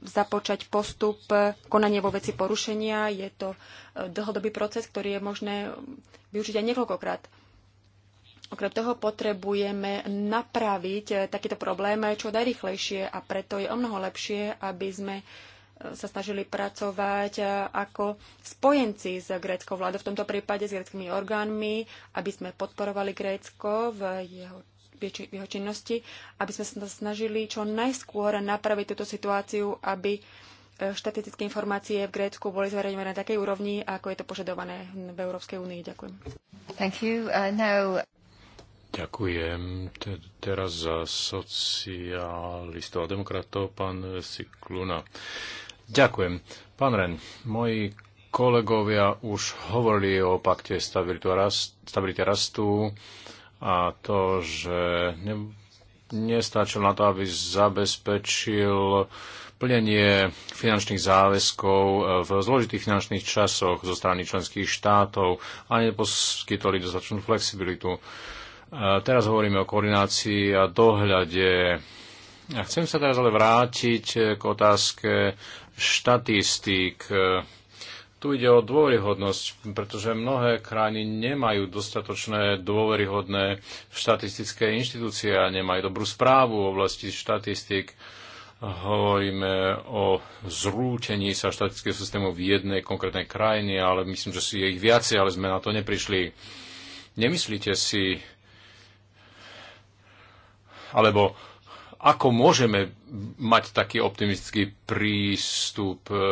započať postup eh, konanie vo veci porušenia. Je to dlhodobý proces, ktorý je možné využiť aj niekoľkokrát. Okrem toho potrebujeme napraviť takýto problém čo najrychlejšie a preto je o mnoho lepšie, aby sme sa snažili pracovať e, ako spojenci s gréckou vládou, v tomto prípade s gréckými orgánmi, aby sme podporovali Grécko v jeho, v jeho činnosti, aby sme sa snažili čo najskôr napraviť túto situáciu, aby e, štatistické informácie v Grécku boli zverejňované na takej úrovni, ako je to požadované v Európskej únii. Ďakujem. Thank you. Uh, now... Ďakujem. Te, teraz za socialistov a demokratov pán Sikluna. Ďakujem. Pán Ren, moji kolegovia už hovorili o pakte stability rastu a to, že ne, nestačil na to, aby zabezpečil plnenie finančných záväzkov v zložitých finančných časoch zo strany členských štátov a neposkytoli dostatočnú flexibilitu. Teraz hovoríme o koordinácii a dohľade. A chcem sa teraz ale vrátiť k otázke štatistík. Tu ide o dôveryhodnosť, pretože mnohé krajiny nemajú dostatočné dôveryhodné štatistické inštitúcie a nemajú dobrú správu v oblasti štatistík. Hovoríme o zrútení sa štatistického systému v jednej konkrétnej krajine, ale myslím, že si je ich viacej, ale sme na to neprišli. Nemyslíte si, alebo ako môžeme mať taký optimistický prístup. E, e,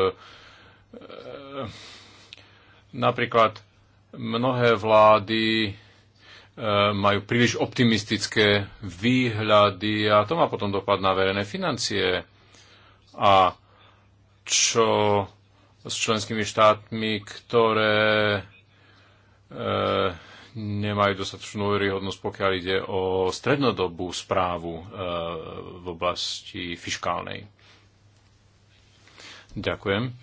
napríklad mnohé vlády e, majú príliš optimistické výhľady a to má potom dopad na verejné financie. A čo s členskými štátmi, ktoré e, nemajú dostatočnú úryhodnosť, pokiaľ ide o strednodobú správu e, v oblasti fiškálnej. Ďakujem.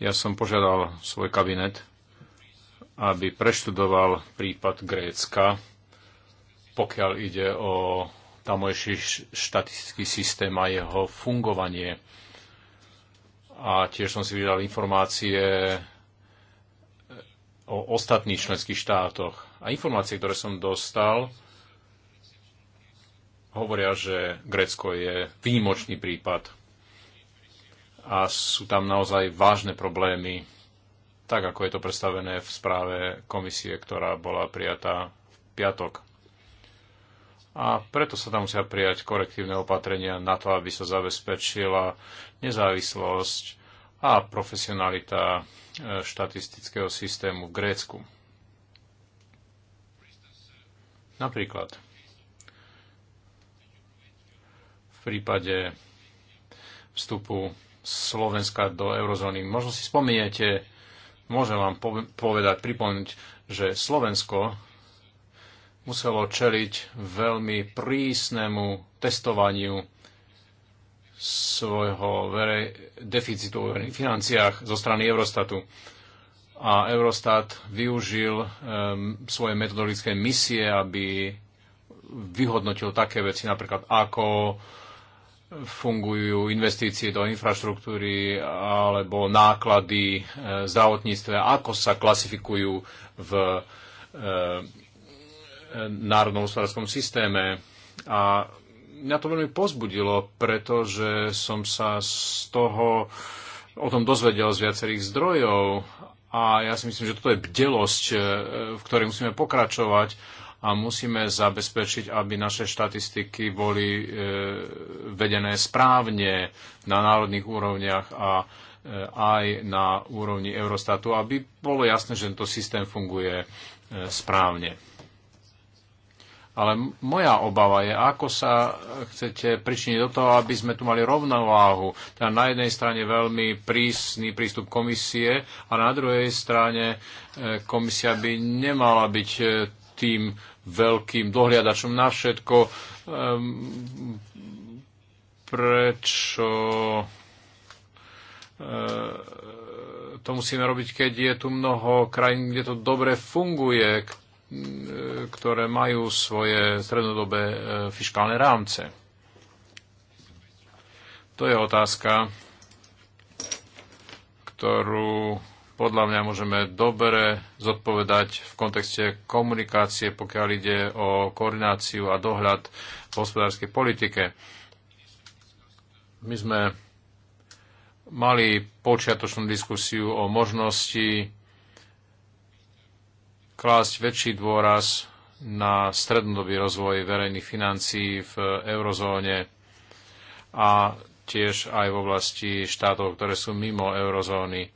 Ja som požiadal svoj kabinet, aby preštudoval prípad Grécka, pokiaľ ide o tamojší štatistický systém a jeho fungovanie a tiež som si vydal informácie eh, o ostatných členských štátoch. A informácie, ktoré som dostal, hovoria, že Grécko je výmočný prípad a sú tam naozaj vážne problémy, tak ako je to predstavené v správe komisie, ktorá bola prijatá v piatok a preto sa tam musia prijať korektívne opatrenia na to, aby sa zabezpečila nezávislosť a profesionalita e, štatistického systému v Grécku. Napríklad v prípade vstupu Slovenska do eurozóny. Možno si spomeniete, môžem vám povedať, pripomniť, že Slovensko muselo čeliť veľmi prísnemu testovaniu svojho verej, deficitu o verejných financiách zo strany Eurostatu. A Eurostat využil um, svoje metodologické misie, aby vyhodnotil také veci, napríklad ako fungujú investície do infraštruktúry alebo náklady e, zdravotníctve, ako sa klasifikujú v e, národnom hospodárskom systéme. A mňa to veľmi pozbudilo, pretože som sa z toho o tom dozvedel z viacerých zdrojov a ja si myslím, že toto je bdelosť, e, v ktorej musíme pokračovať a musíme zabezpečiť, aby naše štatistiky boli e, vedené správne na národných úrovniach a e, aj na úrovni Eurostatu, aby bolo jasné, že tento systém funguje správne. Ale moja obava je, ako sa chcete pričiniť do toho, aby sme tu mali rovnováhu. Teda na jednej strane veľmi prísny prístup komisie a na druhej strane e, komisia by nemala byť e, tým veľkým dohliadačom na všetko. Ehm, prečo e, to musíme robiť, keď je tu mnoho krajín, kde to dobre funguje, Mm, e, ktoré majú svoje strednodobé e, fiskálne rámce. To je otázka, ktorú podľa mňa môžeme dobre zodpovedať v kontexte komunikácie, pokiaľ ide o koordináciu a dohľad v hospodárskej politike. My sme mali počiatočnú diskusiu o možnosti klásť väčší dôraz na strednodobý rozvoj verejných financií v eurozóne a tiež aj v oblasti štátov, ktoré sú mimo eurozóny. E,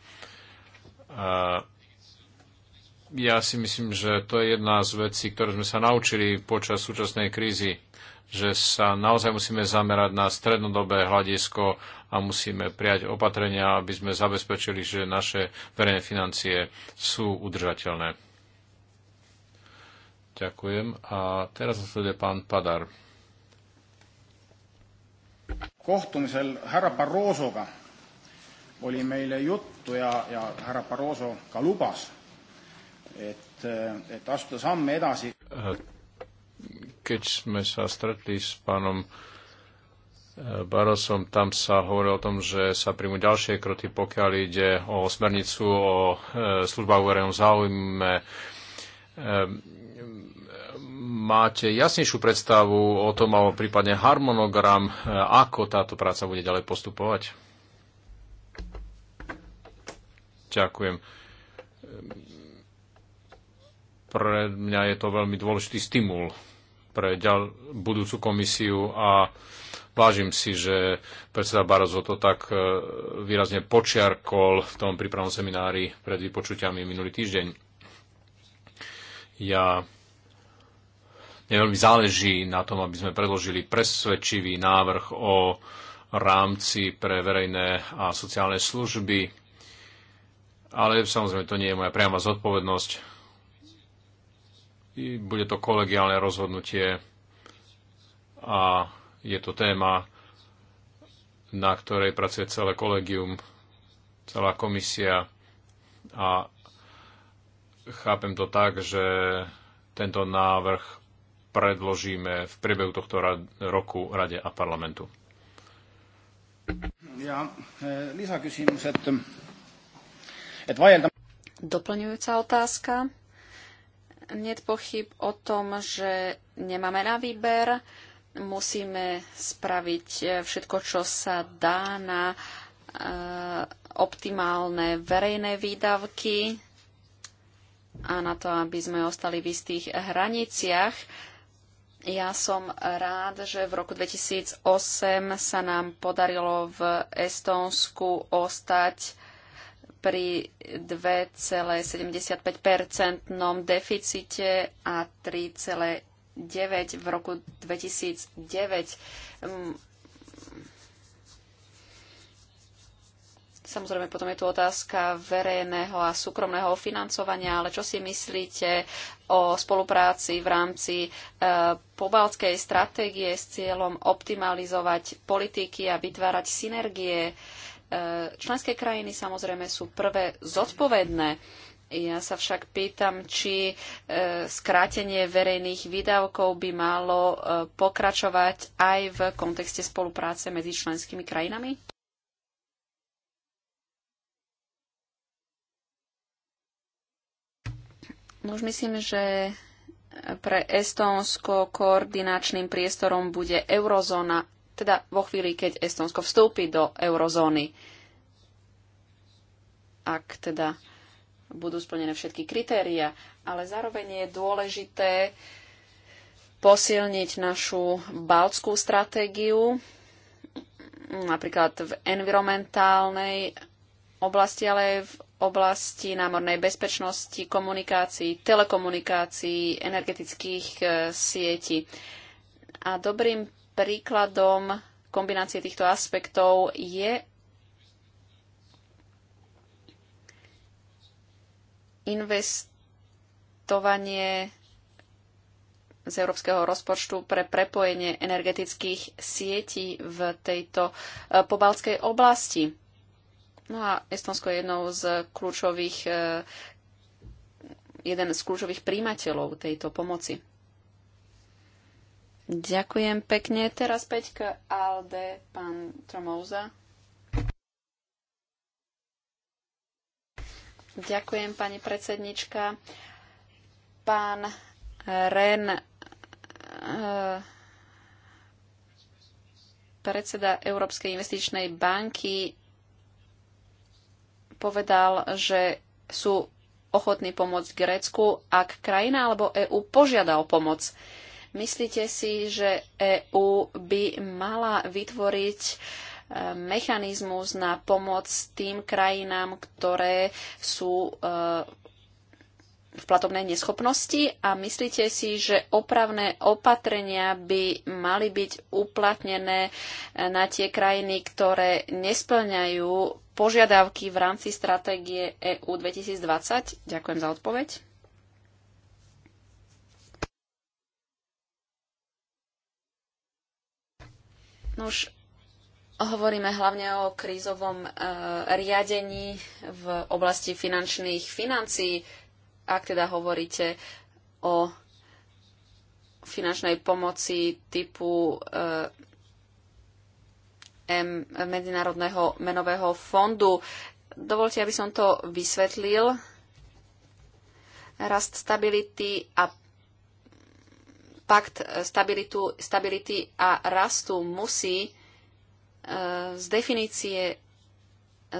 ja si myslím, že to je jedna z vecí, ktoré sme sa naučili počas súčasnej krízy, že sa naozaj musíme zamerať na strednodobé hľadisko a musíme prijať opatrenia, aby sme zabezpečili, že naše verejné financie sú udržateľné. Ďakujem. A teraz nasleduje pán Padar. Kohtumisel herra Barrosoga oli meile juttu ja, ja herra Barroso ka lubas, et, et astuda samme edasi. Keď sme sa stretli s pánom eh, Barosom, tam sa hovorilo o tom, že sa príjmu ďalšie kroky, pokiaľ ide o smernicu o eh, službách verejnom záujme eh, máte jasnejšiu predstavu o tom, alebo prípadne harmonogram, e, ako táto práca bude ďalej postupovať? Ďakujem. Pre mňa je to veľmi dôležitý stimul pre ďal, budúcu komisiu a vážim si, že predseda Barozo to tak e, výrazne počiarkol v tom prípravnom seminári pred vypočutiami minulý týždeň. Ja mne veľmi záleží na tom, aby sme predložili presvedčivý návrh o rámci pre verejné a sociálne služby. Ale samozrejme, to nie je moja priama zodpovednosť. Bude to kolegiálne rozhodnutie a je to téma, na ktorej pracuje celé kolegium, celá komisia a chápem to tak, že tento návrh predložíme v priebehu tohto roku Rade a parlamentu. Ja, e, et, et Doplňujúca otázka. Nie pochyb o tom, že nemáme na výber. Musíme spraviť e, všetko, čo sa dá na e, optimálne verejné výdavky a na to, aby sme ostali v istých hraniciach ja som rád, že v roku 2008 sa nám podarilo v Estónsku ostať pri 2,75-percentnom deficite a 3,9 v roku 2009. Samozrejme, potom je tu otázka verejného a súkromného financovania, ale čo si myslíte o spolupráci v rámci e, pobalskej stratégie s cieľom optimalizovať politiky a vytvárať synergie? E, členské krajiny samozrejme sú prvé zodpovedné. Ja sa však pýtam, či e, skrátenie verejných výdavkov by malo e, pokračovať aj v kontexte spolupráce medzi členskými krajinami? No už myslím, že pre Estónsko koordinačným priestorom bude eurozóna, teda vo chvíli, keď Estónsko vstúpi do eurozóny. Ak teda budú splnené všetky kritéria, ale zároveň je dôležité posilniť našu baltskú stratégiu, napríklad v environmentálnej oblasti, ale aj v oblasti námornej bezpečnosti, komunikácií, telekomunikácií, energetických e, sietí. A dobrým príkladom kombinácie týchto aspektov je investovanie z európskeho rozpočtu pre prepojenie energetických sietí v tejto e, pobalskej oblasti. No a Estonsko je jednou z kľúčových, e, jeden z kľúčových príjmateľov tejto pomoci. Ďakujem pekne. Teraz k Alde, pán Tromouza. Ďakujem, pani predsednička. Pán Ren, e, predseda Európskej investičnej banky, povedal, že sú ochotní pomôcť Grécku, ak krajina alebo EÚ požiada o pomoc. Myslíte si, že EÚ by mala vytvoriť e, mechanizmus na pomoc tým krajinám, ktoré sú e, v platobnej neschopnosti a myslíte si, že opravné opatrenia by mali byť uplatnené eh, na tie krajiny, ktoré nesplňajú požiadavky v rámci stratégie EU 2020? Ďakujem za odpoveď. už hovoríme hlavne o krízovom e, riadení v oblasti finančných financií ak teda hovoríte o finančnej pomoci typu eh, M, Medzinárodného menového fondu. Dovolte, aby som to vysvetlil. Rast stability a pakt stabilitu, stability a rastu musí e, z definície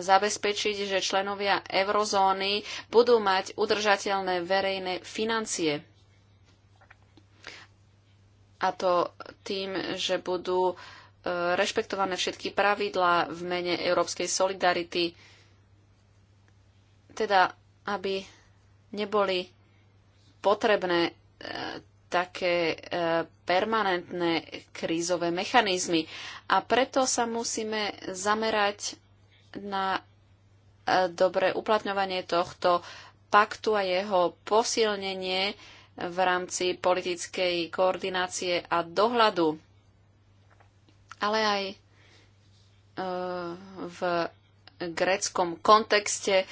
zabezpečiť, že členovia eurozóny budú mať udržateľné verejné financie. A to tým, že budú e, rešpektované všetky pravidlá v mene európskej solidarity, teda aby neboli potrebné e, také e, permanentné krízové mechanizmy. A preto sa musíme zamerať na e, dobré uplatňovanie tohto paktu a jeho posilnenie v rámci politickej koordinácie a dohľadu, ale aj e, v greckom kontexte e,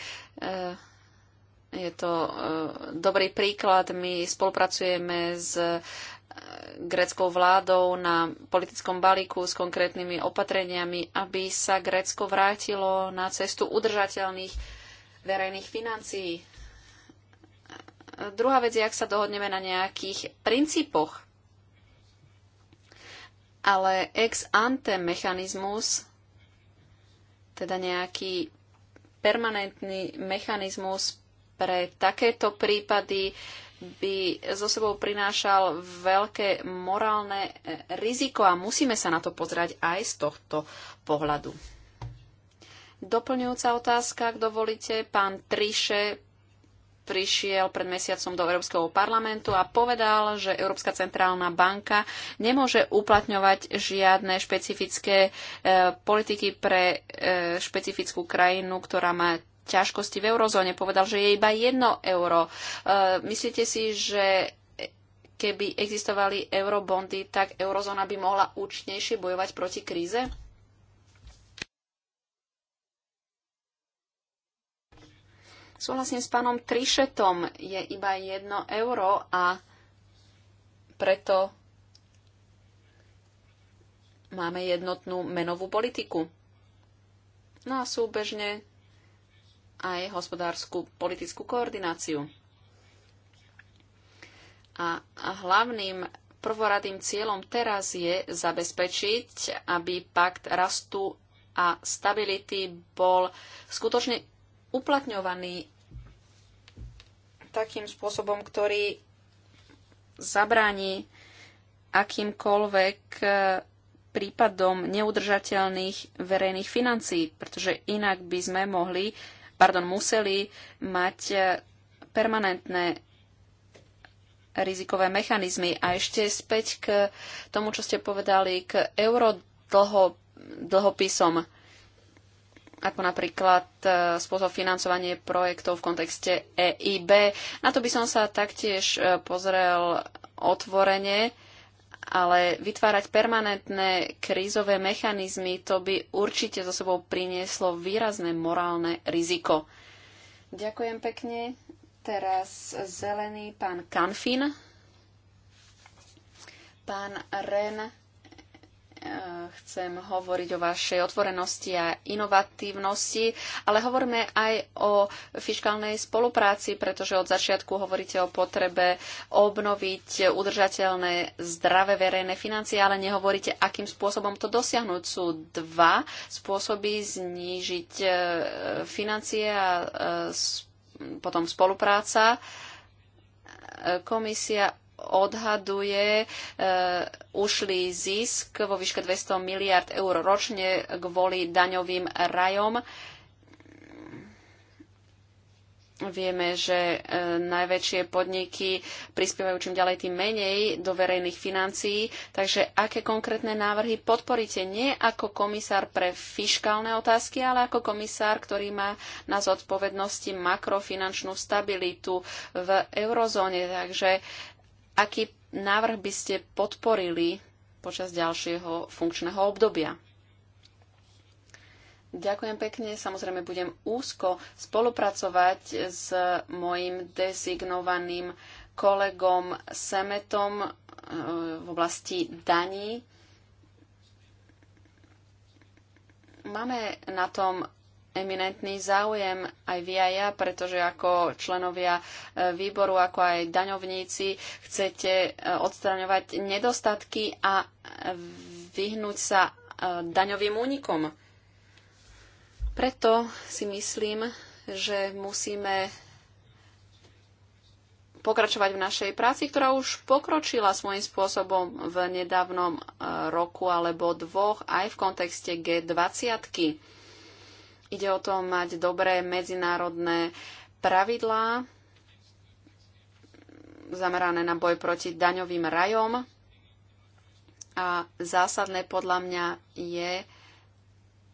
je to dobrý príklad. My spolupracujeme s gréckou vládou na politickom balíku s konkrétnymi opatreniami, aby sa Grécko vrátilo na cestu udržateľných verejných financií. Druhá vec je, ak sa dohodneme na nejakých princípoch, ale ex ante mechanizmus, teda nejaký permanentný mechanizmus pre takéto prípady by so sebou prinášal veľké morálne e, riziko a musíme sa na to pozrieť aj z tohto pohľadu. Doplňujúca otázka, ak dovolíte, pán Triše prišiel pred mesiacom do Európskeho parlamentu a povedal, že Európska centrálna banka nemôže uplatňovať žiadne špecifické e, politiky pre e, špecifickú krajinu, ktorá má ťažkosti v eurozóne. Povedal, že je iba jedno euro. E, myslíte si, že keby existovali eurobondy, tak eurozóna by mohla účnejšie bojovať proti kríze? Súhlasím s pánom Trišetom, je iba jedno euro a preto máme jednotnú menovú politiku. No a súbežne aj hospodárskú politickú koordináciu. A hlavným prvoradým cieľom teraz je zabezpečiť, aby pakt rastu a stability bol skutočne uplatňovaný takým spôsobom, ktorý zabráni akýmkoľvek eh, prípadom neudržateľných verejných financií, pretože inak by sme mohli pardon, museli mať e, permanentné rizikové mechanizmy. A ešte späť k tomu, čo ste povedali, k dlho, dlhopisom, ako napríklad e, spôsob financovanie projektov v kontexte EIB. Na to by som sa taktiež e, pozrel otvorene ale vytvárať permanentné krízové mechanizmy, to by určite so sebou prinieslo výrazné morálne riziko. Ďakujem pekne. Teraz zelený pán Kanfin. Pán Ren chcem hovoriť o vašej otvorenosti a inovatívnosti, ale hovoríme aj o fiskálnej spolupráci, pretože od začiatku hovoríte o potrebe obnoviť udržateľné zdravé verejné financie, ale nehovoríte, akým spôsobom to dosiahnuť. Sú dva spôsoby znížiť e, financie a e, potom spolupráca. E, komisia odhaduje, e, ušli zisk vo výške 200 miliard eur ročne kvôli daňovým rajom. Vieme, že e, najväčšie podniky prispievajú čím ďalej tým menej do verejných financií, takže aké konkrétne návrhy podporíte nie ako komisár pre fiškálne otázky, ale ako komisár, ktorý má na zodpovednosti makrofinančnú stabilitu v eurozóne. Takže Aký návrh by ste podporili počas ďalšieho funkčného obdobia? Ďakujem pekne. Samozrejme, budem úzko spolupracovať s mojim designovaným kolegom Semetom eh, v oblasti daní. Máme na tom eminentný záujem aj vy a ja, pretože ako členovia e, výboru, ako aj daňovníci chcete e, odstraňovať nedostatky a vyhnúť sa e, daňovým únikom. Preto si myslím, že musíme pokračovať v našej práci, ktorá už pokročila svojím spôsobom v nedávnom roku alebo dvoch aj v kontexte G20. Ide o to mať dobré medzinárodné pravidlá zamerané na boj proti daňovým rajom. A zásadné podľa mňa je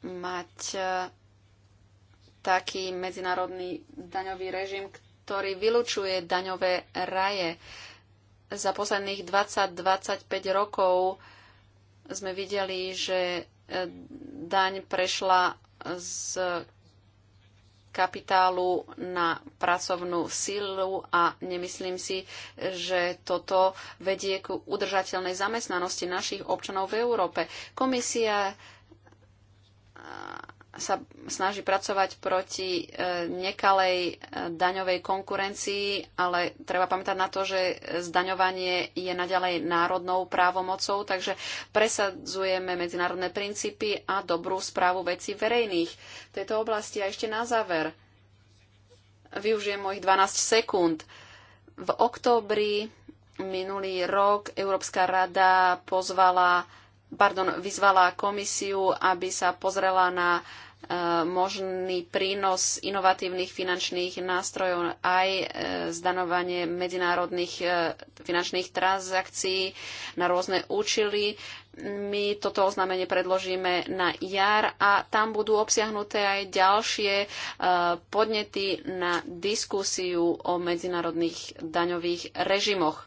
mať e, taký medzinárodný daňový režim, ktorý vylučuje daňové raje. Za posledných 20-25 rokov sme videli, že e, daň prešla z kapitálu na pracovnú sílu a nemyslím si, že toto vedie k udržateľnej zamestnanosti našich občanov v Európe. Komisia sa snaží pracovať proti e, nekalej e, daňovej konkurencii, ale treba pamätať na to, že zdaňovanie je naďalej národnou právomocou, takže presadzujeme medzinárodné princípy a dobrú správu vecí verejných v tejto oblasti. A ešte na záver, využijem mojich 12 sekúnd. V októbri minulý rok Európska rada pozvala pardon, vyzvala komisiu, aby sa pozrela na uh, E, možný prínos inovatívnych finančných nástrojov aj e, zdanovanie medzinárodných e, finančných transakcií na rôzne účely. My toto oznámenie predložíme na jar a tam budú obsiahnuté aj ďalšie podnety na diskusiu o medzinárodných daňových režimoch.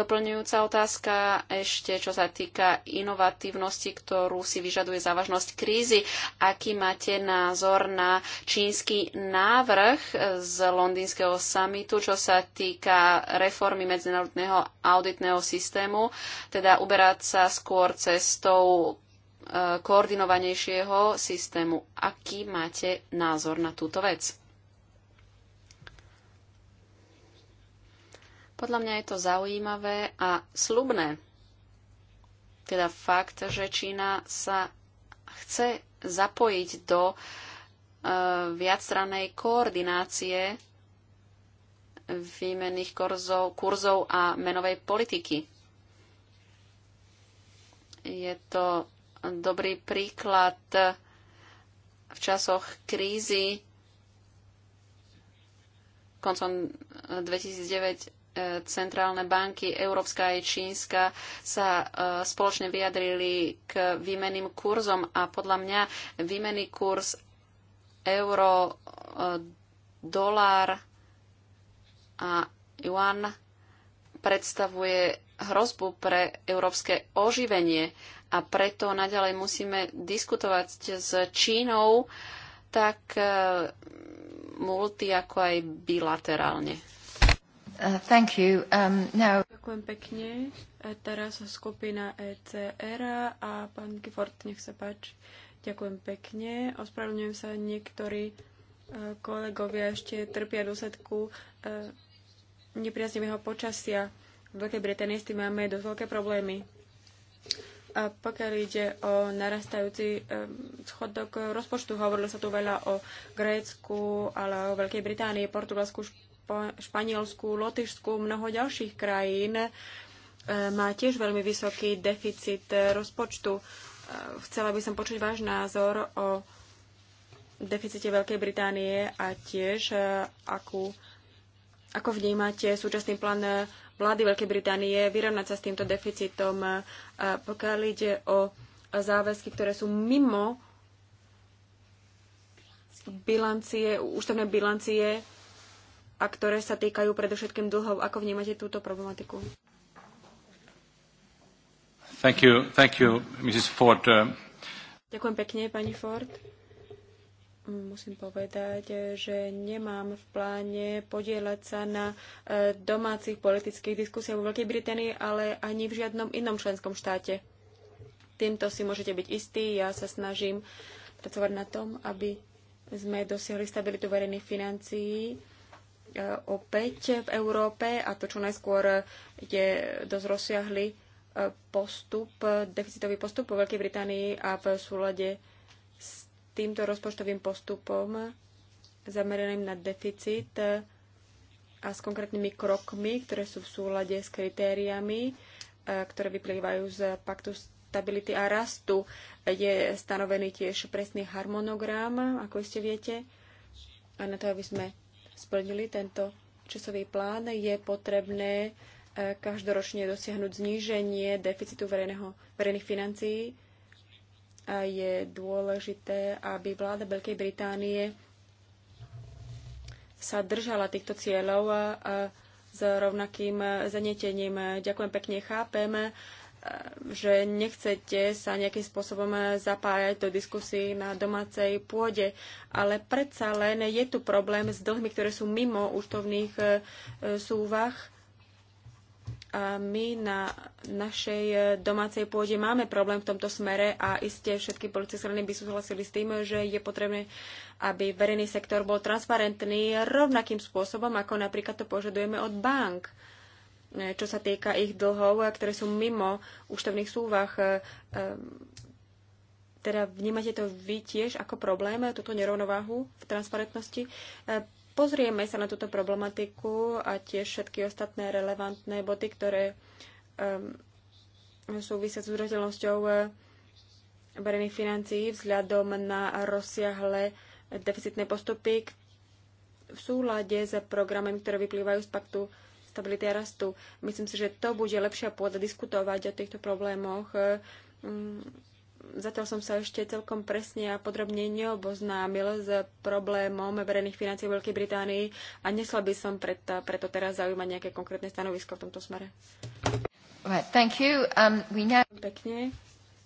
Doplňujúca otázka ešte, čo sa týka inovatívnosti, ktorú si vyžaduje závažnosť krízy. Aký máte názor na čínsky návrh z londýnskeho samitu, čo sa týka reformy medzinárodného auditného systému, teda uberať sa skôr cestou e, koordinovanejšieho systému. Aký máte názor na túto vec? Podľa mňa je to zaujímavé a slubné. Teda fakt, že Čína sa chce zapojiť do e, viacranej koordinácie výmenných kurzov, kurzov a menovej politiky. Je to dobrý príklad v časoch krízy koncom 2009 e, E, centrálne banky, európska aj čínska, sa e, spoločne vyjadrili k výmeným kurzom a podľa mňa výmenný kurz euro, e, dolár a yuan predstavuje hrozbu pre európske oživenie a preto naďalej musíme diskutovať s Čínou tak multi ako aj bilaterálne. Uh, um, now... Ďakujem pekne. Teraz skupina ECR a pán Gifford, nech sa páči. Ďakujem pekne. Ospravedlňujem sa, niektorí uh, kolegovia ešte trpia dôsledku uh, nepriaznivého počasia. V Veľkej Británii s tým máme dosť veľké problémy. A pokiaľ ide o narastajúci um, schodok rozpočtu, hovorilo sa tu veľa o Grécku, ale o Veľkej Británii, Portugalsku, Španielsku, Lotyšsku, mnoho ďalších krajín e, má tiež veľmi vysoký deficit e, rozpočtu. E, chcela by som počuť váš názor o deficite Veľkej Británie a tiež akú, ako vnímate súčasný plán vlády Veľkej Británie vyrovnať sa s týmto deficitom, pokiaľ ide o záväzky, ktoré sú mimo bilancie, ústavné bilancie a ktoré sa týkajú predovšetkým dlhov. Ako vnímate túto problematiku? Thank you, thank you, Mrs. Ford. Ďakujem pekne, pani Ford. Musím povedať, že nemám v pláne podielať sa na e, domácich politických diskusiách vo Veľkej Británii, ale ani v žiadnom inom členskom štáte. Týmto si môžete byť istí. Ja sa snažím pracovať na tom, aby sme dosiahli stabilitu verejných financií Eh, opäť v Európe a to čo najskôr je dosť rozsiahly eh, postup, deficitový postup po Veľkej Británii a v súlade s týmto rozpočtovým postupom zameraným na deficit eh, a s konkrétnymi krokmi, ktoré sú v súlade s kritériami, ktoré vyplývajú z paktu stability a rastu. Je stanovený tiež presný harmonogram, ako iste viete, a na to, aby sme splnili tento časový plán, je potrebné e, každoročne dosiahnuť zníženie deficitu verejného, verejných financií a je dôležité, aby vláda Veľkej Británie sa držala týchto cieľov a, e, a s rovnakým zanietením. Ďakujem pekne, chápem že nechcete sa nejakým spôsobom zapájať do diskusí na domácej pôde, ale predsa len je tu problém s dlhmi, ktoré sú mimo účtovných e, súvah. A my na našej domácej pôde máme problém v tomto smere a iste všetky politické strany by súhlasili s tým, že je potrebné, aby verejný sektor bol transparentný rovnakým spôsobom, ako napríklad to požadujeme od bank čo sa týka ich dlhov, ktoré sú mimo účtovných súvah. E, e, teda vnímate to vy tiež ako problém, túto nerovnováhu v transparentnosti? E, pozrieme sa na túto problematiku a tiež všetky ostatné relevantné body, ktoré súvisia s udržateľnosťou verejných financií vzhľadom na rozsiahle deficitné postupy v súlade s programami, ktoré vyplývajú z paktu stability a rastu. Myslím si, že to bude lepšia pôda diskutovať o týchto problémoch. Mm, zatiaľ som sa ešte celkom presne a podrobne neoboznámil s problémom verejných financií v Veľkej Británii a nesla by som preto, preto teraz zaujímať nejaké konkrétne stanovisko v tomto smere. Right, thank you. Um, we Pekne.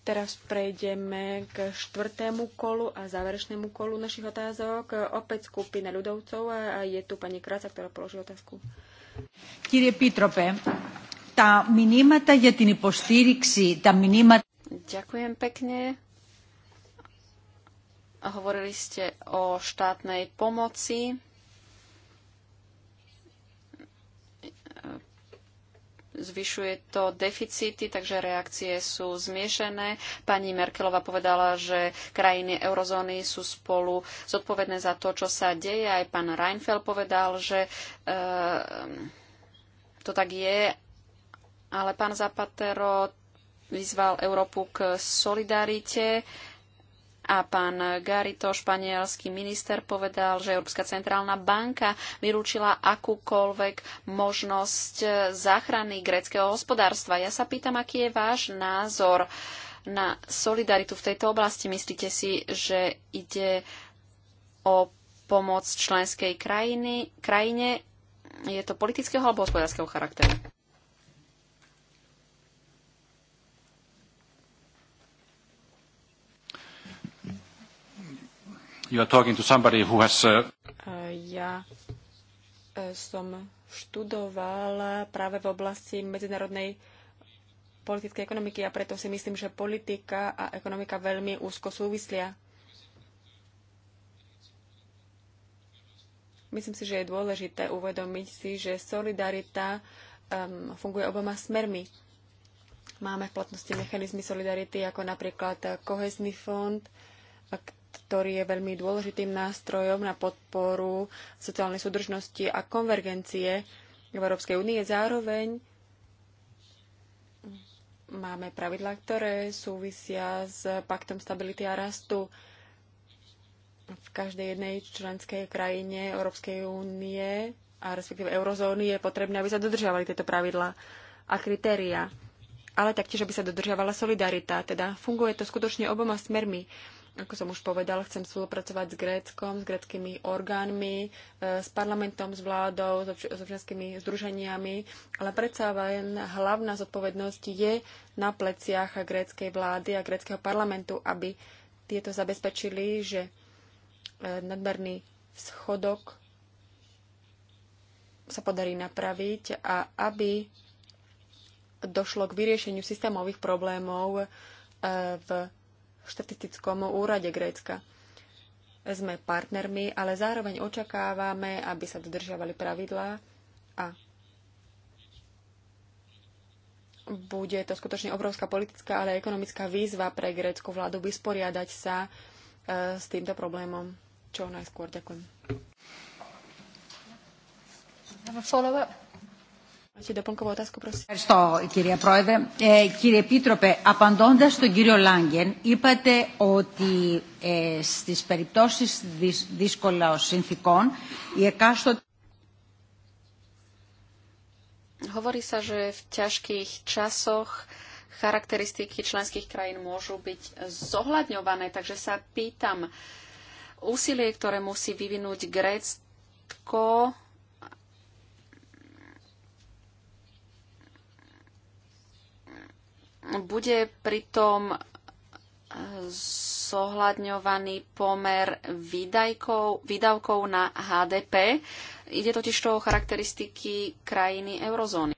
Teraz prejdeme k štvrtému kolu a záverečnému kolu našich otázok. Opäť skupina ľudovcov a je tu pani Kráca, ktorá položí otázku. Kyrie Pítrope, tá minimata ja tin υποστήριξη, tá minimata... Ďakujem pekne. Hovorili ste o štátnej pomoci zvyšuje to deficity, takže reakcie sú zmiešané. Pani Merkelová povedala, že krajiny eurozóny sú spolu zodpovedné za to, čo sa deje. Aj pán Reinfeld povedal, že e, to tak je, ale pán Zapatero vyzval Európu k solidarite. E, a pán Garito, španielský minister, povedal, že Európska centrálna banka vylúčila akúkoľvek možnosť záchrany greckého hospodárstva. Ja sa pýtam, aký je váš názor na solidaritu v tejto oblasti. Myslíte si, že ide o pomoc členskej krajiny, krajine? Je to politického alebo hospodárskeho charakteru? You are talking to somebody who has... Uh... Ja e, som študovala práve v oblasti medzinárodnej politickej ekonomiky a preto si myslím, že politika a ekonomika veľmi úzko súvislia. Myslím si, že je dôležité uvedomiť si, že solidarita um, funguje oboma smermi. Máme v platnosti mechanizmy solidarity, ako napríklad kohezný fond, ktorý je veľmi dôležitým nástrojom na podporu sociálnej súdržnosti a konvergencie v Európskej únie. Zároveň máme pravidlá, ktoré súvisia s paktom stability a rastu v každej jednej členskej krajine Európskej únie a respektíve eurozóny je potrebné, aby sa dodržiavali tieto pravidlá a kritéria, ale taktiež, aby sa dodržiavala solidarita. Teda funguje to skutočne oboma smermi. Ako som už povedal, chcem spolupracovať s Gréckom, s gréckými orgánmi, e, s parlamentom, s vládou, so všetkými združeniami, ale predsa len hlavná zodpovednosť je na pleciach gréckej vlády a gréckého parlamentu, aby tieto zabezpečili, že e, nadmerný schodok sa podarí napraviť a aby došlo k vyriešeniu systémových problémov e, v štatistickom úrade Grécka. Sme partnermi, ale zároveň očakávame, aby sa dodržiavali pravidlá a bude to skutočne obrovská politická, ale aj ekonomická výzva pre grécku vládu vysporiadať sa e, s týmto problémom čo najskôr. Ďakujem. Have a follow-up? Máte doplnkovú otázku, prosím. Ευχαριστώ, κυρία Πρόεδρε. Ε, κύριε Επίτροπε, απαντώντας στον κύριο Λάγκεν, είπατε ότι ε, στις περιπτώσεις δυσ, δύσκολων συνθήκων η εκάστοτε... Hovorí sa, že v ťažkých časoch charakteristiky členských krajín môžu byť zohľadňované, takže sa pýtam, úsilie, ktoré musí vyvinúť Grécko, Bude pritom zohľadňovaný pomer výdajkov, výdavkov na HDP. Ide totiž to o charakteristiky krajiny eurozóny.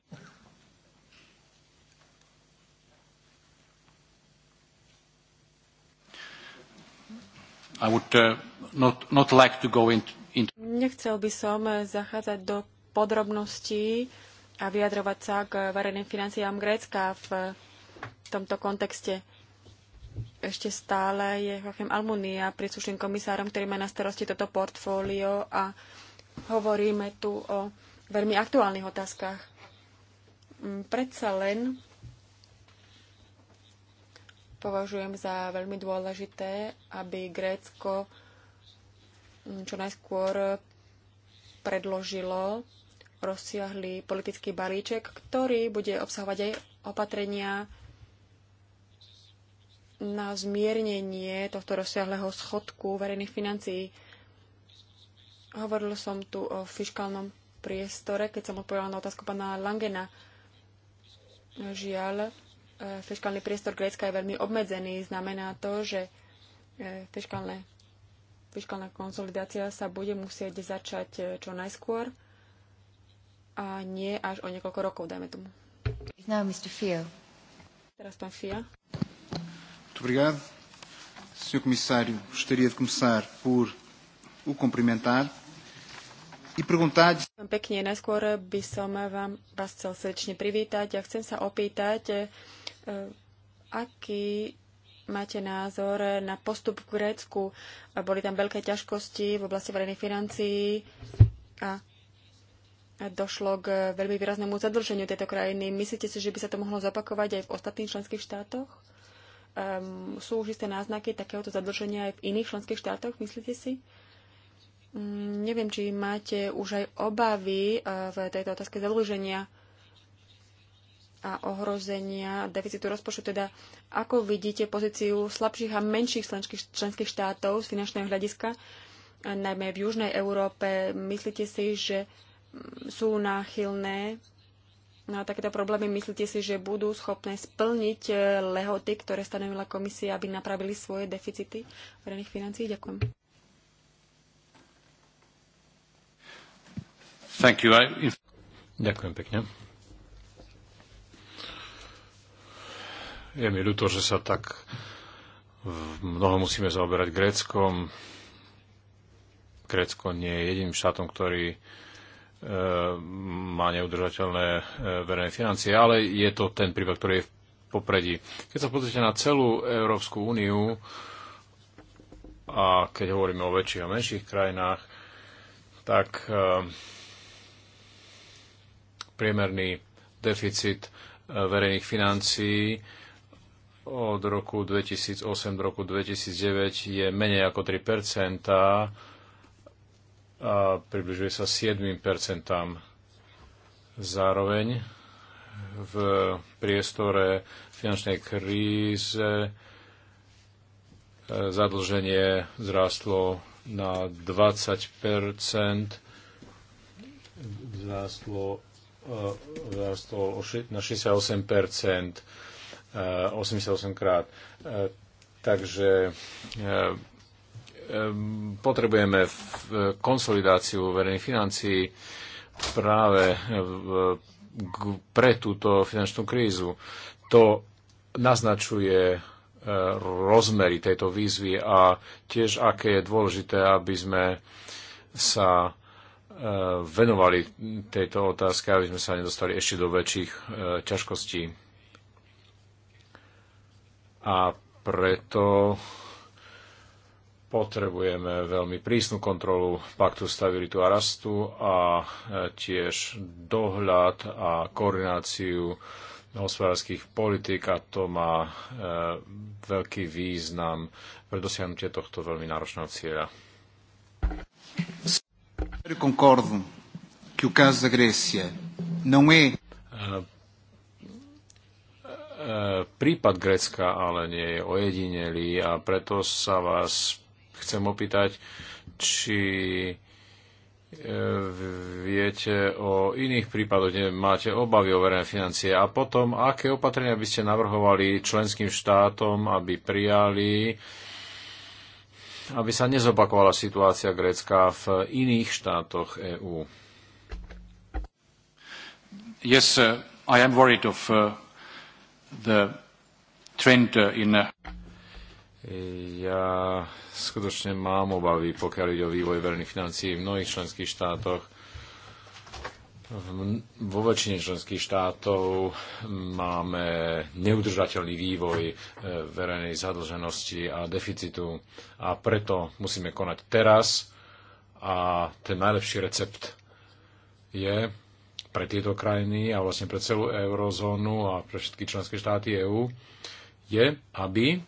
I would, uh, not, not like to go into, into... Nechcel by som zachádzať do podrobností a vyjadrovať sa k verejným financiám Grécka v v tomto kontexte. Ešte stále je Joachim Almunia príslušným komisárom, ktorý má na starosti toto portfólio a hovoríme tu o veľmi aktuálnych otázkach. Mm, predsa len považujem za veľmi dôležité, aby Grécko mm, čo najskôr predložilo rozsiahlý politický balíček, ktorý bude obsahovať aj opatrenia na zmiernenie tohto rozsiahleho schodku verejných financií. Hovoril som tu o fiskálnom priestore, keď som odpovedala na otázku pána Langena. Žiaľ, e, fiskálny priestor Grécka je veľmi obmedzený. Znamená to, že e, fiskálne, fiskálna konsolidácia sa bude musieť začať e, čo najskôr a nie až o niekoľko rokov, dajme tomu. Now, Mr. Fio. Teraz pán Fia. Muito obrigado. Sr. Comissário, gostaria de começar por o cumprimentar e perguntar... Pekne, najskôr by som vám, vás chcel srdečne privítať a chcem sa opýtať, e, aký máte názor na postup k Grécku. Boli tam veľké ťažkosti v oblasti verejných financií a došlo k veľmi výraznému zadlženiu tejto krajiny. Myslíte si, že by sa to mohlo zopakovať aj v ostatných členských štátoch? um, sú už isté náznaky takéhoto zadlženia aj v iných členských štátoch, myslíte si? Um, neviem, či máte už aj obavy uh, v tejto otázke zadlženia a ohrozenia deficitu rozpočtu. Teda ako vidíte pozíciu slabších a menších členských, členských štátov z finančného hľadiska, eh, najmä v južnej Európe? Myslíte si, že mm, sú náchylné na no takéto problémy, myslíte si, že budú schopné splniť eh, lehoty, ktoré stanovila komisia, aby napravili svoje deficity verejných financií? Ďakujem. Thank you. I... Ďakujem pekne. Je mi ľúto, že sa tak mnoho musíme zaoberať Gréckom. Grécko nie je jediným štátom, ktorý má neudržateľné e, verejné financie, ale je to ten prípad, ktorý je v popredí. Keď sa pozrite na celú Európsku úniu a keď hovoríme o väčších a menších krajinách, tak e, priemerný deficit e, verejných financií od roku 2008 do roku 2009 je menej ako 3 a približuje sa 7 Zároveň v priestore finančnej kríze e, zadlženie zrástlo na 20 vzrástlo, e, na 68 88 e, krát. Takže Ehm, potrebujeme konsolidáciu verejných financií práve ehm, pre túto finančnú krízu. To naznačuje ehm, rozmery tejto výzvy a tiež aké je dôležité, aby sme sa venovali tejto otázke, aby sme sa nedostali ešte do väčších ťažkostí. A preto potrebujeme veľmi prísnu kontrolu paktu stabilitu a rastu a e, tiež dohľad a koordináciu hospodárskych politik a to má e, veľký význam pre dosiahnutie tohto veľmi náročného cieľa. E, prípad Grécka ale nie je ojedinelý a preto sa vás chcem opýtať, či e, viete o iných prípadoch, kde máte obavy o verejné financie a potom, aké opatrenia by ste navrhovali členským štátom, aby prijali, aby sa nezopakovala situácia Grécka v iných štátoch EÚ? Yes, uh, I am worried of uh, the trend uh, in uh... Ja skutočne mám obavy, pokiaľ ide o vývoj verejných financií v mnohých členských štátoch. Vo väčšine členských štátov máme neudržateľný vývoj e, verejnej zadlženosti a deficitu a preto musíme konať teraz a ten najlepší recept je pre tieto krajiny a vlastne pre celú eurozónu a pre všetky členské štáty EÚ je, aby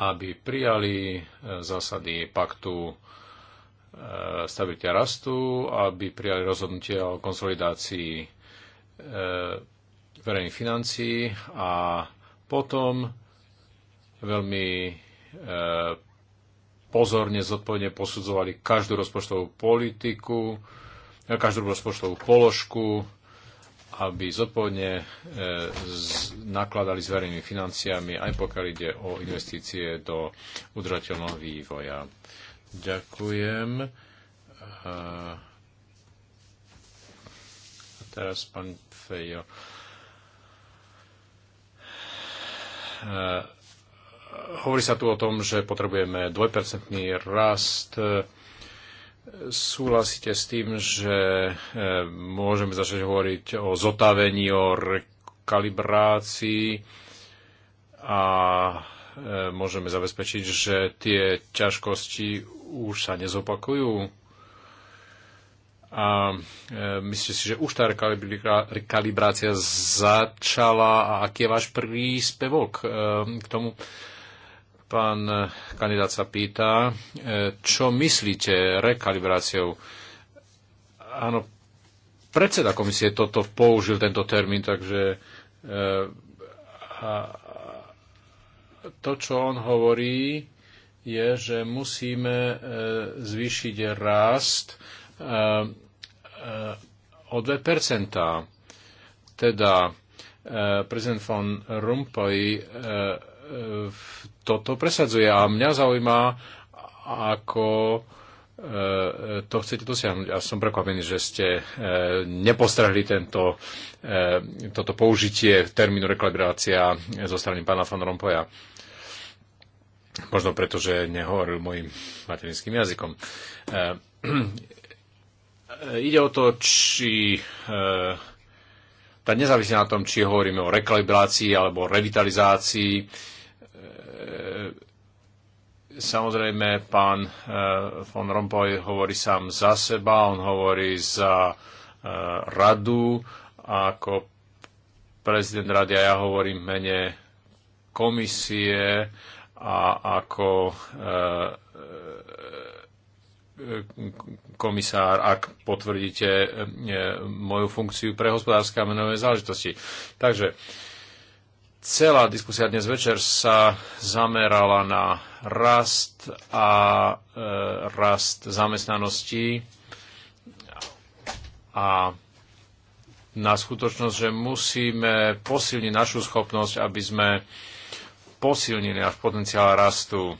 aby prijali e, zásady paktu e, a rastu, aby prijali rozhodnutie o konsolidácii e, verejných financií a potom veľmi pozorne, zodpovedne posudzovali každú rozpočtovú politiku, každú rozpočtovú položku, aby zodpovedne e, nakladali s verejnými financiami, aj pokiaľ ide o investície do udržateľného vývoja. Ďakujem. A teraz pán Fejo. E, hovorí sa tu o tom, že potrebujeme 2% rast súhlasíte s tým, že e, môžeme začať hovoriť o zotavení, o rekalibrácii a e, môžeme zabezpečiť, že tie ťažkosti už sa nezopakujú. A e, myslíte si, že už tá rekalibrácia začala a aký je váš príspevok k tomu? Pán eh, kandidát sa pýta, eh, čo myslíte rekalibráciou? Áno, predseda komisie toto použil, tento termín, takže eh, to, čo on hovorí, je, že musíme zvýšiť rast o 2%. Teda prezident von v toto presadzuje. A mňa zaujíma, ako e, to chcete dosiahnuť. A som prekvapený, že ste e, nepostrehli tento, e, toto použitie termínu rekalibrácia zo strany pána von Rompoja. Možno preto, že nehovoril mojim materinským jazykom. Ide o to, či tá nezávisle na tom, či hovoríme o rekalibrácii alebo o revitalizácii, E, samozrejme, pán e, von Rompuy hovorí sám za seba, on hovorí za e, radu a ako prezident rady a ja hovorím v mene komisie a ako komisár, ak potvrdíte moju funkciu pre hospodárske a menové záležitosti. Takže Celá diskusia dnes večer sa zamerala na rast a e, rast zamestnanosti a na skutočnosť, že musíme posilniť našu schopnosť, aby sme posilnili náš potenciál rastu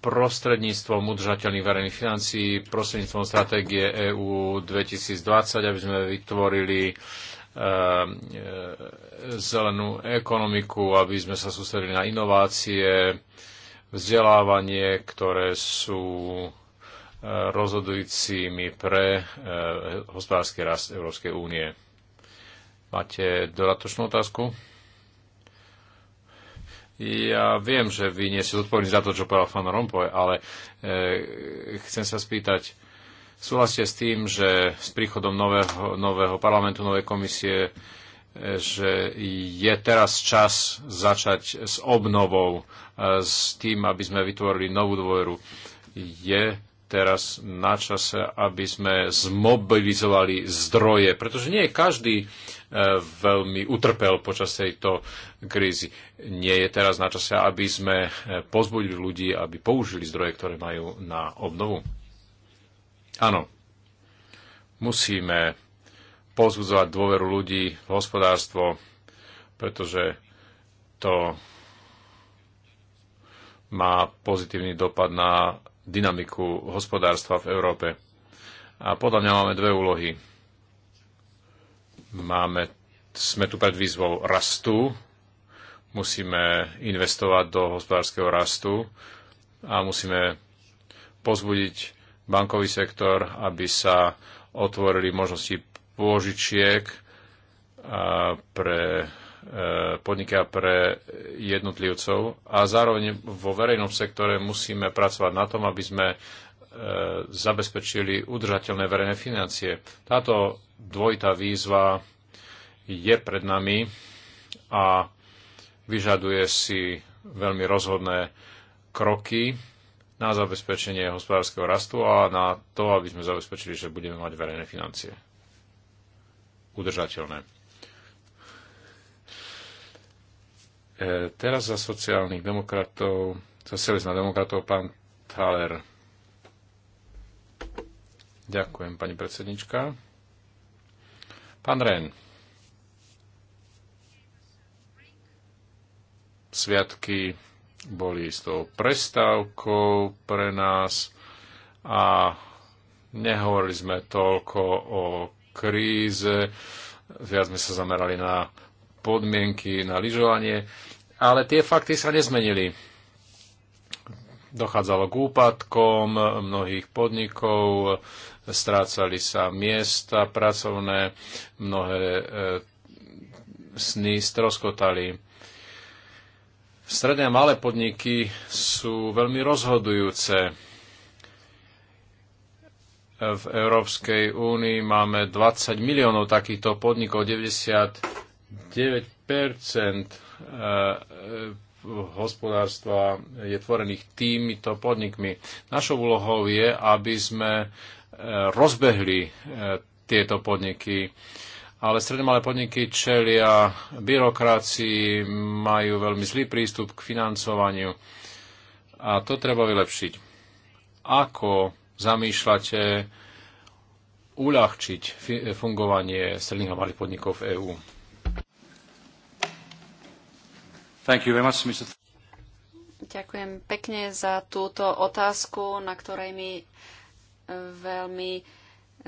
prostredníctvom udržateľných verejných financií, prostredníctvom stratégie EÚ 2020, aby sme vytvorili Ehm, e, zelenú ekonomiku, aby sme sa sústredili na inovácie, vzdelávanie, ktoré sú e, rozhodujúcimi pre e, hospodársky rast Európskej únie. Máte dodatočnú otázku? Ja viem, že vy nie ste zodpovední za to, čo povedal Fan Rompoy, ale e, chcem sa spýtať, Súhlasie s tým, že s príchodom nového, nového parlamentu, novej komisie, e, že je teraz čas začať s obnovou, e, s tým, aby sme vytvorili novú dôveru. Je teraz na čase, aby sme zmobilizovali zdroje, pretože nie každý e, veľmi utrpel počas tejto krízy. Nie je teraz na čase, aby sme pozbudili ľudí, aby použili zdroje, ktoré majú na obnovu. Áno, musíme pozbudzovať dôveru ľudí v hospodárstvo, pretože to má pozitívny dopad na dynamiku hospodárstva v Európe. A podľa mňa máme dve úlohy. Máme, sme tu pred výzvou rastu, musíme investovať do hospodárskeho rastu a musíme pozbudiť bankový sektor, aby sa otvorili možnosti pôžičiek pre e, podniky a pre jednotlivcov. A zároveň vo verejnom sektore musíme pracovať na tom, aby sme e, zabezpečili udržateľné verejné financie. Táto dvojitá výzva je pred nami a vyžaduje si veľmi rozhodné kroky na zabezpečenie hospodárskeho rastu a na to, aby sme zabezpečili, že budeme mať verejné financie. Udržateľné. E, teraz za sociálnych demokratov, socialist demokratov, pán Thaler. Ďakujem, pani predsednička. Pán Ren. Sviatky boli s tou prestávkou pre nás a nehovorili sme toľko o kríze, viac sme sa zamerali na podmienky, na lyžovanie, ale tie fakty sa nezmenili. Dochádzalo k úpadkom mnohých podnikov, strácali sa miesta pracovné, mnohé e, sny stroskotali Stredné a malé podniky sú veľmi rozhodujúce. V Európskej únii máme 20 miliónov takýchto podnikov, 99 eh, hospodárstva je tvorených týmito podnikmi. Našou úlohou je, aby sme eh, rozbehli eh, tieto podniky ale stredné malé podniky čelia byrokracii, majú veľmi zlý prístup k financovaniu a to treba vylepšiť. Ako zamýšľate uľahčiť fungovanie stredných a malých podnikov v EÚ? Ďakujem pekne za túto otázku, na ktorej mi e, veľmi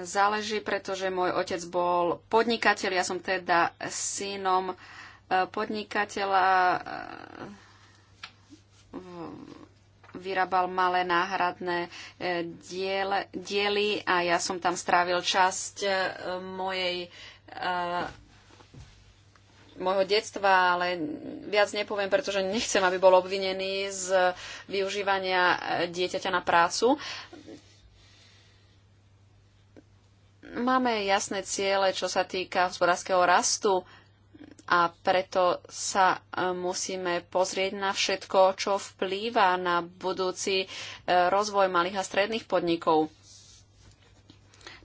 záleží, pretože môj otec bol podnikateľ, ja som teda synom e, podnikateľa, e, vyrábal malé náhradné e, diely a ja som tam strávil časť mojej môjho detstva, ale viac nepoviem, pretože nechcem, aby bol obvinený z využívania dieťaťa na prácu. Máme jasné ciele, čo sa týka hospodárskeho rastu a preto sa e, musíme pozrieť na všetko, čo vplýva na budúci e, rozvoj malých a stredných podnikov.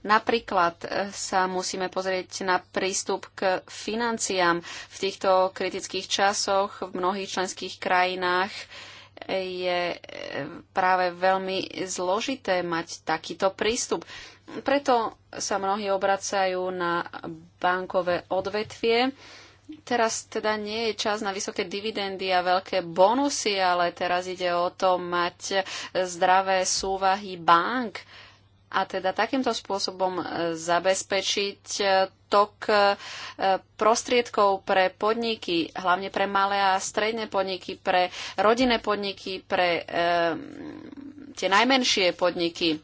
Napríklad e, sa musíme pozrieť na prístup k financiám. V týchto kritických časoch v mnohých členských krajinách je práve veľmi zložité mať takýto prístup. Preto sa mnohí obracajú na bankové odvetvie. Teraz teda nie je čas na vysoké dividendy a veľké bonusy, ale teraz ide o to mať zdravé súvahy bank a teda takýmto spôsobom e, zabezpečiť e, tok e, prostriedkov pre podniky, hlavne pre malé a stredné podniky, pre rodinné podniky, pre e, tie najmenšie podniky.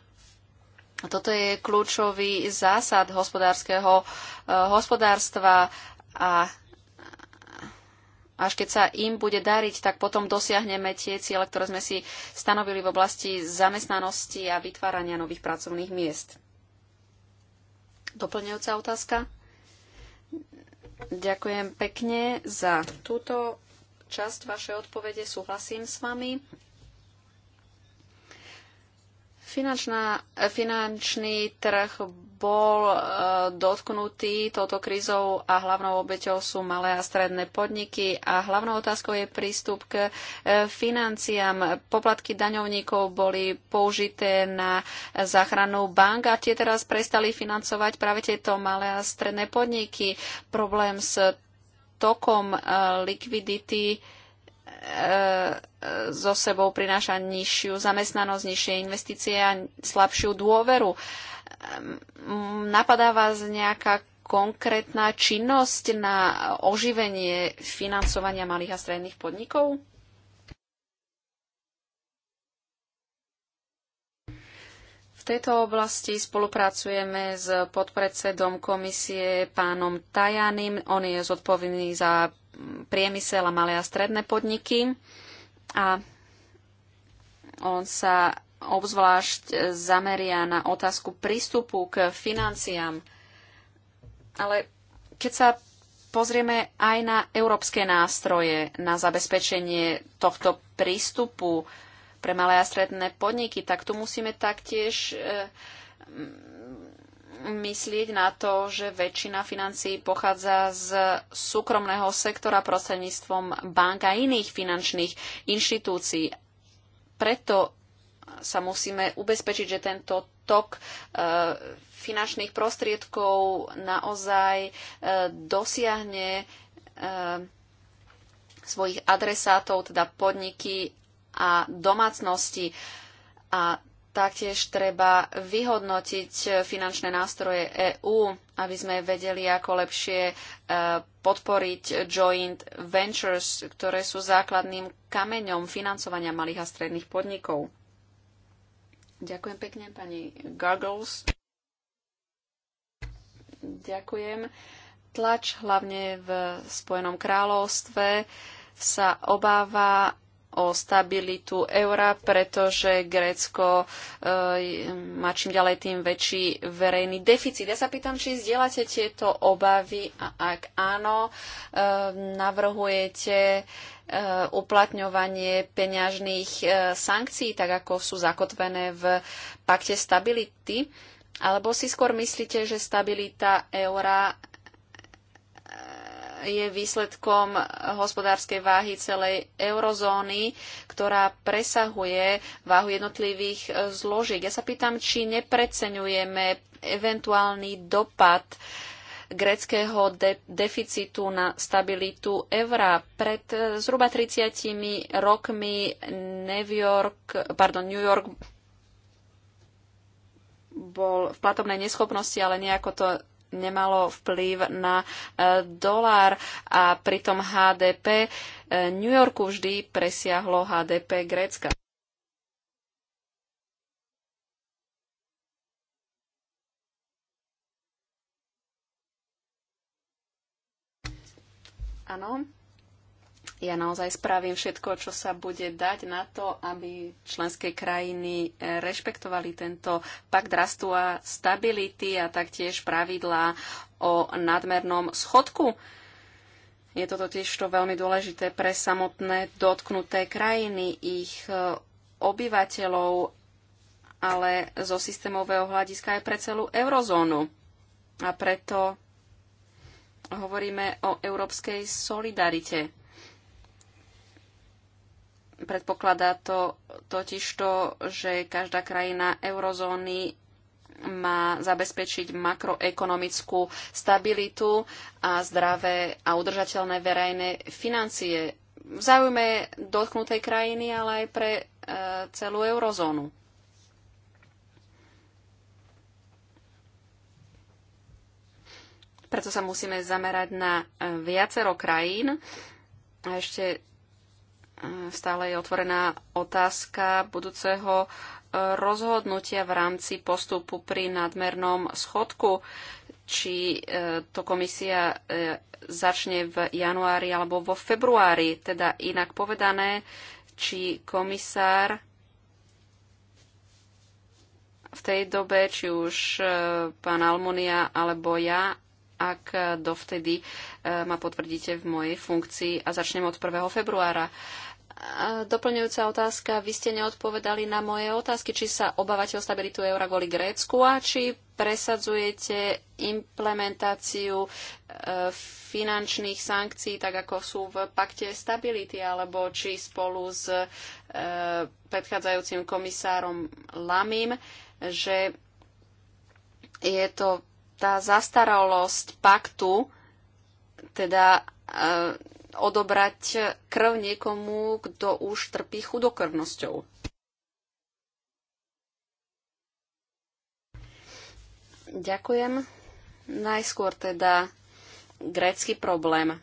Toto je kľúčový zásad hospodárskeho eh, hospodárstva a až keď sa im bude dariť, tak potom dosiahneme tie ciele, ktoré sme si stanovili v oblasti zamestnanosti a vytvárania nových pracovných miest. Doplňujúca otázka? Ďakujem pekne za túto časť vašej odpovede. Súhlasím s vami. Finančná, finančný trh bol e, dotknutý touto krízou a hlavnou obeťou sú malé a stredné podniky a hlavnou otázkou je prístup k e, financiám. Poplatky daňovníkov boli použité na záchranu bank a tie teraz prestali financovať práve tieto malé a stredné podniky. Problém s tokom e, likvidity so e, e, sebou prináša nižšiu zamestnanosť, nižšie investície a slabšiu dôveru. Napadá vás nejaká konkrétna činnosť na oživenie financovania malých a stredných podnikov? V tejto oblasti spolupracujeme s podpredsedom komisie pánom Tajanim. On je zodpovedný za priemysel a malé a stredné podniky a on sa obzvlášť zameria na otázku prístupu k financiám. Ale keď sa pozrieme aj na európske nástroje na zabezpečenie tohto prístupu pre malé a stredné podniky, tak tu musíme taktiež eh, myslieť na to, že väčšina financií pochádza z súkromného sektora prostredníctvom bank a iných finančných inštitúcií. Preto sa musíme ubezpečiť, že tento tok e, finančných prostriedkov naozaj e, dosiahne e, svojich adresátov, teda podniky a domácnosti. A Taktiež treba vyhodnotiť finančné nástroje EÚ, aby sme vedeli, ako lepšie e, podporiť joint ventures, ktoré sú základným kameňom financovania malých a stredných podnikov. Ďakujem pekne, pani Gargles. Ďakujem. Tlač, hlavne v Spojenom kráľovstve, sa obáva o stabilitu eura, pretože Grécko e, má čím ďalej tým väčší verejný deficit. Ja sa pýtam, či zdieľate tieto obavy a ak áno, e, navrhujete e, uplatňovanie peňažných e, sankcií, tak ako sú zakotvené v pakte stability. Alebo si skôr myslíte, že stabilita eura je výsledkom hospodárskej váhy celej eurozóny, ktorá presahuje váhu jednotlivých e, zložiek. Ja sa pýtam, či nepreceňujeme eventuálny dopad greckého de- deficitu na stabilitu eura. Pred e, zhruba 30 rokmi New York, pardon, New York bol v platobnej neschopnosti, ale nejako to nemalo vplyv na e, dolár a pritom HDP e, New Yorku vždy presiahlo HDP Grécka. Áno ja naozaj spravím všetko, čo sa bude dať na to, aby členské krajiny eh, rešpektovali tento pakt rastu a stability a taktiež pravidlá o nadmernom schodku. Je to totiž to veľmi dôležité pre samotné dotknuté krajiny, ich eh, obyvateľov, ale zo systémového hľadiska aj pre celú eurozónu. A preto hovoríme o európskej solidarite Predpokladá to totiž to, že každá krajina eurozóny má zabezpečiť makroekonomickú stabilitu a zdravé a udržateľné verejné financie v záujme dotknutej krajiny, ale aj pre e, celú eurozónu. Preto sa musíme zamerať na e, viacero krajín. A ešte Stále je otvorená otázka budúceho e, rozhodnutia v rámci postupu pri nadmernom schodku, či e, to komisia e, začne v januári alebo vo februári. Teda inak povedané, či komisár v tej dobe, či už pán Almonia alebo ja, ak dovtedy ma potvrdíte v mojej funkcii a začnem od 1. februára doplňujúca otázka. Vy ste neodpovedali na moje otázky, či sa obávate o stabilitu eura kvôli Grécku a či presadzujete implementáciu e, finančných sankcií, tak ako sú v pakte stability, alebo či spolu s e, predchádzajúcim komisárom Lamim, že je to tá zastaralosť paktu, teda e, odobrať krv niekomu, kto už trpí chudokrvnosťou. Ďakujem. Najskôr teda grécky problém,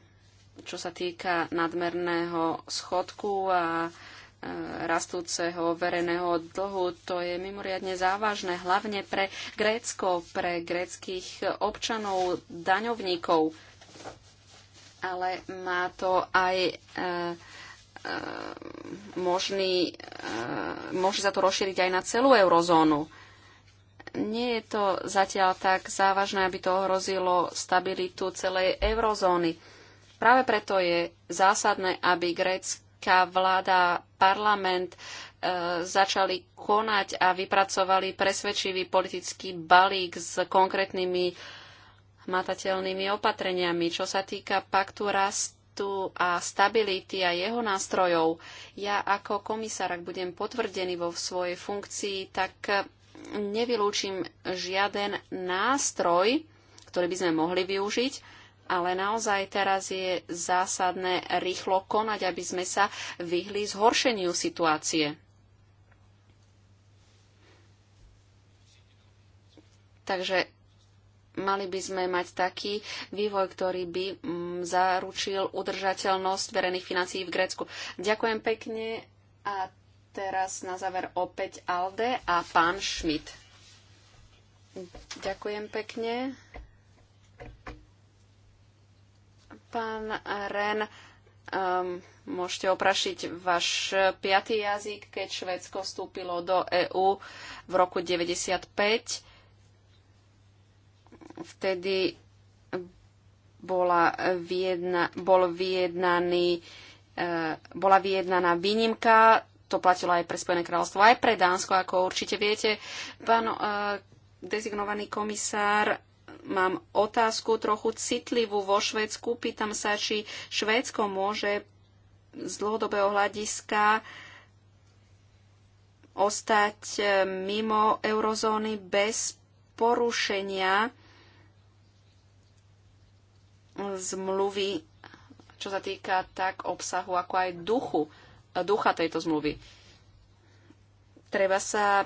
čo sa týka nadmerného schodku a e, rastúceho verejného dlhu. To je mimoriadne závažné, hlavne pre Grécko, pre gréckých občanov, daňovníkov ale má to aj e, e, možný, e, môže sa to rozšíriť aj na celú eurozónu. Nie je to zatiaľ tak závažné, aby to ohrozilo stabilitu celej eurozóny. Práve preto je zásadné, aby grécka vláda, parlament e, začali konať a vypracovali presvedčivý politický balík s konkrétnymi hmatateľnými opatreniami. Čo sa týka paktu rastu a stability a jeho nástrojov, ja ako komisár, ak budem potvrdený vo svojej funkcii, tak nevylúčim žiaden nástroj, ktorý by sme mohli využiť, ale naozaj teraz je zásadné rýchlo konať, aby sme sa vyhli zhoršeniu situácie. Takže mali by sme mať taký vývoj, ktorý by mm, zaručil udržateľnosť verejných financií v Grécku. Ďakujem pekne a teraz na záver opäť Alde a pán Schmidt. Ďakujem pekne. Pán Ren, um, môžete oprašiť váš piatý jazyk, keď Švedsko vstúpilo do EÚ v roku 1995 Vtedy bola vyjedna, bol vyjednaný, e, bola vyjednaná výnimka, to platilo aj pre Spojené kráľovstvo, aj pre Dánsko, ako určite viete. Pán e, dezignovaný komisár, mám otázku trochu citlivú vo Švedsku. Pýtam sa, či Švédsko môže z dlhodobého hľadiska ostať e, mimo eurozóny bez porušenia zmluvy, čo sa týka tak obsahu, ako aj duchu, ducha tejto zmluvy. Treba sa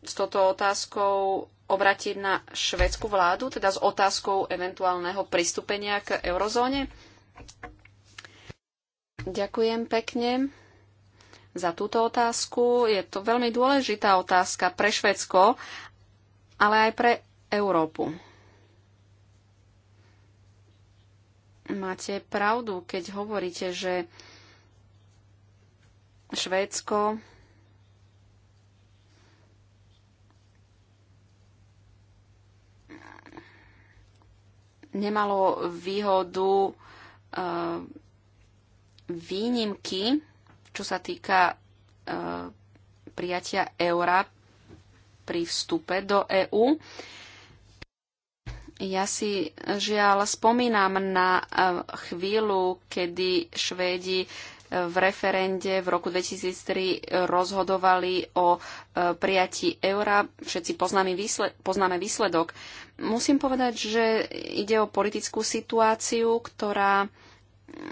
s touto otázkou obratiť na švedskú vládu, teda s otázkou eventuálneho pristúpenia k eurozóne? Ďakujem pekne za túto otázku. Je to veľmi dôležitá otázka pre Švedsko, ale aj pre Európu. máte pravdu, keď hovoríte, že Švédsko nemalo výhodu e, výnimky, čo sa týka e, prijatia eura pri vstupe do EÚ. EU ja si žiaľ spomínam na eh, chvíľu, kedy Švédi eh, v referende v roku 2003 rozhodovali o eh, prijatí eura. Všetci poznáme, výsledok. Musím povedať, že ide o politickú situáciu, ktorá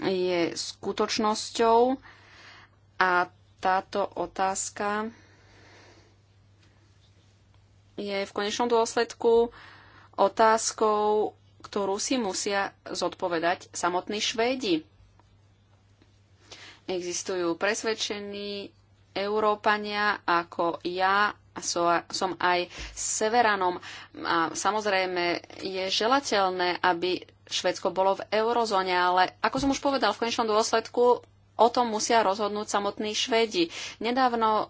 je skutočnosťou a táto otázka je v konečnom dôsledku uh, otázkou, ktorú si musia zodpovedať samotní Švédi. Existujú presvedčení Európania ako ja a so, som aj severanom. A samozrejme je želateľné, aby Švedsko bolo v eurozóne, ale ako som už povedal, v konečnom dôsledku o tom musia rozhodnúť samotní Švedi. Nedávno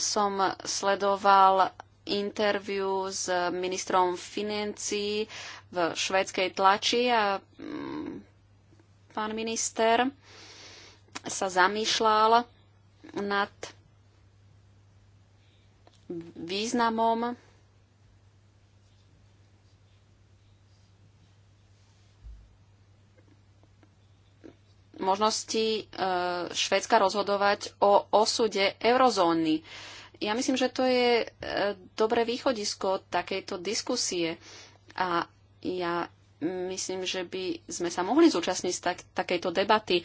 som sledoval interviu s ministrom financií v švédskej tlači a mm, pán minister sa zamýšľal nad významom možnosti e, Švédska rozhodovať o osude eurozóny. Ja myslím, že to je e, dobré východisko takejto diskusie a ja myslím, že by sme sa mohli zúčastniť tak, takejto debaty. E,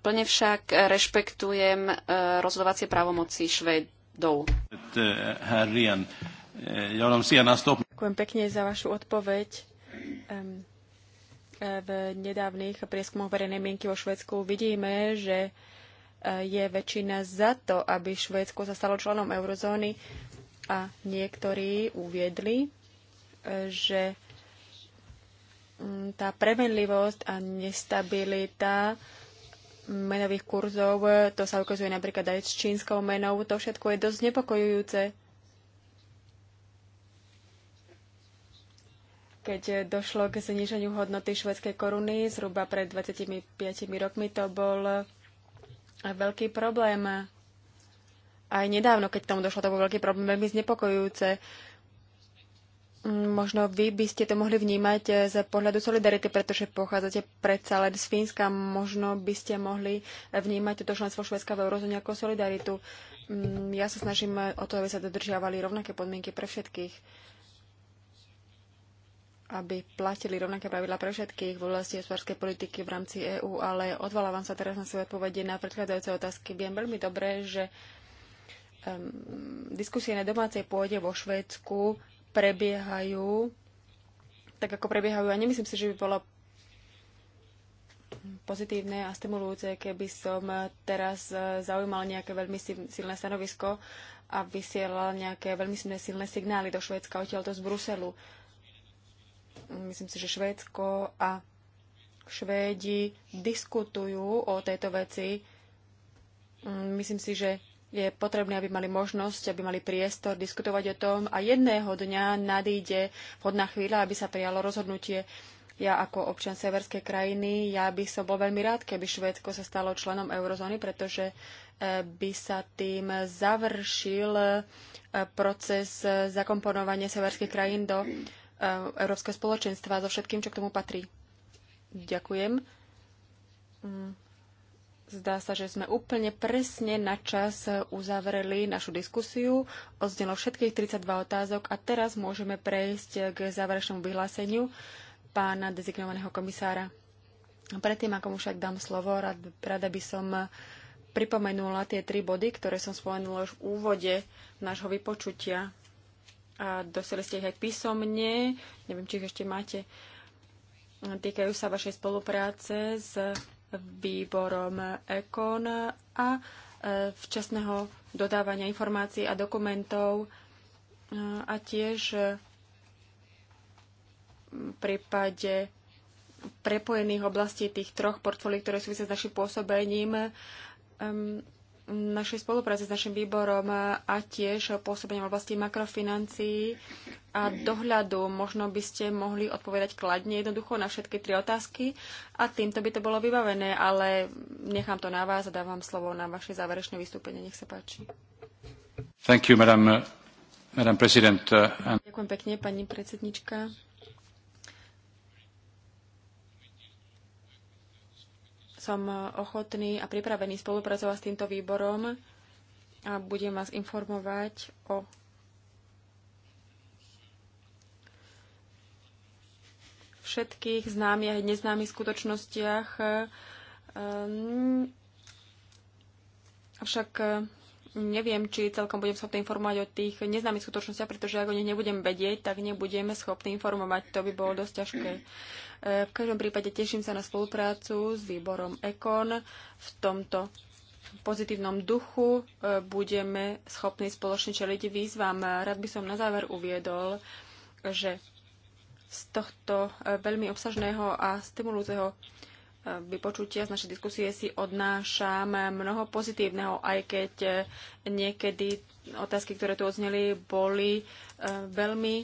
plne však rešpektujem e, rozhodovacie právomoci Švedov. Ďakujem pekne za vašu odpoveď. V nedávnych prieskumoch verejnej mienky vo Švedsku vidíme, že je väčšina za to, aby Švédsko sa stalo členom eurozóny a niektorí uviedli, e, že mm, tá premenlivosť a nestabilita menových kurzov, to sa ukazuje napríklad aj s čínskou menou, to všetko je dosť nepokojujúce. Keď došlo k zniženiu hodnoty švedskej koruny zhruba pred 25 rokmi, to bol veľký problém. Aj nedávno, keď tomu došlo, to bol veľký problém, veľmi znepokojujúce. Mm, možno vy by ste to mohli vnímať eh, z pohľadu solidarity, pretože pochádzate predsa len z Fínska. Možno by ste mohli eh, vnímať toto členstvo Švedska v eurozóne ako solidaritu. Mm, ja sa snažím eh, o to, aby sa dodržiavali rovnaké podmienky pre všetkých aby platili rovnaké pravidla pre všetkých v oblasti hospodárskej politiky v rámci EÚ, ale odvolávam sa teraz na svoje odpovede na predchádzajúce otázky. Viem veľmi dobre, že um, diskusie na domácej pôde vo Švédsku prebiehajú tak, ako prebiehajú. A nemyslím si, že by bolo pozitívne a stimulujúce, keby som teraz zaujímal nejaké veľmi silné stanovisko a vysielal nejaké veľmi silné signály do Švédska, odtiaľto z Bruselu. Uh, Myslím si, že Švédsko a Švédi diskutujú o tejto veci. Mm, myslím si, že je potrebné, aby mali možnosť, aby mali priestor diskutovať o tom a jedného dňa nadíde vhodná chvíľa, aby sa prijalo rozhodnutie. Ja ako občan severskej krajiny, ja by som bol veľmi rád, keby Švédsko sa stalo členom eurozóny, pretože e, by sa tým završil e, proces e, zakomponovania severských krajín do Eh, Európske spoločenstva so všetkým, čo k tomu patrí. Ďakujem. Mm. Zdá sa, že sme úplne presne na čas uzavreli našu diskusiu. Odznelo všetkých 32 otázok a teraz môžeme prejsť k záverečnému vyhláseniu pána dezignovaného komisára. Predtým, ako mu však dám slovo, rad, rada by som pripomenula tie tri body, ktoré som spomenula už v úvode nášho vypočutia a dostali ste ich aj písomne. Neviem, či ich ešte máte. Týkajú sa vašej spolupráce s výborom EKON a e, včasného dodávania informácií a dokumentov e, a tiež e, v prípade prepojených oblastí tých troch portfólií, ktoré súvisia s našim pôsobením, našej spolupráce s našim výborom a tiež pôsobením v oblasti makrofinancií a dohľadu. Možno by ste mohli odpovedať kladne jednoducho na všetky tri otázky a týmto by to bolo vybavené, ale nechám to na vás a dávam slovo na vaše záverečné vystúpenie. Nech sa páči. Thank you, madam, uh, madam president. Uh, Ďakujem pekne, pani predsednička. Som ochotný a pripravený spolupracovať s týmto výborom a budem vás informovať o všetkých známych a neznámych skutočnostiach. Ehm, avšak neviem, či celkom budem schopný informovať o tých neznámych skutočnostiach, pretože ak o nich nebudem vedieť, tak nebudeme schopní informovať. To by bolo dosť ťažké. E, v každom prípade teším sa na spoluprácu s výborom EKON v tomto pozitívnom duchu e, budeme schopní spoločne čeliť výzvam. Rád by som na záver uviedol, že z tohto e, veľmi obsažného a stimulujúceho vypočutia z našej diskusie si odnášam mnoho pozitívneho, aj keď eh, niekedy otázky, ktoré tu odzneli, boli eh, veľmi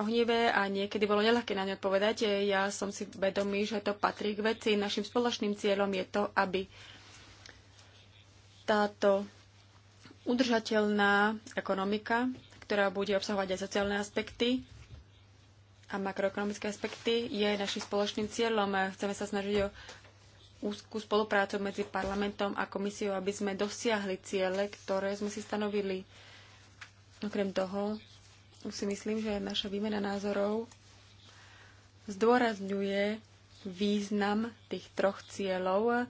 ohnivé a niekedy bolo neľahké na ne odpovedať. Ja som si vedomý, že to patrí k veci. Našim spoločným cieľom je to, aby táto udržateľná ekonomika, ktorá bude obsahovať aj sociálne aspekty, a makroekonomické aspekty je našim spoločným cieľom. Chceme sa snažiť o úzkú spoluprácu medzi parlamentom a komisiou, aby sme dosiahli ciele, ktoré sme si stanovili. Okrem toho si myslím, že naša výmena názorov zdôrazňuje význam tých troch cieľov,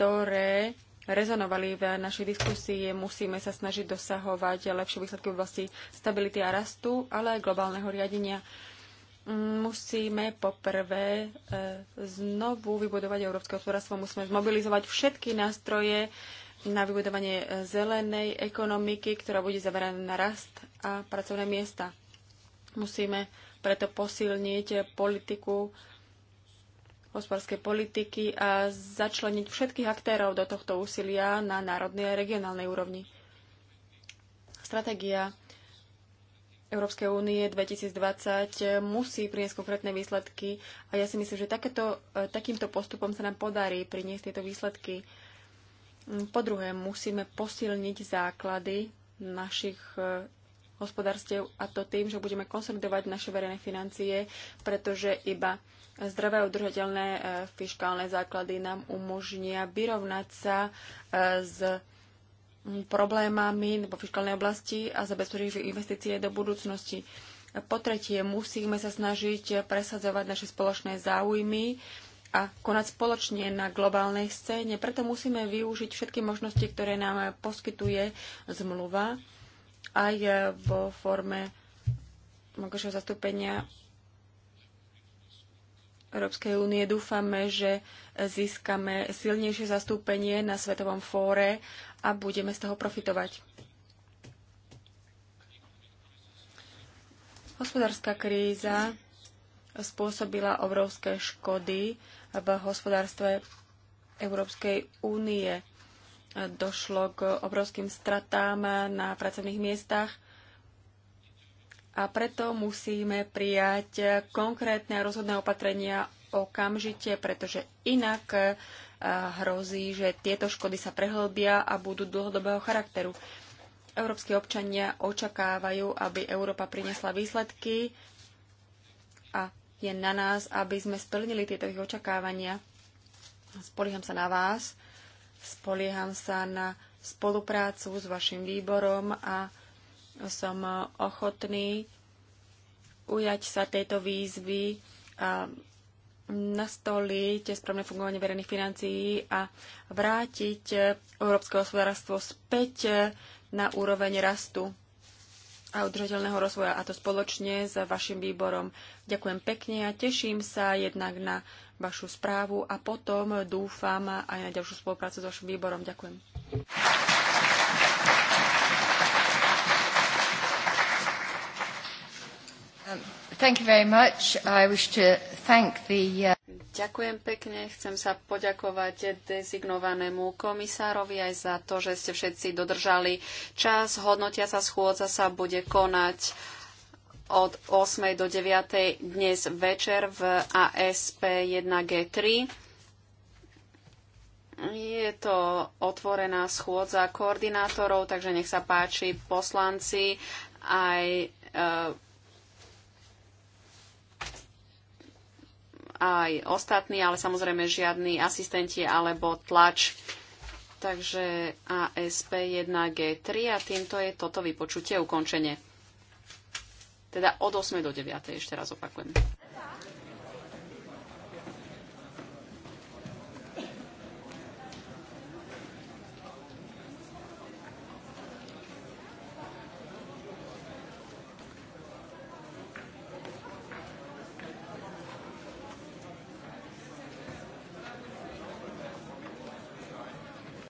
ktoré rezonovali v našej diskusii. Musíme sa snažiť dosahovať lepšie výsledky v oblasti stability a rastu, ale aj globálneho riadenia musíme poprvé e, znovu vybudovať európske hospodárstvo, musíme zmobilizovať všetky nástroje na vybudovanie e, zelenej ekonomiky, ktorá bude zaveraná na rast a pracovné miesta. Musíme preto posilniť politiku hospodárskej politiky a začleniť všetkých aktérov do tohto úsilia na národnej a regionálnej úrovni. Stratégia Európskej únie 2020 musí priniesť konkrétne výsledky a ja si myslím, že takéto, e, takýmto postupom sa nám podarí priniesť tieto výsledky. Mm, po druhé, musíme posilniť základy našich e, hospodárstiev a to tým, že budeme konsolidovať naše verejné financie, pretože iba zdravé udržateľné e, fiskálne základy nám umožnia vyrovnať sa s problémami vo fiskálnej oblasti a zabezpečiť investície do budúcnosti. Po tretie, musíme sa snažiť presadzovať naše spoločné záujmy a konať spoločne na globálnej scéne. Preto musíme využiť všetky možnosti, ktoré nám poskytuje zmluva aj vo forme možného zastúpenia Európskej únie. Dúfame, že získame silnejšie zastúpenie na Svetovom fóre a budeme z toho profitovať. Hospodárska kríza spôsobila obrovské škody v hospodárstve Európskej únie. Došlo k obrovským stratám na pracovných miestach a preto musíme prijať konkrétne rozhodné opatrenia okamžite, pretože inak eh, hrozí, že tieto škody sa prehlbia a budú dlhodobého charakteru. Európsky občania očakávajú, aby Európa priniesla výsledky a je na nás, aby sme splnili tieto ich očakávania. Spolieham sa na vás, spolieham sa na spoluprácu s vašim výborom a som ochotný ujať sa tejto výzvy a nastoliť správne fungovanie verejných financií a vrátiť európske hospodárstvo späť na úroveň rastu a udržateľného rozvoja, a to spoločne s vašim výborom. Ďakujem pekne a teším sa jednak na vašu správu a potom dúfam aj na ďalšiu spoluprácu s vašim výborom. Ďakujem. The... Uh, Ďakujem pekne. Chcem sa poďakovať dezignovanému komisárovi aj za to, že ste všetci dodržali čas. Hodnotia sa schôdza sa bude konať od 8. do 9. dnes večer v ASP 1G3. Je to otvorená schôdza koordinátorov, takže nech sa páči poslanci aj e, aj ostatní, ale samozrejme žiadni asistenti alebo tlač. Takže ASP 1G3 a týmto je toto vypočutie ukončenie. Teda od 8 do 9, ešte raz opakujem.